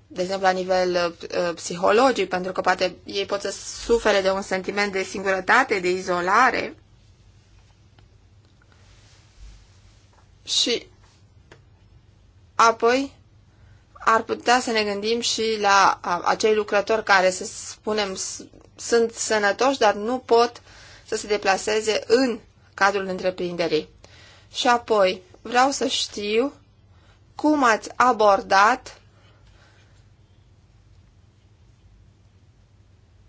de exemplu la nivel uh, psihologic, pentru că poate ei pot să sufere de un sentiment de singurătate, de izolare. Și apoi ar putea să ne gândim și la acei lucrători care, să spunem, sunt sănătoși, dar nu pot să se deplaseze în cadrul întreprinderii. Și apoi, vreau să știu cum ați abordat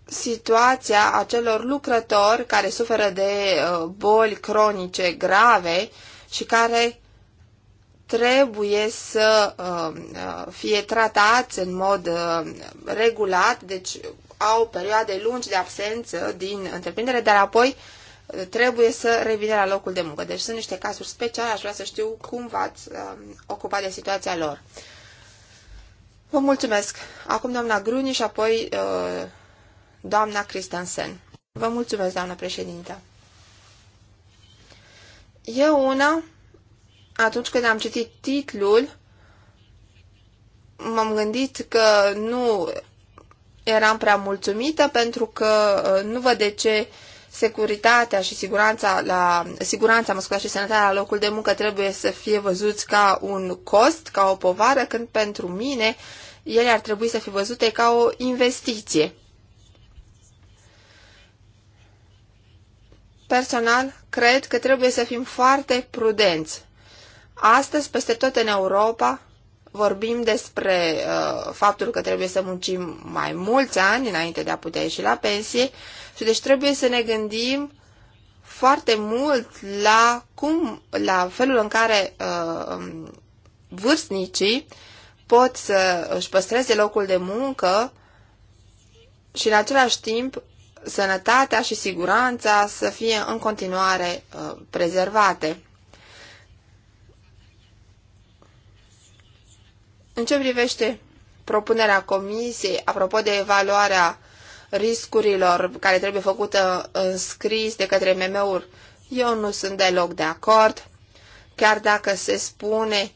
situația acelor lucrători care suferă de uh, boli cronice grave și care trebuie să uh, uh, fie tratați în mod uh, regulat, deci au perioade lungi de absență din întreprindere, dar apoi trebuie să revină la locul de muncă. Deci sunt niște cazuri speciale, aș vrea să știu cum v-ați um, ocupat de situația lor. Vă mulțumesc. Acum doamna Gruni și apoi doamna Christensen. Vă mulțumesc, doamna președintă. Eu una atunci când am citit titlul, m-am gândit că nu eram prea mulțumită pentru că uh, nu văd de ce securitatea și siguranța la siguranța, mă și sănătatea la locul de muncă trebuie să fie văzuți ca un cost, ca o povară, când pentru mine ele ar trebui să fie văzute ca o investiție. Personal, cred că trebuie să fim foarte prudenți Astăzi, peste tot în Europa, vorbim despre uh, faptul că trebuie să muncim mai mulți ani înainte de a putea ieși la pensie și deci trebuie să ne gândim foarte mult la cum, la felul în care uh, vârstnicii pot să își păstreze locul de muncă și în același timp sănătatea și siguranța să fie în continuare uh, prezervate. În ce privește propunerea comisiei, apropo de evaluarea riscurilor care trebuie făcută în scris de către MM-uri, eu nu sunt deloc de acord, chiar dacă se spune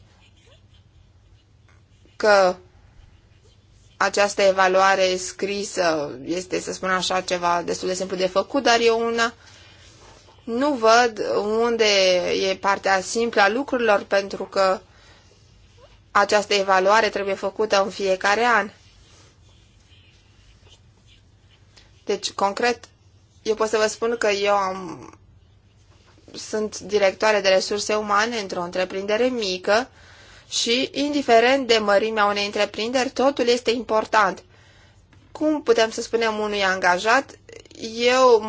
că această evaluare scrisă este, să spun așa, ceva destul de simplu de făcut, dar eu una nu văd unde e partea simplă a lucrurilor, pentru că această evaluare trebuie făcută în fiecare an. Deci, concret, eu pot să vă spun că eu am, sunt directoare de resurse umane într-o întreprindere mică și, indiferent de mărimea unei întreprinderi, totul este important. Cum putem să spunem unui angajat, eu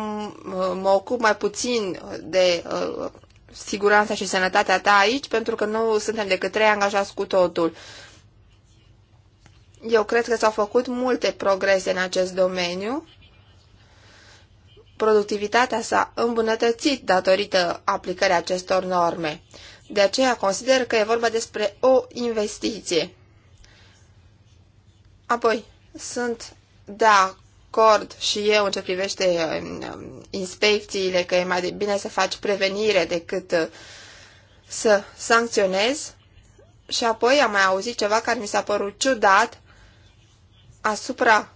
mă ocup mai puțin de uh, siguranța și sănătatea ta aici, pentru că nu suntem decât trei angajați cu totul. Eu cred că s-au făcut multe progrese în acest domeniu. Productivitatea s-a îmbunătățit datorită aplicării acestor norme. De aceea consider că e vorba despre o investiție. Apoi, sunt de acord și eu în ce privește um, um, inspecțiile, că e mai bine să faci prevenire decât uh, să sancționezi. Și apoi am mai auzit ceva care mi s-a părut ciudat asupra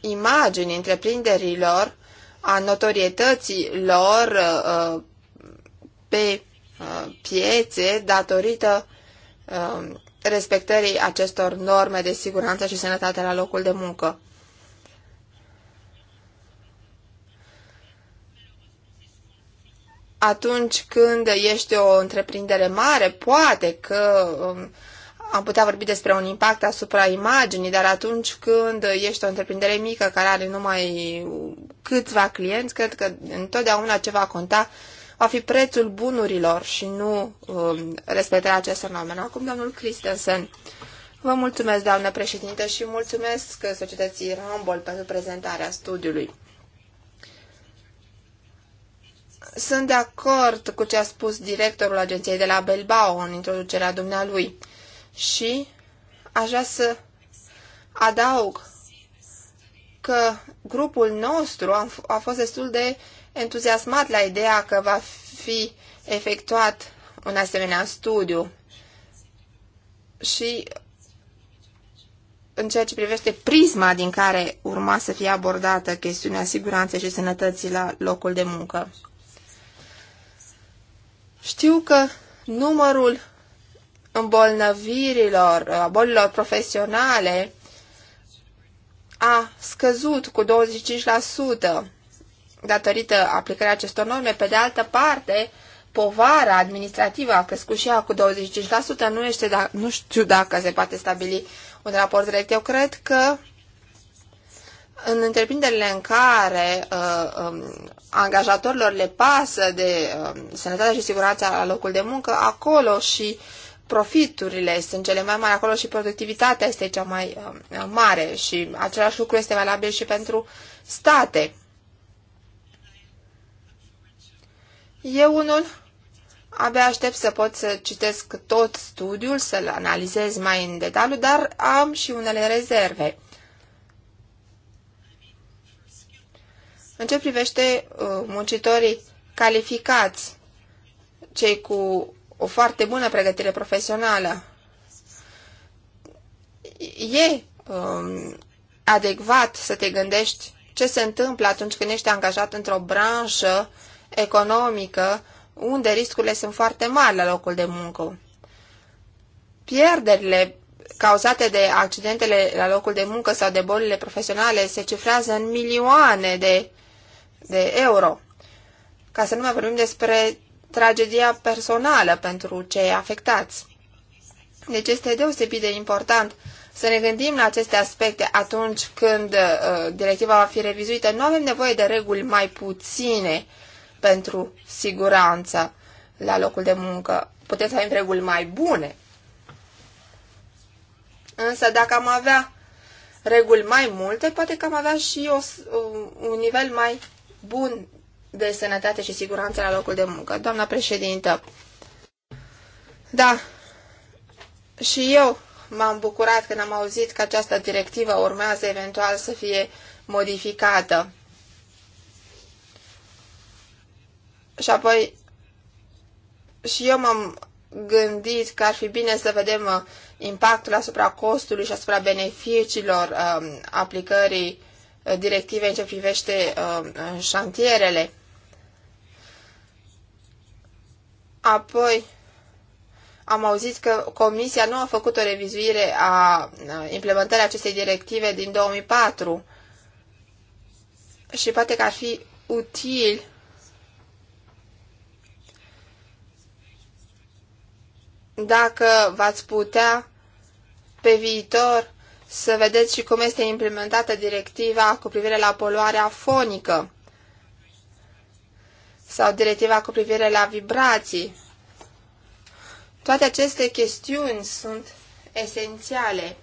imaginii întreprinderilor, a notorietății lor uh, uh, pe piețe datorită um, respectării acestor norme de siguranță și sănătate la locul de muncă. atunci când ești o întreprindere mare, poate că um, am putea vorbi despre un impact asupra imaginii, dar atunci când ești o întreprindere mică care are numai câțiva clienți, cred că întotdeauna ce va conta va fi prețul bunurilor și nu um, respectarea acestor norme. Acum, domnul Christensen, vă mulțumesc, doamnă președinte, și mulțumesc societății Rambol pentru prezentarea studiului. sunt de acord cu ce a spus directorul agenției de la Belbao în introducerea dumnealui și aș vrea să adaug că grupul nostru a fost destul de entuziasmat la ideea că va fi efectuat un asemenea studiu și în ceea ce privește prisma din care urma să fie abordată chestiunea siguranței și sănătății la locul de muncă. Știu că numărul îmbolnăvirilor, a bolilor profesionale a scăzut cu 25% datorită aplicării acestor norme. Pe de altă parte, povara administrativă a crescut și ea cu 25%. Nu, este, da- nu știu dacă se poate stabili un raport direct. Eu cred că în întreprinderile în care uh, um, angajatorilor le pasă de uh, sănătatea și siguranța la locul de muncă, acolo și profiturile sunt cele mai mari, acolo și productivitatea este cea mai uh, mare și același lucru este valabil și pentru state. Eu unul abia aștept să pot să citesc tot studiul, să-l analizez mai în detaliu, dar am și unele rezerve. În ce privește uh, muncitorii calificați, cei cu o foarte bună pregătire profesională, e um, adecvat să te gândești ce se întâmplă atunci când ești angajat într-o branșă economică unde riscurile sunt foarte mari la locul de muncă. Pierderile cauzate de accidentele la locul de muncă sau de bolile profesionale se cifrează în milioane de de euro. Ca să nu mai vorbim despre tragedia personală pentru cei afectați. Deci este deosebit de important să ne gândim la aceste aspecte atunci când uh, directiva va fi revizuită. Nu avem nevoie de reguli mai puține pentru siguranță la locul de muncă. Putem să avem reguli mai bune. Însă dacă am avea reguli mai multe, poate că am avea și o, un nivel mai bun de sănătate și siguranță la locul de muncă. Doamna președintă, da, și eu m-am bucurat când am auzit că această directivă urmează eventual să fie modificată. Și apoi și eu m-am gândit că ar fi bine să vedem uh, impactul asupra costului și asupra beneficiilor um, aplicării directive în ce privește uh, șantierele. Apoi am auzit că Comisia nu a făcut o revizuire a implementării acestei directive din 2004 și poate că ar fi util dacă v-ați putea pe viitor să vedeți și cum este implementată directiva cu privire la poluarea fonică sau directiva cu privire la vibrații. Toate aceste chestiuni sunt esențiale.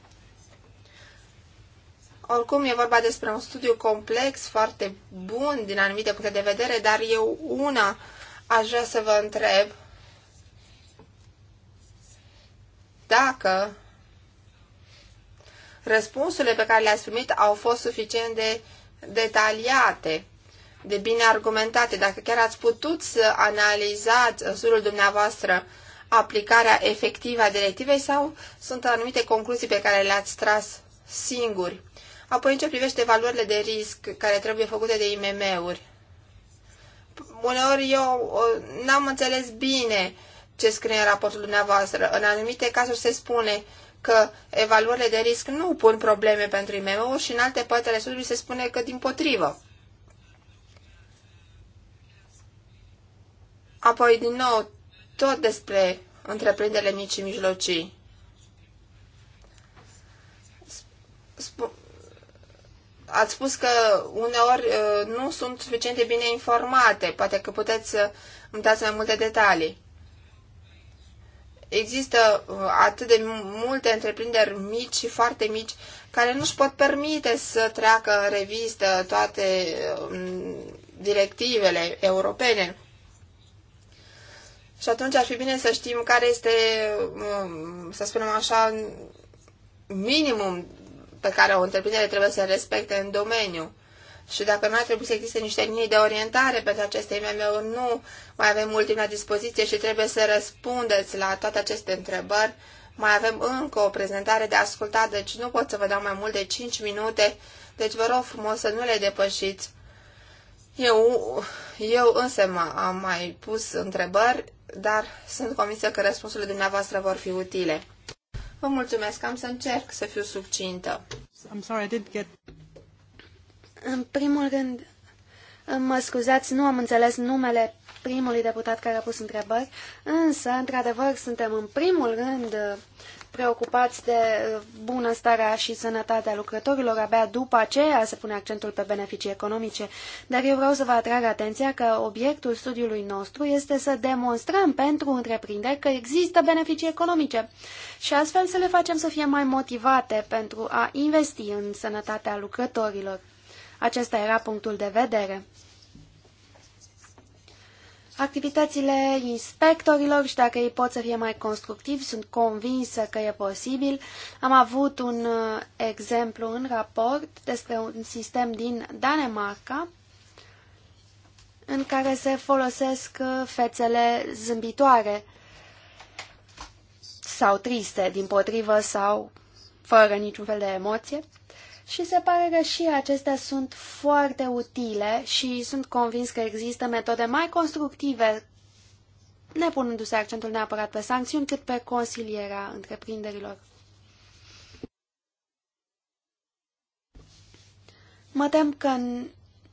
Oricum, e vorba despre un studiu complex, foarte bun din anumite puncte de vedere, dar eu una aș vrea să vă întreb dacă răspunsurile pe care le-ați primit au fost suficient de detaliate, de bine argumentate. Dacă chiar ați putut să analizați în surul dumneavoastră aplicarea efectivă a directivei sau sunt anumite concluzii pe care le-ați tras singuri. Apoi, în ce privește valorile de risc care trebuie făcute de IMM-uri, uneori eu n-am înțeles bine ce scrie în raportul dumneavoastră. În anumite cazuri se spune că evaluările de risc nu pun probleme pentru IMM-uri și în alte părți ale studiului se spune că din potrivă. Apoi, din nou, tot despre întreprinderile mici și mijlocii. Sp- ați spus că uneori uh, nu sunt suficient de bine informate. Poate că puteți să uh, îmi dați mai multe detalii. Există uh, atât de multe întreprinderi mici și foarte mici care nu își pot permite să treacă în revistă toate um, directivele europene. Și atunci ar fi bine să știm care este, um, să spunem așa, minimum pe care o întreprindere trebuie să respecte în domeniu și dacă nu ar trebui să existe niște linii de orientare pentru aceste IMM-uri, nu mai avem mult timp la dispoziție și trebuie să răspundeți la toate aceste întrebări. Mai avem încă o prezentare de ascultat, deci nu pot să vă dau mai mult de 5 minute, deci vă rog frumos să nu le depășiți. Eu, eu însă am mai pus întrebări, dar sunt convinsă că răspunsurile dumneavoastră vor fi utile. Vă mulțumesc, am să încerc să fiu succintă. I'm sorry, I didn't get... În primul rând, mă scuzați, nu am înțeles numele primului deputat care a pus întrebări, însă, într-adevăr, suntem în primul rând uh, preocupați de uh, bunăstarea și sănătatea lucrătorilor, abia după aceea se pune accentul pe beneficii economice. Dar eu vreau să vă atrag atenția că obiectul studiului nostru este să demonstrăm pentru întreprinderi că există beneficii economice și astfel să le facem să fie mai motivate pentru a investi în sănătatea lucrătorilor. Acesta era punctul de vedere. Activitățile inspectorilor și dacă ei pot să fie mai constructivi, sunt convinsă că e posibil. Am avut un uh, exemplu în raport despre un sistem din Danemarca în care se folosesc uh, fețele zâmbitoare sau triste, din potrivă sau fără niciun fel de emoție. Și se pare că și acestea sunt foarte utile și sunt convins că există metode mai constructive, nepunându-se accentul neapărat pe sancțiuni, cât pe consilierea întreprinderilor. Mă tem că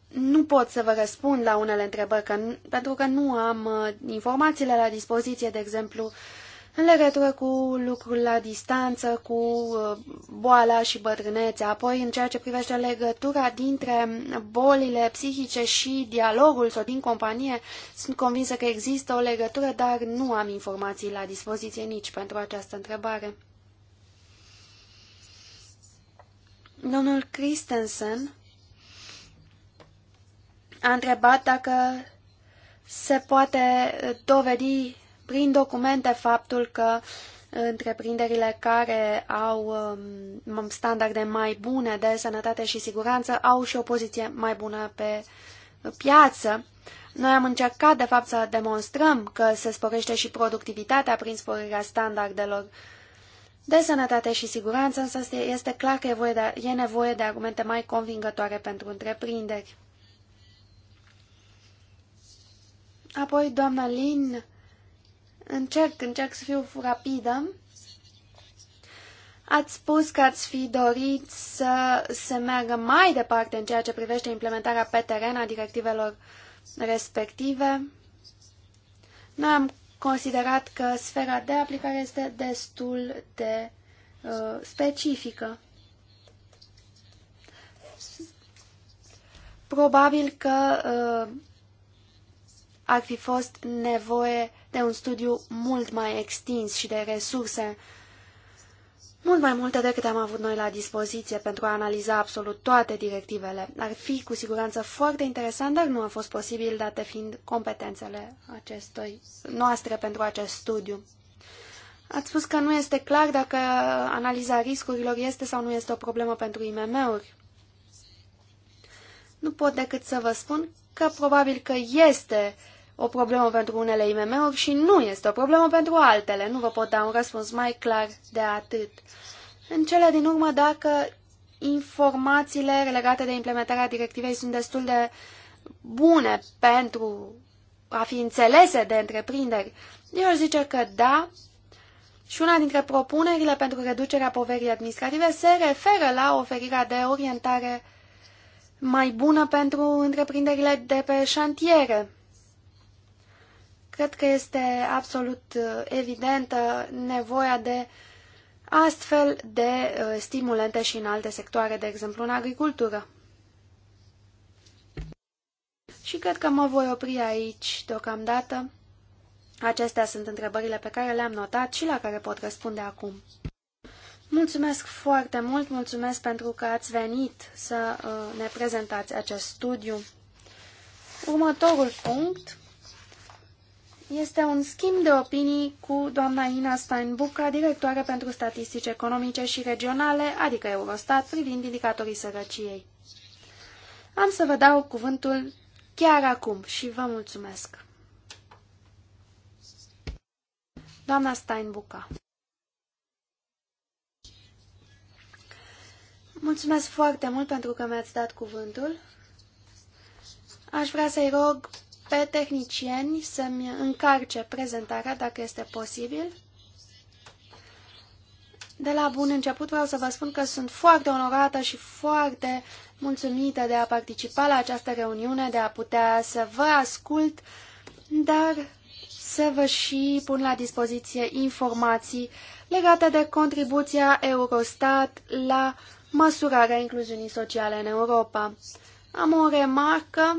nu pot să vă răspund la unele întrebări, că, pentru că nu am uh, informațiile la dispoziție, de exemplu, uh, în legătură cu lucrul la distanță, cu uh, boala și bătrânețe, apoi în ceea ce privește legătura dintre bolile psihice și dialogul sau din companie, sunt convinsă că există o legătură, dar nu am informații la dispoziție nici pentru această întrebare. Domnul Christensen a întrebat dacă se poate dovedi prin documente faptul că întreprinderile care au um, standarde mai bune de sănătate și siguranță au și o poziție mai bună pe piață. Noi am încercat, de fapt, să demonstrăm că se sporește și productivitatea prin sporirea standardelor de sănătate și siguranță, însă este clar că e nevoie de argumente mai convingătoare pentru întreprinderi. Apoi, doamna Lin Încerc, încerc să fiu rapidă. Ați spus că ați fi dorit să se meargă mai departe în ceea ce privește implementarea pe teren a directivelor respective. Noi am considerat că sfera de aplicare este destul de uh, specifică. Probabil că uh, ar fi fost nevoie de un studiu mult mai extins și de resurse mult mai multe decât am avut noi la dispoziție pentru a analiza absolut toate directivele. Ar fi cu siguranță foarte interesant, dar nu a fost posibil, date fiind competențele acestui, noastre pentru acest studiu. Ați spus că nu este clar dacă analiza riscurilor este sau nu este o problemă pentru IMM-uri. Nu pot decât să vă spun că probabil că este uh, o problemă pentru unele IMM-uri și nu este o problemă pentru altele. Nu vă pot da un răspuns mai clar de atât. În cele din urmă, dacă informațiile legate de implementarea directivei sunt destul de bune pentru a fi înțelese de întreprinderi, eu aș zice că da, și una dintre propunerile pentru reducerea poverii administrative se referă la oferirea de orientare mai bună pentru întreprinderile de pe șantiere. Cred că este absolut uh, evidentă nevoia de astfel de uh, stimulente și în alte sectoare, de exemplu în agricultură. Și cred că mă voi opri aici deocamdată. Acestea sunt întrebările pe care le-am notat și la care pot răspunde acum. Mulțumesc foarte mult, mulțumesc pentru că ați venit să uh, ne prezentați acest studiu. Următorul punct este un schimb de opinii cu doamna Ina Steinbucca, directoare pentru statistici economice și regionale, adică Eurostat, privind indicatorii sărăciei. Am să vă dau cuvântul chiar acum și vă mulțumesc. Doamna Steinbucca. Mulțumesc foarte mult pentru că mi-ați dat cuvântul. Aș vrea să-i rog pe tehnicieni să-mi încarce prezentarea, dacă este posibil. De la bun început vreau să vă spun că sunt foarte onorată și foarte mulțumită de a participa la această reuniune, de a putea să vă ascult, dar să vă și pun la dispoziție informații legate de contribuția Eurostat la măsurarea incluziunii sociale în Europa. Am o remarcă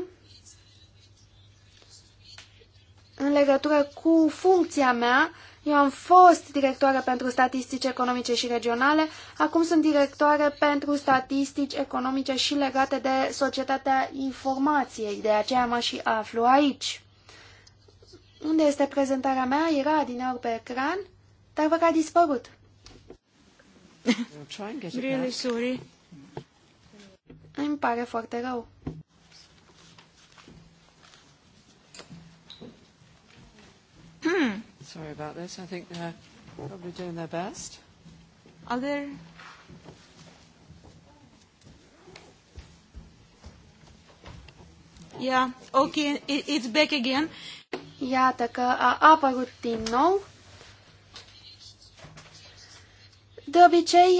în legătură cu funcția mea, eu am fost directoare pentru statistici economice și regionale, acum sunt directoare pentru statistici economice și legate de societatea informației, de aceea mă și aflu aici. Unde este prezentarea mea? Era adineori pe ecran, dar vă că a dispărut. really sorry. Îmi pare foarte rău. Hmm. Sorry about this. I think they're probably doing their best. Are there Yeah, okay, it's back again. Iată că a apărut din nou. De obicei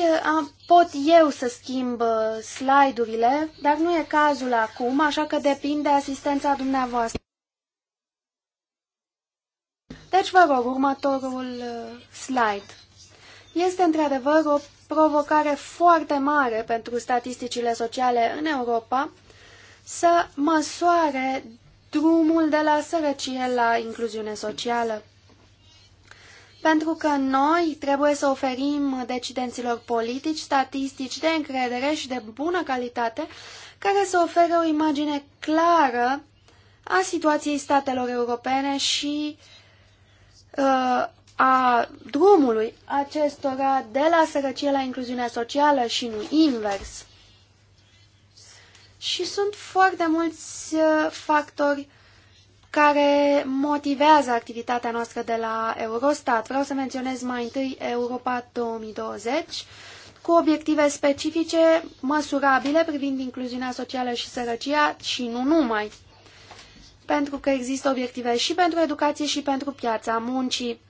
pot eu să schimb uh, slide-urile, dar nu e cazul acum, așa că depinde asistența dumneavoastră. Deci, vă rog, următorul uh, slide. Este într-adevăr o provocare foarte mare pentru statisticile sociale în Europa să măsoare drumul de la sărăcie la incluziune socială. Pentru că noi trebuie să oferim decidenților politici statistici de încredere și de bună calitate care să ofere o imagine clară a situației statelor europene și uh, Uh, a drumului acestora de la sărăcie la incluziunea socială și nu invers. Și sunt foarte mulți uh, factori care motivează activitatea noastră de la Eurostat. Vreau să menționez mai întâi Europa 2020, cu obiective specifice, măsurabile privind incluziunea socială și sărăcia și nu numai pentru că există obiective și pentru educație și pentru piața muncii.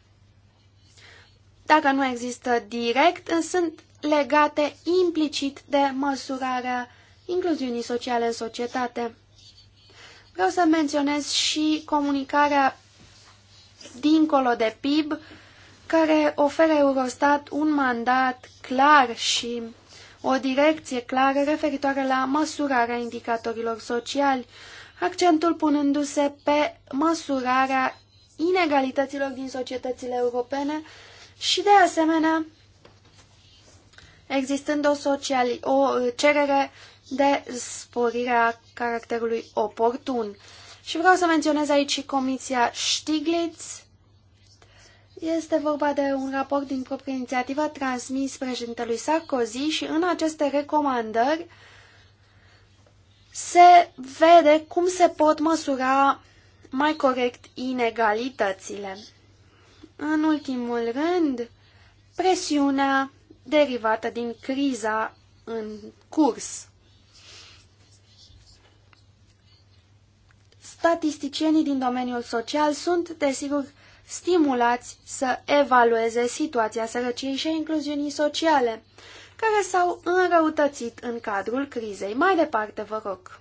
Dacă nu există direct, sunt legate implicit de măsurarea incluziunii sociale în societate. Vreau să menționez și comunicarea dincolo de PIB, care oferă Eurostat un mandat clar și o direcție clară referitoare la măsurarea indicatorilor sociali accentul punându-se pe măsurarea inegalităților din societățile europene și, de asemenea, existând o, sociali- o cerere de sporirea caracterului oportun. Și vreau să menționez aici și Comisia Stiglitz. Este vorba de un raport din proprie inițiativă transmis președintelui Sarkozy și în aceste recomandări uh, se vede cum se pot măsura mai corect inegalitățile. În ultimul rând, presiunea derivată din criza în curs. Statisticienii din domeniul social sunt, desigur, stimulați să evalueze situația sărăciei și a incluziunii sociale care s-au înrăutățit în cadrul crizei. Mai departe, vă rog.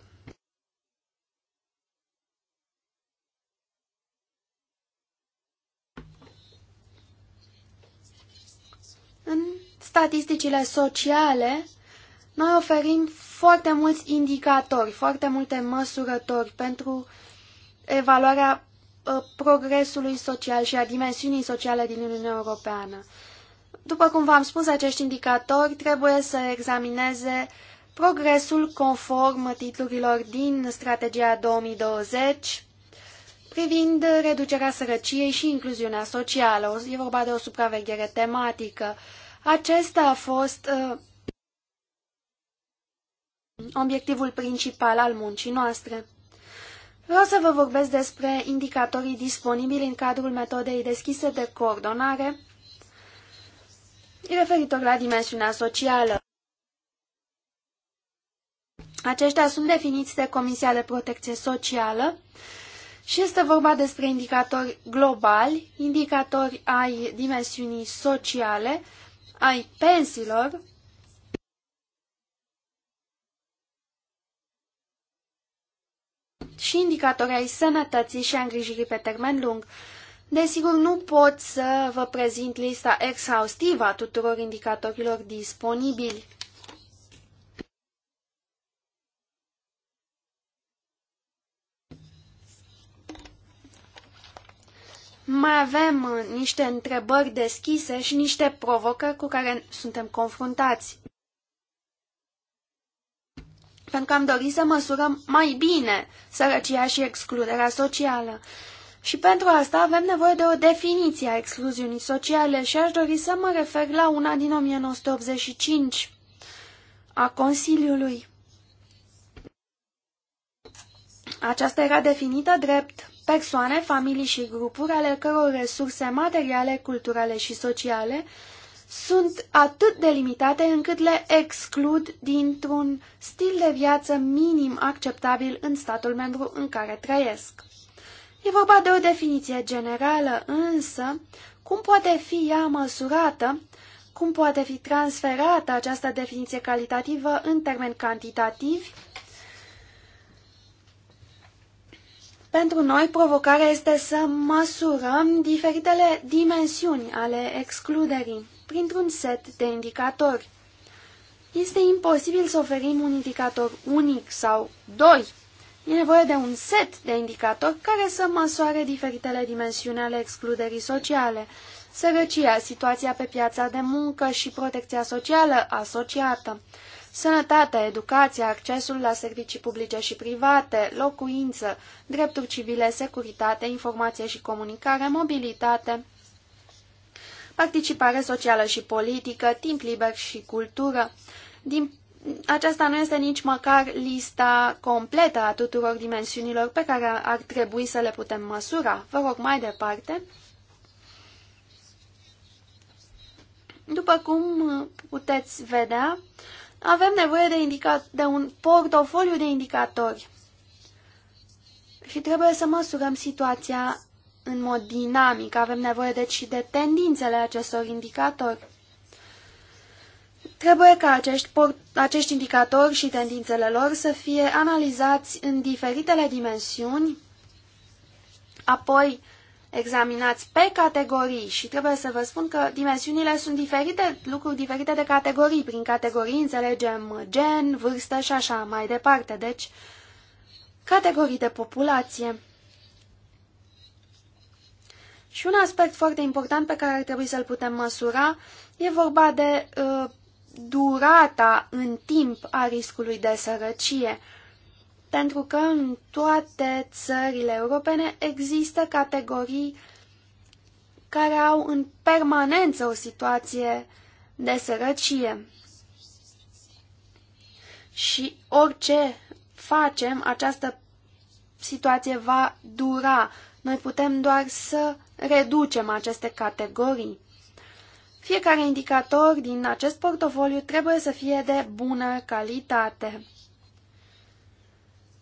În statisticile sociale, noi oferim foarte mulți indicatori, foarte multe măsurători pentru evaluarea uh, progresului social și a dimensiunii sociale din Uniunea Europeană. După cum v-am spus, acești indicatori trebuie să examineze progresul conform titlurilor din Strategia 2020 privind reducerea sărăciei și incluziunea socială. E vorba de o supraveghere tematică. Acesta a fost uh, obiectivul principal al muncii noastre. Vreau să vă vorbesc despre indicatorii disponibili în cadrul metodei deschise de coordonare, referitor la dimensiunea socială. Aceștia sunt definiți de Comisia de Protecție Socială și este vorba despre indicatori globali, indicatori ai dimensiunii sociale, ai pensiilor, și indicatori ai sănătății și a îngrijirii pe termen lung. Desigur, nu pot să vă prezint lista exhaustivă a tuturor indicatorilor disponibili. Mai avem uh, niște întrebări deschise și niște provocări cu care suntem confruntați. Pentru că am dorit să măsurăm mai bine sărăcia și excluderea socială. Și pentru asta avem nevoie de o definiție a excluziunii sociale și aș dori să mă refer la una din 1985 a Consiliului. Aceasta era definită drept persoane, familii și grupuri ale căror resurse materiale, culturale și sociale sunt atât de limitate încât le exclud dintr-un stil de viață minim acceptabil în statul membru în care trăiesc. E vorba de o definiție generală, însă cum poate fi ea măsurată, cum poate fi transferată această definiție calitativă în termeni cantitativi? Pentru noi, provocarea este să măsurăm diferitele dimensiuni ale excluderii printr-un set de indicatori. Este imposibil să oferim un indicator unic sau doi E nevoie de un set de indicatori care să măsoare diferitele dimensiuni ale excluderii sociale, sărăcia, situația pe piața de muncă și protecția socială asociată, sănătatea, educația, accesul la servicii publice și private, locuință, drepturi civile, securitate, informație și comunicare, mobilitate, participare socială și politică, timp liber și cultură, din aceasta nu este nici măcar lista completă a tuturor dimensiunilor pe care ar trebui să le putem măsura. Vă rog mai departe. După cum puteți vedea, avem nevoie de, de un portofoliu de indicatori și trebuie să măsurăm situația în mod dinamic. Avem nevoie deci și de tendințele acestor indicatori. Trebuie ca acești, acești indicatori și tendințele lor să fie analizați în diferitele dimensiuni, apoi examinați pe categorii și trebuie să vă spun că dimensiunile sunt diferite, lucruri diferite de categorii. Prin categorii înțelegem gen, vârstă și așa mai departe, deci categorii de populație. Și un aspect foarte important pe care ar trebui să-l putem măsura e vorba de uh, durata în timp a riscului de sărăcie, pentru că în toate țările europene există categorii care au în permanență o situație de sărăcie. Și orice facem, această situație va dura. Noi putem doar să reducem aceste categorii. Fiecare indicator din acest portofoliu trebuie să fie de bună calitate.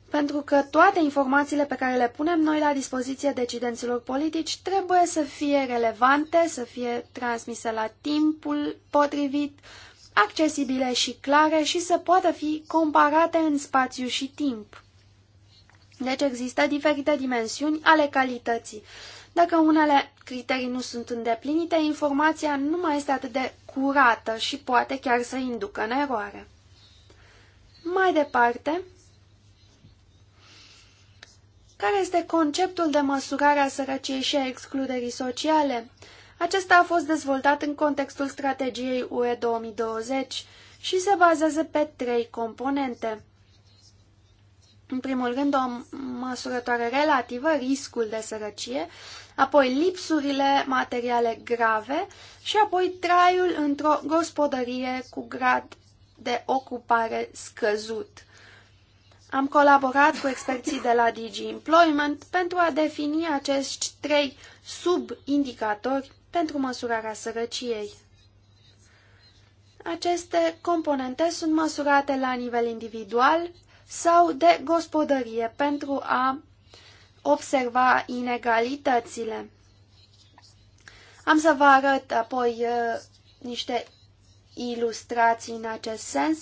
Pentru că toate informațiile pe care le punem noi la dispoziție decidenților politici trebuie să fie relevante, să fie transmise la timpul potrivit, accesibile și clare și să poată fi comparate în spațiu și timp. Deci există diferite dimensiuni ale calității dacă unele criterii nu sunt îndeplinite, informația nu mai este atât de curată și poate chiar să inducă în eroare. Mai departe, care este conceptul de măsurare a sărăciei și a excluderii sociale? Acesta a fost dezvoltat în contextul strategiei UE 2020 și se bazează pe trei componente. În primul rând, o măsurătoare relativă, riscul de sărăcie, apoi lipsurile materiale grave și apoi traiul într-o gospodărie cu grad de ocupare scăzut. Am colaborat cu experții de la Digi Employment pentru a defini acești trei subindicatori pentru măsurarea sărăciei. Aceste componente sunt măsurate la nivel individual sau de gospodărie pentru a observa inegalitățile. Am să vă arăt apoi uh, niște ilustrații în acest sens.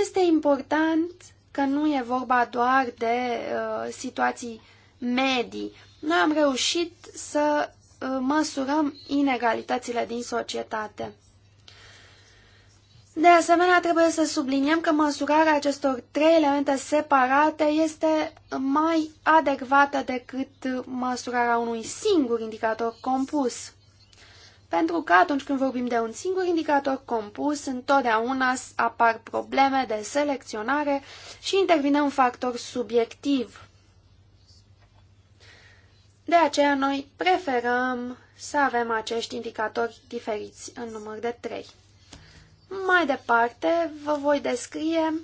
Este important că nu e vorba doar de uh, situații medii. Noi am reușit să uh, măsurăm inegalitățile din societate. De asemenea, trebuie să subliniem că măsurarea acestor trei elemente separate este mai adecvată decât măsurarea unui singur indicator compus. Pentru că atunci când vorbim de un singur indicator compus, întotdeauna apar probleme de selecționare și intervine un factor subiectiv. De aceea noi preferăm să avem acești indicatori diferiți în număr de 3. Mai departe, vă voi descrie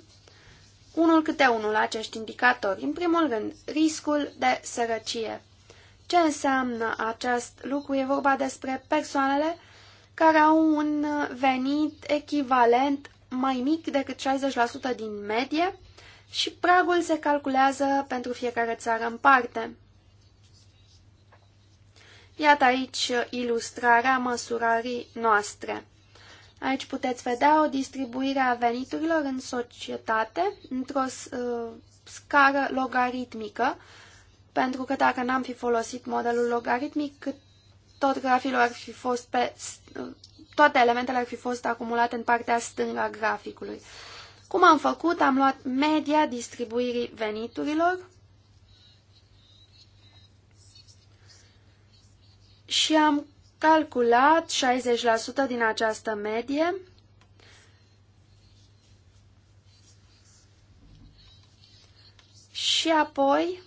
unul câte unul acești indicatori. În primul rând, riscul de sărăcie. Ce înseamnă acest lucru? E vorba despre persoanele care au un venit echivalent mai mic decât 60% din medie și pragul se calculează pentru fiecare țară în parte. Iată aici ilustrarea măsurării noastre. Aici puteți vedea o distribuire a veniturilor în societate într-o uh, scară logaritmică, pentru că dacă n-am fi folosit modelul logaritmic, tot graficul ar fi fost pe, uh, toate elementele ar fi fost acumulate în partea stângă a graficului. Cum am făcut? Am luat media distribuirii veniturilor și am calculat 60% din această medie și apoi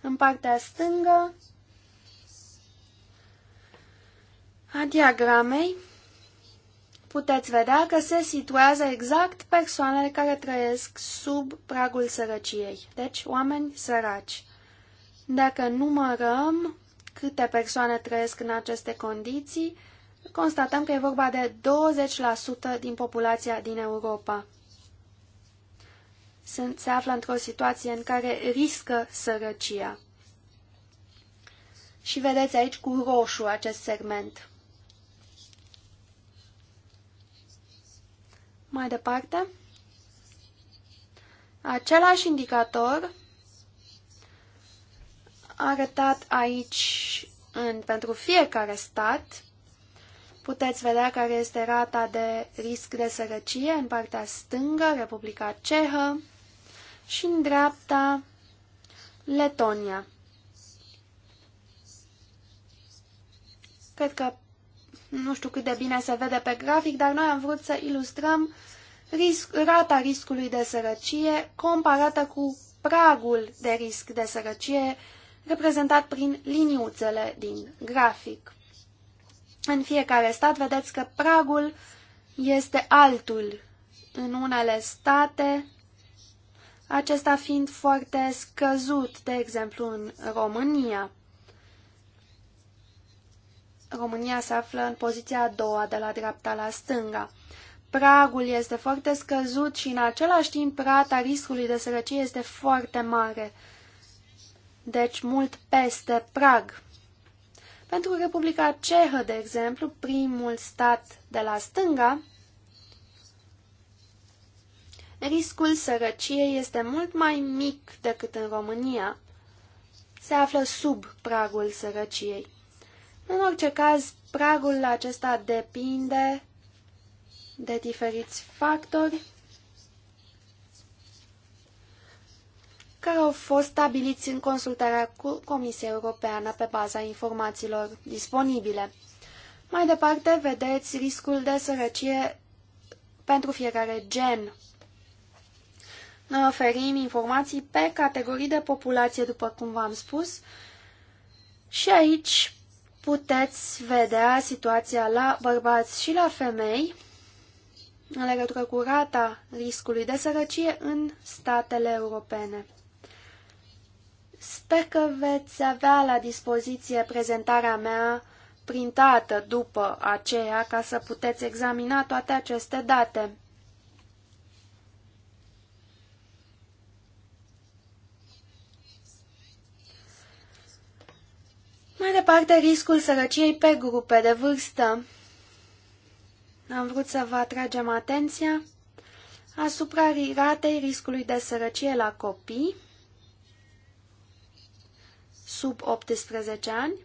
în partea stângă a diagramei puteți vedea că se situează exact persoanele care trăiesc sub pragul sărăciei, deci oameni săraci. Dacă numărăm câte persoane trăiesc în aceste condiții, constatăm că e vorba de 20% din populația din Europa. Sunt, se află într-o situație în care riscă sărăcia. Și vedeți aici cu roșu acest segment. Mai departe, același indicator arătat aici în, pentru fiecare stat. Puteți vedea care este rata de risc de sărăcie în partea stângă, Republica Cehă, și în dreapta, Letonia. Cred că nu știu cât de bine se vede pe grafic, dar noi am vrut să ilustrăm risc, rata riscului de sărăcie comparată cu pragul de risc de sărăcie uh, reprezentat prin liniuțele din grafic. În fiecare stat vedeți că pragul este altul. În unele state, acesta fiind foarte scăzut, de exemplu în România. România se află în poziția a doua, de la dreapta la stânga. Pragul este foarte scăzut și în același timp rata riscului de sărăcie este foarte mare deci mult peste prag. Pentru Republica Cehă, de exemplu, primul stat de la stânga, riscul sărăciei este mult mai mic decât în România. Se află sub pragul sărăciei. În orice caz, pragul acesta depinde de diferiți factori care au fost stabiliți în consultarea cu Comisia Europeană pe baza informațiilor disponibile. Mai departe, vedeți riscul de sărăcie pentru fiecare gen. Noi oferim informații pe categorii de populație, după cum v-am spus, și aici puteți vedea situația la bărbați și la femei în legătură cu rata riscului de sărăcie în statele europene. Sper că veți avea la dispoziție prezentarea mea printată după aceea ca să puteți examina toate aceste date. Mai departe, riscul sărăciei pe grupe de vârstă. Am vrut să vă atragem atenția asupra ratei riscului de sărăcie la copii sub 18 ani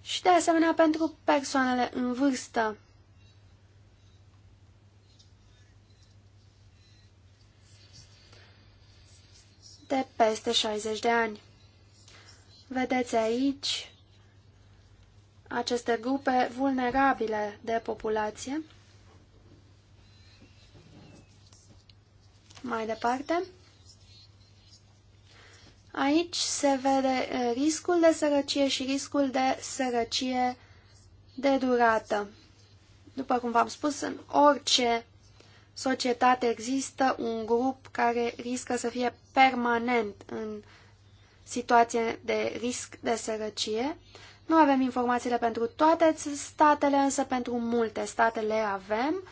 și de asemenea pentru persoanele în vârstă. de peste 60 de ani. Vedeți aici aceste grupe vulnerabile de populație. Mai departe, Aici se vede eh, riscul de sărăcie și riscul de sărăcie de durată. După cum v-am spus, în orice societate există un grup care riscă să fie permanent în situație de risc de sărăcie. Nu avem informațiile pentru toate statele, însă pentru multe state le avem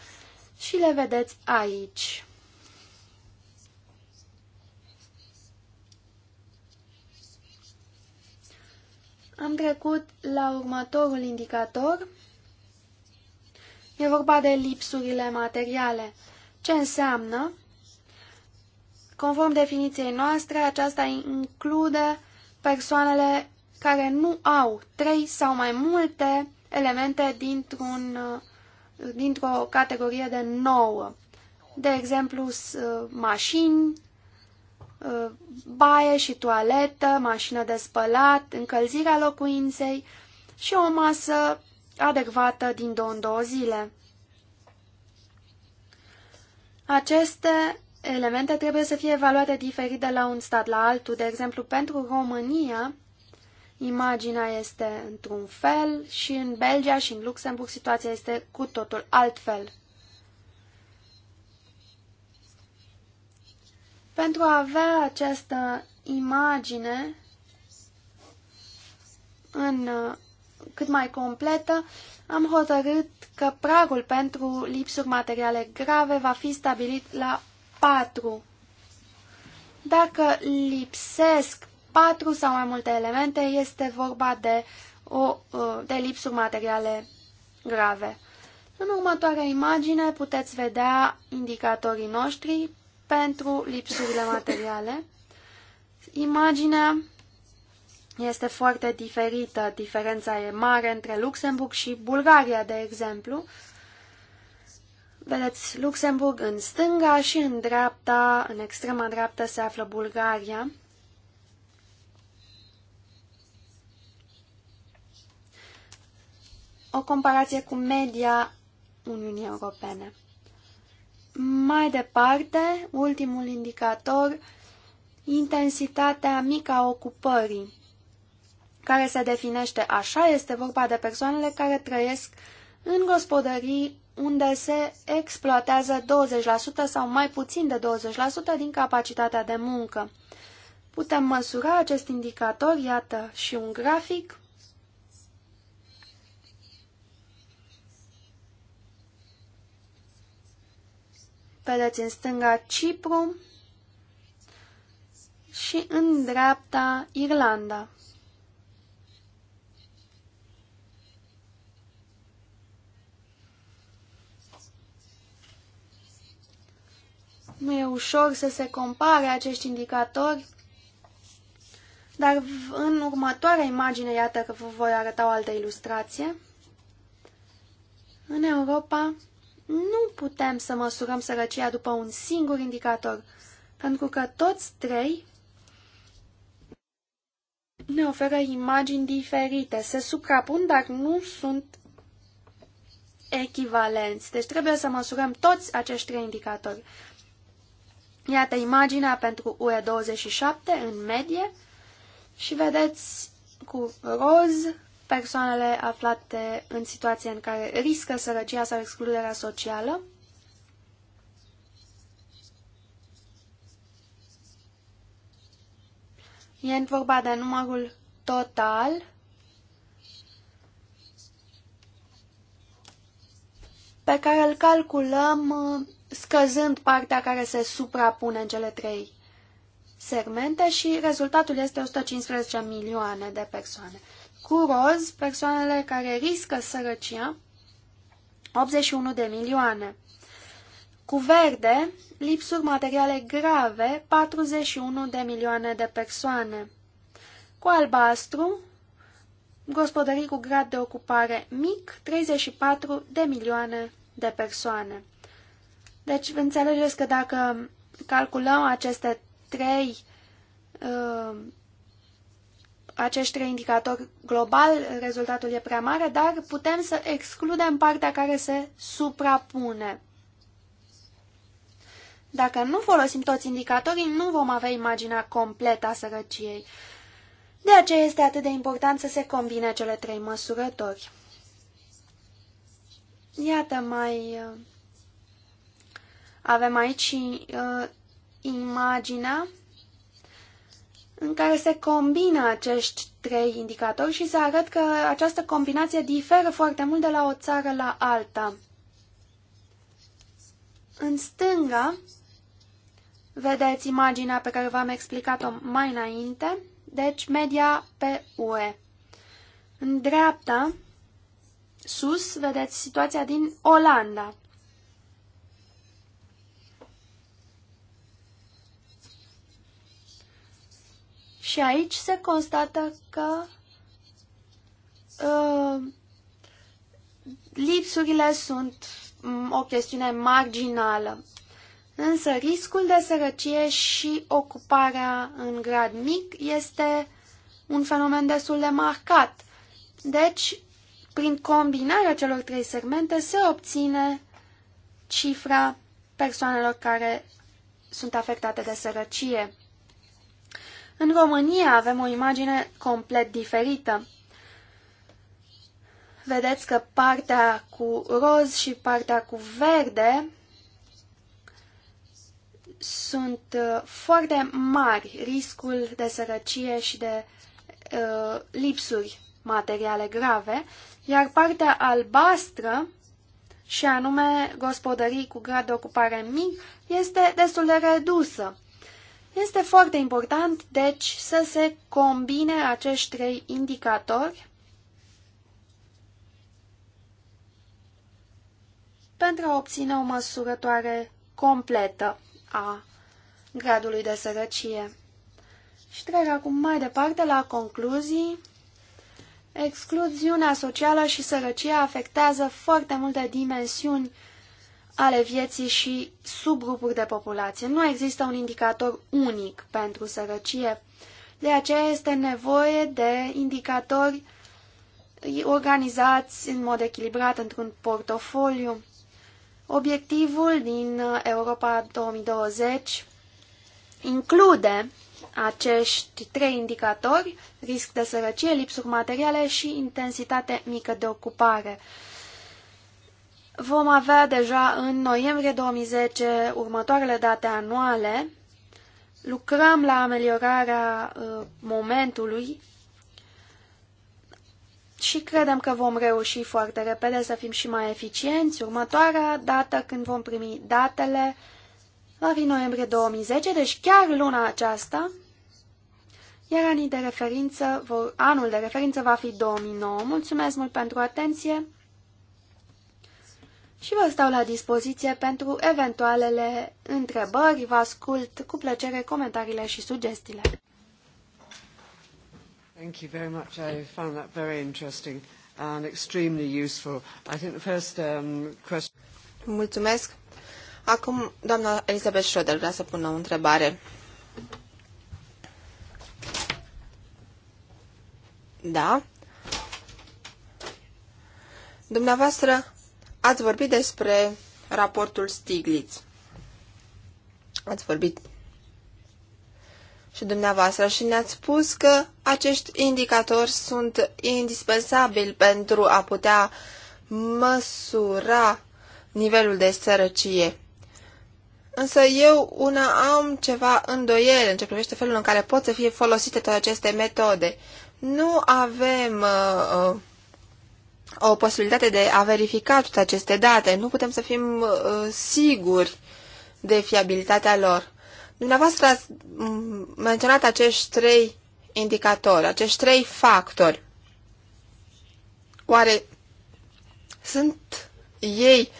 și le vedeți aici. Am trecut la următorul indicator. E vorba de lipsurile materiale. Ce înseamnă? Conform definiției noastre, aceasta include persoanele care nu au trei sau mai multe elemente dintr-un, dintr-o categorie de nouă. De exemplu, mașini, baie și toaletă, mașină de spălat, încălzirea locuinței și o masă adecvată din două în două zile. Aceste elemente trebuie să fie evaluate diferit de la un stat la altul. De exemplu, pentru România, imaginea este într-un fel și în Belgia și în Luxemburg situația este cu totul altfel. Pentru a avea această imagine în cât mai completă, am hotărât că pragul pentru lipsuri materiale grave va fi stabilit la 4. Dacă lipsesc 4 sau mai multe elemente, este vorba de, o, de lipsuri materiale grave. În următoarea imagine puteți vedea indicatorii noștri pentru lipsurile materiale. Imaginea este foarte diferită, diferența e mare între Luxemburg și Bulgaria, de exemplu. Vedeți Luxemburg în stânga și în dreapta, în extrema dreaptă, se află Bulgaria. O comparație cu media Uniunii Europene. Mai departe, ultimul indicator, intensitatea mică a ocupării, care se definește așa, este vorba de persoanele care trăiesc în gospodării unde se exploatează 20% sau mai puțin de 20% din capacitatea de muncă. Putem măsura acest indicator, iată și un grafic, vedeți în stânga Cipru și în dreapta Irlanda. Nu e ușor să se compare acești indicatori, dar în următoarea imagine, iată că vă voi arăta o altă ilustrație. În Europa, nu putem să măsurăm sărăcia după un singur indicator, pentru că toți trei ne oferă imagini diferite, se suprapun, dar nu sunt echivalenți. Deci trebuie să măsurăm toți acești trei indicatori. Iată imaginea pentru UE27 în medie și vedeți cu roz persoanele aflate în situație în care riscă sărăcia sau excluderea socială, E vorba de numărul total pe care îl calculăm uh, scăzând partea care se suprapune în cele trei segmente și rezultatul este 115 milioane de persoane cu roz persoanele care riscă sărăcia, 81 de milioane. Cu verde, lipsuri materiale grave, 41 de milioane de persoane. Cu albastru, gospodării cu grad de ocupare mic, 34 de milioane de persoane. Deci, înțelegeți că dacă calculăm aceste trei uh, acești trei indicatori global, rezultatul e prea mare, dar putem să excludem partea care se suprapune. Dacă nu folosim toți indicatorii, nu vom avea imaginea completă a sărăciei. De aceea este atât de important să se combine cele trei măsurători. Iată, mai uh, avem aici uh, imaginea în care se combină acești trei indicatori și se arăt că această combinație diferă foarte mult de la o țară la alta. În stânga vedeți imaginea pe care v-am explicat-o mai înainte, deci media pe UE. În dreapta, sus, vedeți situația din Olanda. Și aici se constată că uh, lipsurile sunt um, o chestiune marginală. Însă riscul de sărăcie și ocuparea în grad mic este un fenomen destul de marcat. Deci, prin combinarea celor trei segmente se obține cifra persoanelor care sunt afectate de sărăcie. În România avem o imagine complet diferită. Vedeți că partea cu roz și partea cu verde sunt uh, foarte mari riscul de sărăcie și de uh, lipsuri materiale grave, iar partea albastră, și anume gospodării cu grad de ocupare mic, este destul de redusă. Este foarte important, deci, să se combine acești trei indicatori pentru a obține o măsurătoare completă a gradului de sărăcie. Și trec acum mai departe la concluzii. Excluziunea socială și sărăcia afectează foarte multe dimensiuni ale vieții și subgrupuri de populație. Nu există un indicator unic pentru sărăcie, de aceea este nevoie de indicatori organizați în mod echilibrat într-un portofoliu. Obiectivul din Europa 2020 include acești trei indicatori, risc de sărăcie, lipsuri materiale și intensitate mică de ocupare. Vom avea deja în noiembrie 2010 următoarele date anuale. Lucrăm la ameliorarea uh, momentului și credem că vom reuși foarte repede să fim și mai eficienți. Următoarea dată când vom primi datele va fi noiembrie 2010, deci chiar luna aceasta, iar anii de referință, vor, anul de referință va fi 2009. Mulțumesc mult pentru atenție! și vă stau la dispoziție pentru eventualele întrebări. Vă ascult cu plăcere comentariile și sugestiile. Thank you very much. I found that very interesting and extremely useful. I think the first um, question... Mulțumesc. Acum, doamna Elisabeth Schroeder vrea să pună o întrebare. Da? Dumneavoastră Ați vorbit despre raportul Stiglitz. Ați vorbit și dumneavoastră și ne-ați spus că acești indicatori sunt indispensabili pentru a putea măsura nivelul de sărăcie. Însă eu una am ceva îndoiel în ce privește felul în care pot să fie folosite toate aceste metode. Nu avem uh, uh o posibilitate de a verifica toate aceste date. Nu putem să fim uh, siguri de fiabilitatea lor. Dumneavoastră ați mm, menționat acești trei indicatori, acești trei factori. Oare sunt ei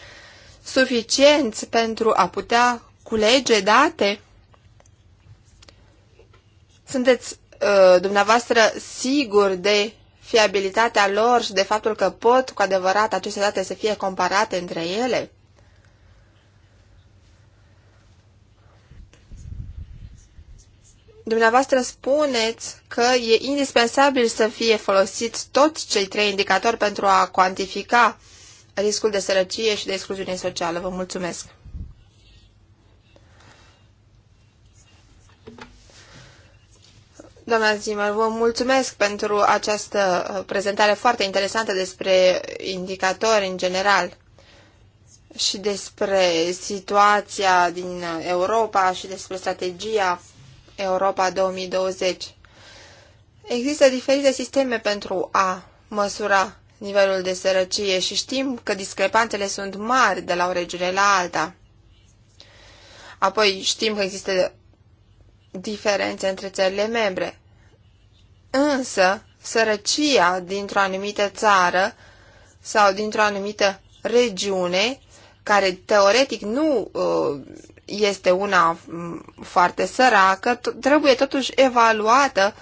suficienți pentru a putea culege date? Sunteți uh, dumneavoastră siguri de fiabilitatea lor și de faptul că pot cu adevărat aceste date să fie comparate între ele? Dumneavoastră spuneți că e indispensabil să fie folosit toți cei trei indicatori pentru a cuantifica riscul de sărăcie și de excluziune socială. Vă mulțumesc! Doamna Zimmer, vă mulțumesc pentru această uh, prezentare foarte interesantă despre indicatori în general și despre situația din Europa și despre strategia Europa 2020. Există diferite sisteme pentru a măsura nivelul de sărăcie și știm că discrepanțele sunt mari de la o regiune la alta. Apoi știm că există diferențe între țările membre. Însă, sărăcia dintr-o anumită țară sau dintr-o anumită regiune, care teoretic nu uh, este una mm, foarte săracă, trebuie totuși evaluată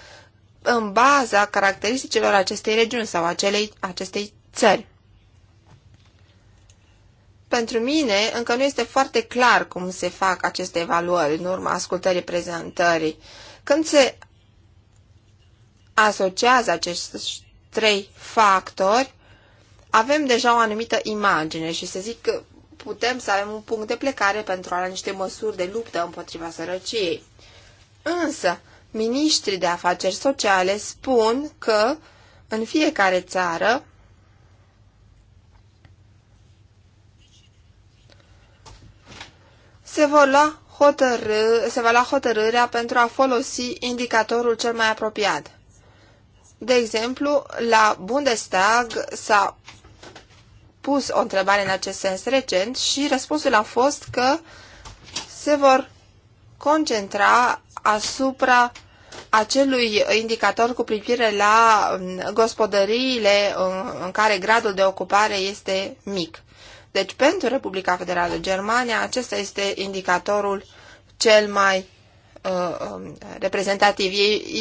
în baza caracteristicilor acestei regiuni sau acelei, acestei țări. Pentru mine încă nu este foarte clar cum se fac aceste evaluări în urma ascultării prezentării. Când se asociază acești trei factori, avem deja o anumită imagine și să zic că putem să avem un punct de plecare pentru a lua niște măsuri de luptă împotriva sărăciei. Însă, miniștrii de afaceri sociale spun că în fiecare țară se vor lua hotărâ, se va lua hotărârea pentru a folosi indicatorul cel mai apropiat. De exemplu, la Bundestag s-a pus o întrebare în acest sens recent și răspunsul a fost că se vor concentra asupra acelui indicator cu privire la gospodăriile în care gradul de ocupare este mic. Deci, pentru Republica Federală Germania, acesta este indicatorul cel mai uh, um, reprezentativ.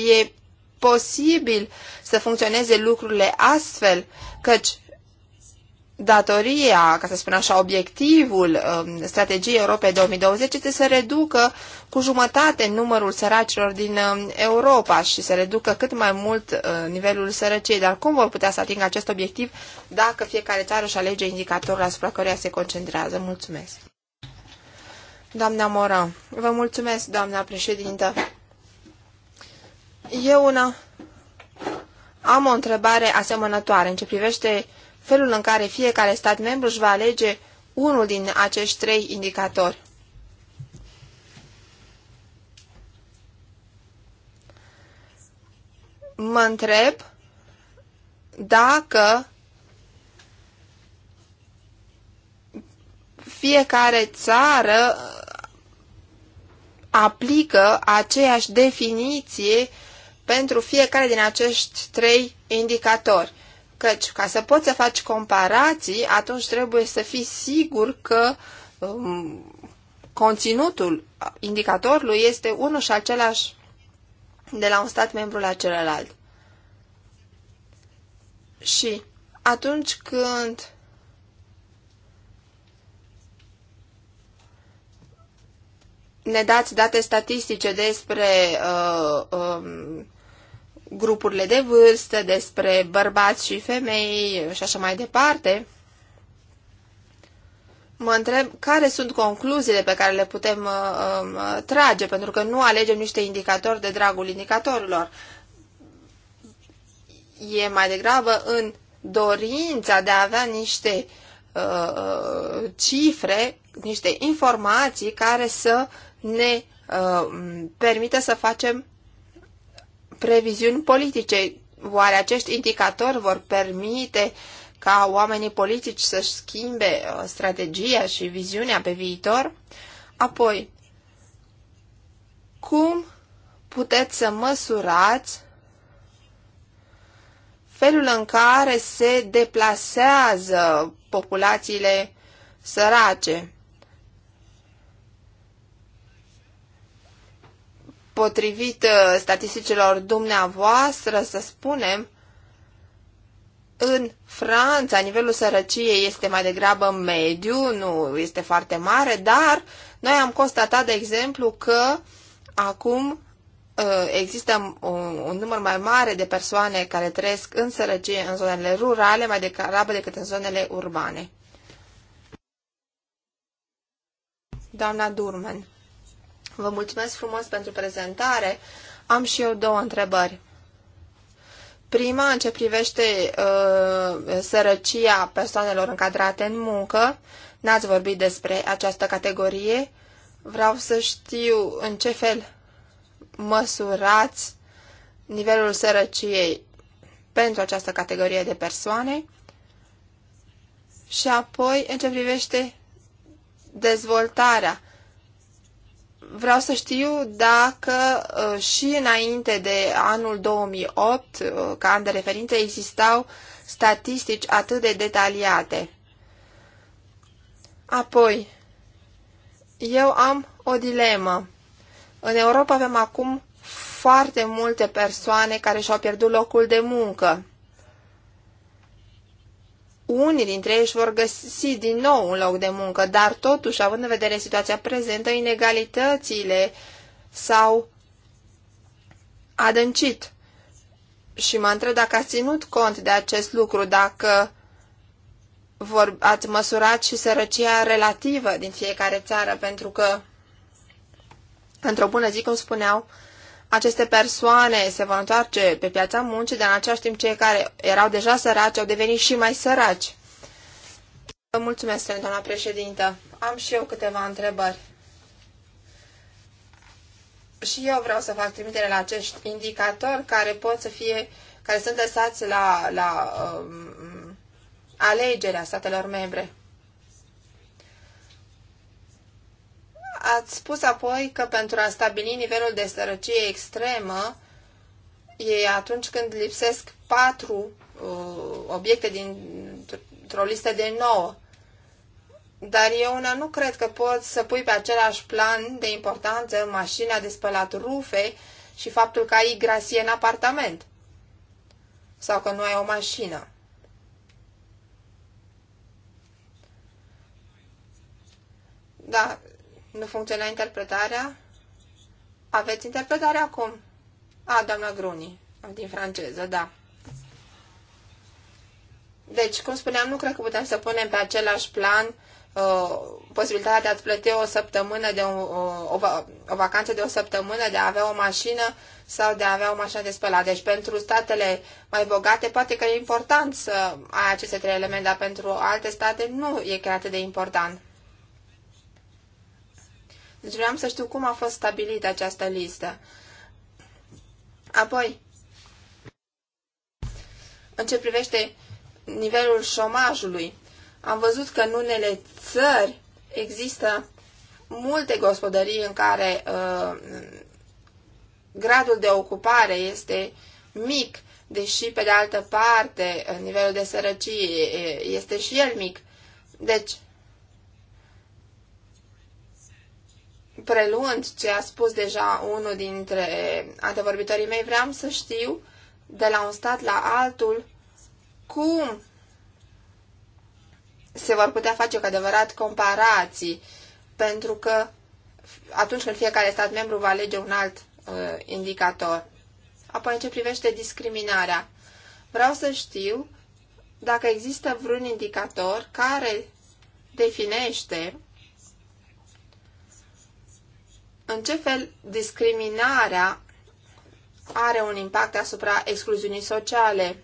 E, e posibil să funcționeze lucrurile astfel, căci datoria, ca să spun așa, obiectivul um, strategiei Europei 2020 este să reducă cu jumătate numărul săracilor din um, Europa și să reducă cât mai mult uh, nivelul sărăciei. Dar cum vor putea să atingă acest obiectiv dacă fiecare țară își alege indicatorul asupra căruia se concentrează? Mulțumesc! Doamna Moran, vă mulțumesc, doamna președintă. Eu una am o întrebare asemănătoare în ce privește felul în care fiecare stat membru își va alege unul din acești trei indicatori. Mă întreb dacă fiecare țară aplică aceeași definiție pentru fiecare din acești trei indicatori. Căci ca să poți să faci comparații, atunci trebuie să fii sigur că um, conținutul indicatorului este unul și același de la un stat membru la celălalt. Și atunci când ne dați date statistice despre uh, um, grupurile de vârstă, despre bărbați și femei și așa mai departe, mă întreb care sunt concluziile pe care le putem uh, um, trage, pentru că nu alegem niște indicatori de dragul indicatorilor. E mai degrabă în dorința de a avea niște uh, uh cifre, niște informații care să ne uh, um, permită să facem previziuni politice. Oare acești indicatori vor permite ca oamenii politici să-și schimbe uh, strategia și viziunea pe viitor? Apoi, cum puteți să măsurați felul în care se deplasează populațiile sărace? potrivit uh, statisticilor dumneavoastră, să spunem, în Franța nivelul sărăciei este mai degrabă mediu, nu este foarte mare, dar noi am constatat, de exemplu, că acum uh, există un, un număr mai mare de persoane care trăiesc în sărăcie în zonele rurale mai degrabă decât în zonele urbane. Doamna Durman. Vă mulțumesc frumos pentru prezentare. Am și eu două întrebări. Prima, în ce privește uh, sărăcia persoanelor încadrate în muncă, n-ați vorbit despre această categorie. Vreau să știu în ce fel măsurați nivelul sărăciei pentru această categorie de persoane. Și apoi, în ce privește dezvoltarea vreau să știu dacă uh, și înainte de anul 2008, uh, ca an de referință, existau statistici atât de detaliate. Apoi, eu am o dilemă. În Europa avem acum foarte multe persoane care și-au pierdut locul de muncă unii dintre ei își vor găsi din nou un loc de muncă, dar totuși, având în vedere situația prezentă, inegalitățile s-au adâncit. Și mă întreb dacă ați ținut cont de acest lucru, dacă vor, ați măsurat și sărăcia relativă din fiecare țară, pentru că, într-o bună zi, cum spuneau aceste persoane se vor întoarce pe piața muncii, dar în același timp cei care erau deja săraci au devenit și mai săraci. Vă mulțumesc, doamna președintă. Am și eu câteva întrebări. Și eu vreau să fac trimitere la acești indicatori care pot să fie, care sunt lăsați la, la um, alegerea statelor membre. Ați spus apoi că pentru a stabili nivelul de sărăcie extremă, e atunci când lipsesc patru uh, obiecte dintr-o listă de nouă. Dar eu una nu cred că poți să pui pe același plan de importanță mașina de spălat rufe și faptul că ai grasie în apartament. Sau că nu ai o mașină. Da, nu funcționa interpretarea? Aveți interpretarea acum? A, doamna Gruni, din franceză, da. Deci, cum spuneam, nu cred că putem să punem pe același plan uh, posibilitatea de a-ți plăti o săptămână de un, uh, o, o, o vacanță de o săptămână, de a avea o mașină sau de a avea o mașină de spălat. Deci, pentru statele mai bogate, poate că e important să ai aceste trei elemente, dar pentru alte state nu e chiar atât de important. Deci vreau să știu cum a fost stabilită această listă. Apoi, în ce privește nivelul șomajului, am văzut că în unele țări există multe gospodării în care uh, gradul de ocupare este mic, deși, pe de altă parte, nivelul de sărăcie este și el mic. Deci, preluând ce a spus deja unul dintre antevorbitorii mei, vreau să știu de la un stat la altul cum se vor putea face cu adevărat comparații, pentru că atunci când fiecare stat membru va alege un alt uh, indicator. Apoi, în ce privește discriminarea, vreau să știu dacă există vreun indicator care definește în ce fel discriminarea are un impact asupra excluziunii sociale.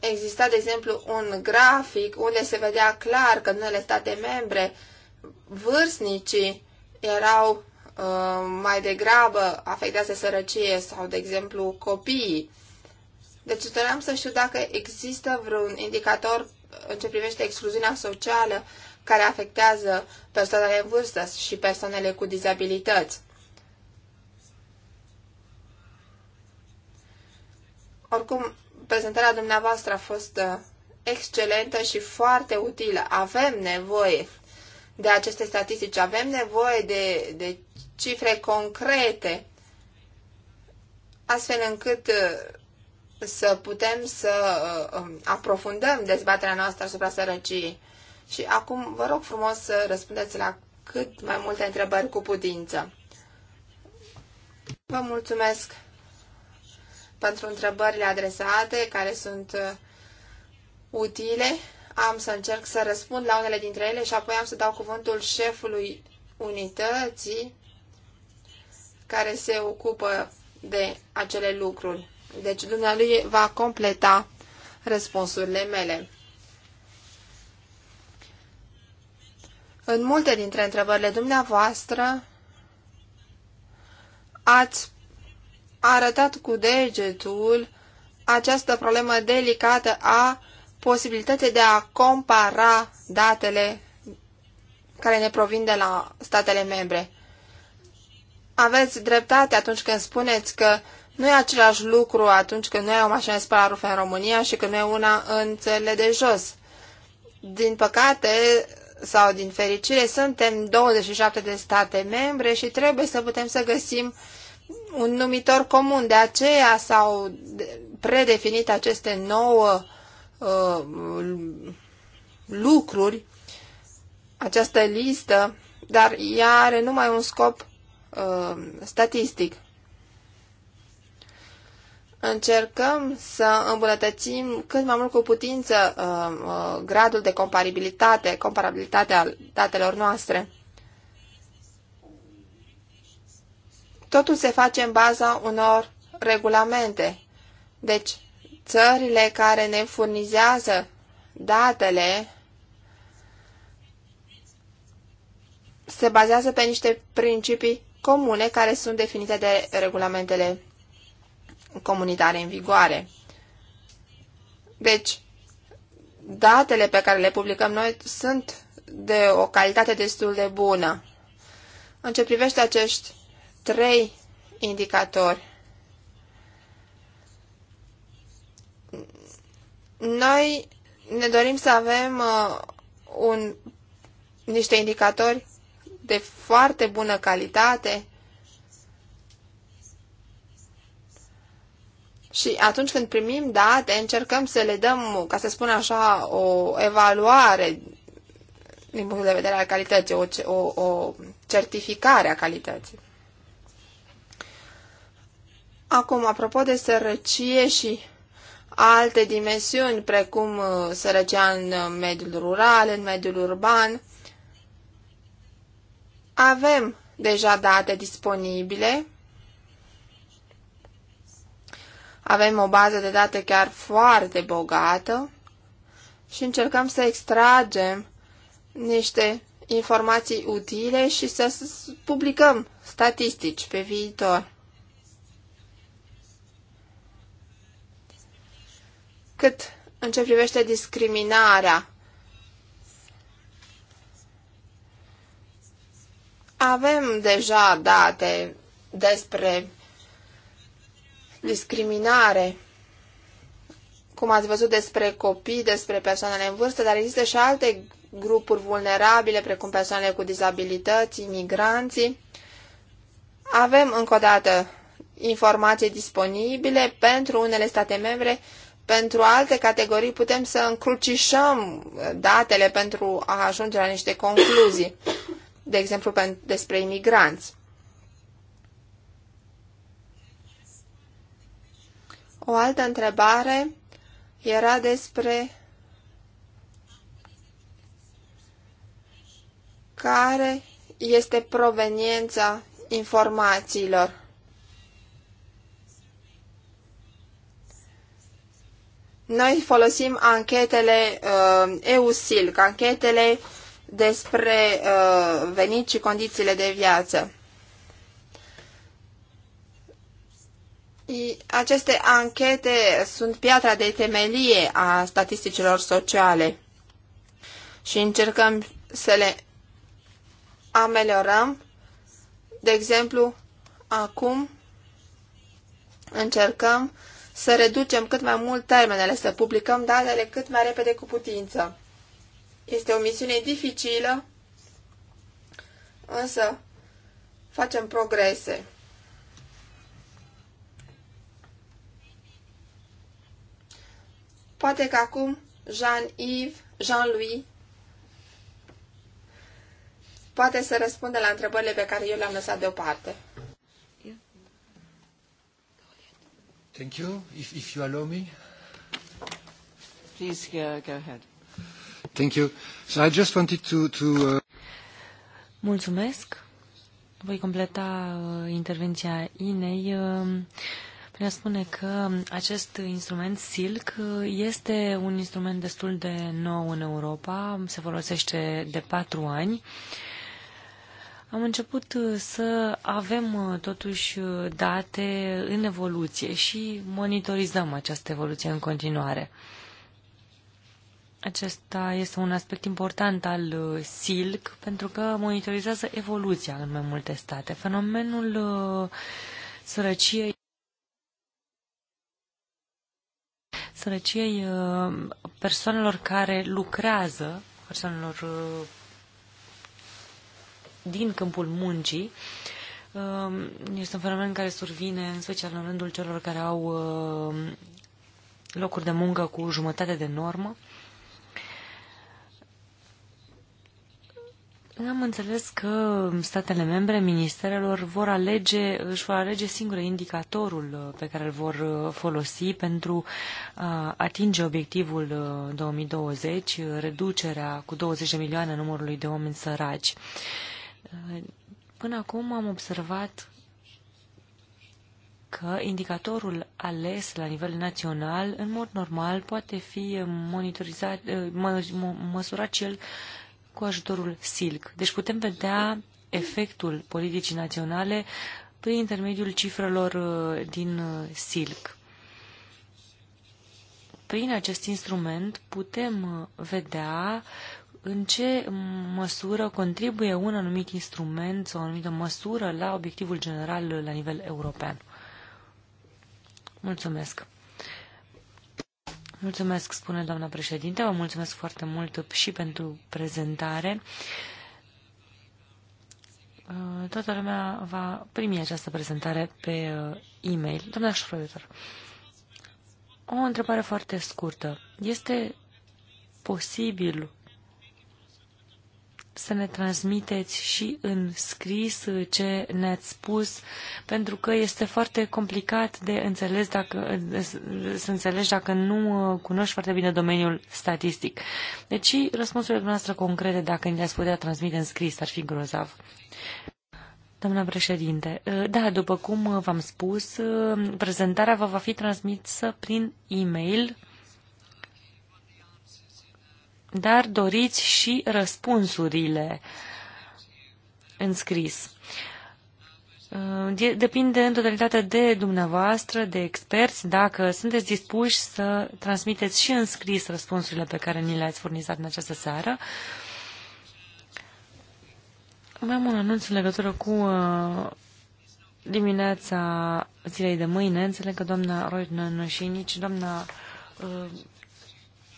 Exista, de exemplu, un grafic unde se vedea clar că în unele state membre vârstnicii erau uh, mai degrabă afectați de sărăcie sau, de exemplu, copiii. Deci doream să știu dacă există vreun indicator în ce privește excluziunea socială care afectează persoanele în vârstă și persoanele cu dizabilități. Oricum, prezentarea dumneavoastră a fost uh, excelentă și foarte utilă. Avem nevoie de aceste statistici, avem nevoie de, de cifre concrete, astfel încât uh, să putem să uh, um, aprofundăm dezbaterea noastră asupra sărăciei. Și acum vă rog frumos să răspundeți la cât mai multe întrebări cu putință. Vă mulțumesc pentru întrebările adresate, care sunt uh, utile. Am să încerc să răspund la unele dintre ele și apoi am să dau cuvântul șefului unității care se ocupă de acele lucruri. Deci dumnealui va completa răspunsurile mele. În multe dintre întrebările dumneavoastră ați arătat cu degetul această problemă delicată a posibilității de a compara datele care ne provin de la statele membre. Aveți dreptate atunci când spuneți că nu e același lucru atunci când nu e o mașină de spălat rufe în România și când nu e una în țările de jos. Din păcate, sau din fericire, suntem 27 de state membre și trebuie să putem să găsim un numitor comun. De aceea s-au predefinit aceste nouă uh, lucruri, această listă, dar ea are numai un scop uh, statistic încercăm să îmbunătățim cât mai mult cu putință uh, uh, gradul de comparabilitate, comparabilitatea datelor noastre. Totul se face în baza unor regulamente. Deci, țările care ne furnizează datele se bazează pe niște principii comune care sunt definite de regulamentele comunitare în vigoare. Deci, datele pe care le publicăm noi sunt de o calitate destul de bună. În ce privește acești trei indicatori, noi ne dorim să avem uh, un, niște indicatori de foarte bună calitate Și atunci când primim date, încercăm să le dăm, ca să spun așa, o evaluare din punct de vedere al calității, o, o, o certificare a calității. Acum, apropo de sărăcie și alte dimensiuni, precum uh, sărăcia în uh, mediul rural, în mediul urban, avem deja date disponibile Avem o bază de date chiar foarte bogată și încercăm să extragem niște informații utile și să publicăm statistici pe viitor. Cât în ce privește discriminarea, avem deja date despre discriminare, cum ați văzut despre copii, despre persoanele în vârstă, dar există și alte grupuri vulnerabile, precum persoanele cu dizabilități, imigranții. Avem încă o dată informații disponibile pentru unele state membre, pentru alte categorii putem să încrucișăm datele pentru a ajunge la niște concluzii, de exemplu despre imigranți. O altă întrebare era despre care este proveniența informațiilor. Noi folosim anchetele uh, EUSILC, anchetele despre uh, venit și condițiile de viață. Aceste anchete sunt piatra de temelie a statisticilor sociale și încercăm să le ameliorăm. De exemplu, acum încercăm să reducem cât mai mult termenele, să publicăm datele cât mai repede cu putință. Este o misiune dificilă, însă facem progrese. Poate că acum Jean-Yves, Jean-Louis, poate să răspundă la întrebările pe care eu le-am lăsat deoparte. Thank you. If, if you allow me. Please go, go ahead. Thank you. So I just wanted to... to uh... Mulțumesc. Voi completa uh, intervenția Inei. Uh, ne spune că acest instrument SILC este un instrument destul de nou în Europa, se folosește de patru ani. Am început să avem totuși date în evoluție și monitorizăm această evoluție în continuare. Acesta este un aspect important al uh, SILC pentru că monitorizează evoluția în mai multe state. Fenomenul uh, sărăciei sărăciei uh, persoanelor care lucrează, persoanelor uh, din câmpul muncii, uh, este un fenomen care survine în special în rândul celor care au locuri de muncă cu jumătate de normă. Am înțeles că statele membre, ministerelor, vor alege, își vor alege singure indicatorul uh, pe care îl vor uh, folosi pentru a uh, atinge obiectivul 2020, reducerea cu 20 de milioane numărului de oameni săraci. Până acum am observat că indicatorul ales la nivel național, în mod normal, poate fi monitorizat, mă, mă, măsurat cel cu ajutorul SILC. Deci putem vedea efectul politicii naționale prin intermediul cifrelor uh, din uh, SILC. Prin acest instrument putem uh, vedea în ce măsură contribuie un anumit instrument sau o anumită măsură la obiectivul general la nivel european. Mulțumesc! Mulțumesc, spune doamna președinte. Vă mulțumesc foarte mult și pentru prezentare. Uh, toată lumea va primi această prezentare pe uh, e-mail. Doamna Schroeder, o întrebare foarte scurtă. Este posibil să ne transmiteți și în scris ce ne-ați spus, pentru că este foarte complicat de înțeles dacă, să înțelegi dacă nu uh, cunoști foarte bine domeniul statistic. Deci și răspunsurile dumneavoastră concrete, dacă ni ați putea transmite în scris, ar fi grozav. Doamna președinte, uh, da, după cum v-am spus, uh, prezentarea vă va fi transmisă prin e-mail dar doriți și răspunsurile în scris. Depinde în totalitate de dumneavoastră, de experți, dacă sunteți dispuși să transmiteți și în scris răspunsurile pe care ni le-ați furnizat în această seară. Mai am un anunț în legătură cu uh, dimineața zilei de mâine. Înțeleg că doamna Roitnen și nici doamna uh,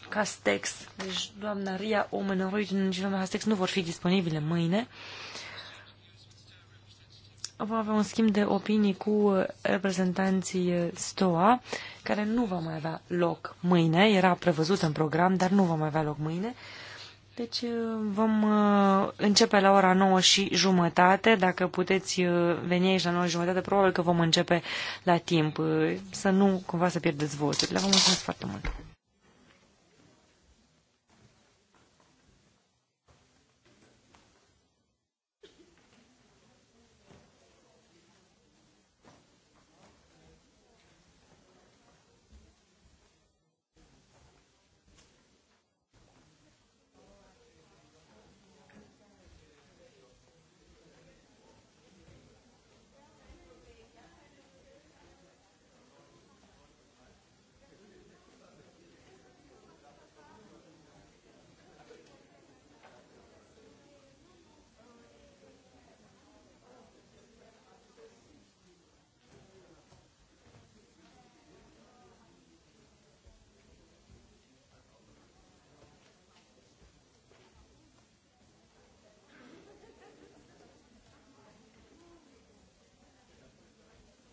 Castex, deci doamna Ria Omen din și doamna Castex nu vor fi disponibile mâine. Vom avea un schimb de opinii cu reprezentanții STOA, care nu va mai avea loc mâine. Era prevăzut în program, dar nu va mai avea loc mâine. Deci vom uh, începe la ora 9 și jumătate. Dacă puteți uh, veni aici la 9 și jumătate, probabil că vom începe la timp. Uh, să nu cumva să pierdeți voturile. Vă mulțumesc foarte mult!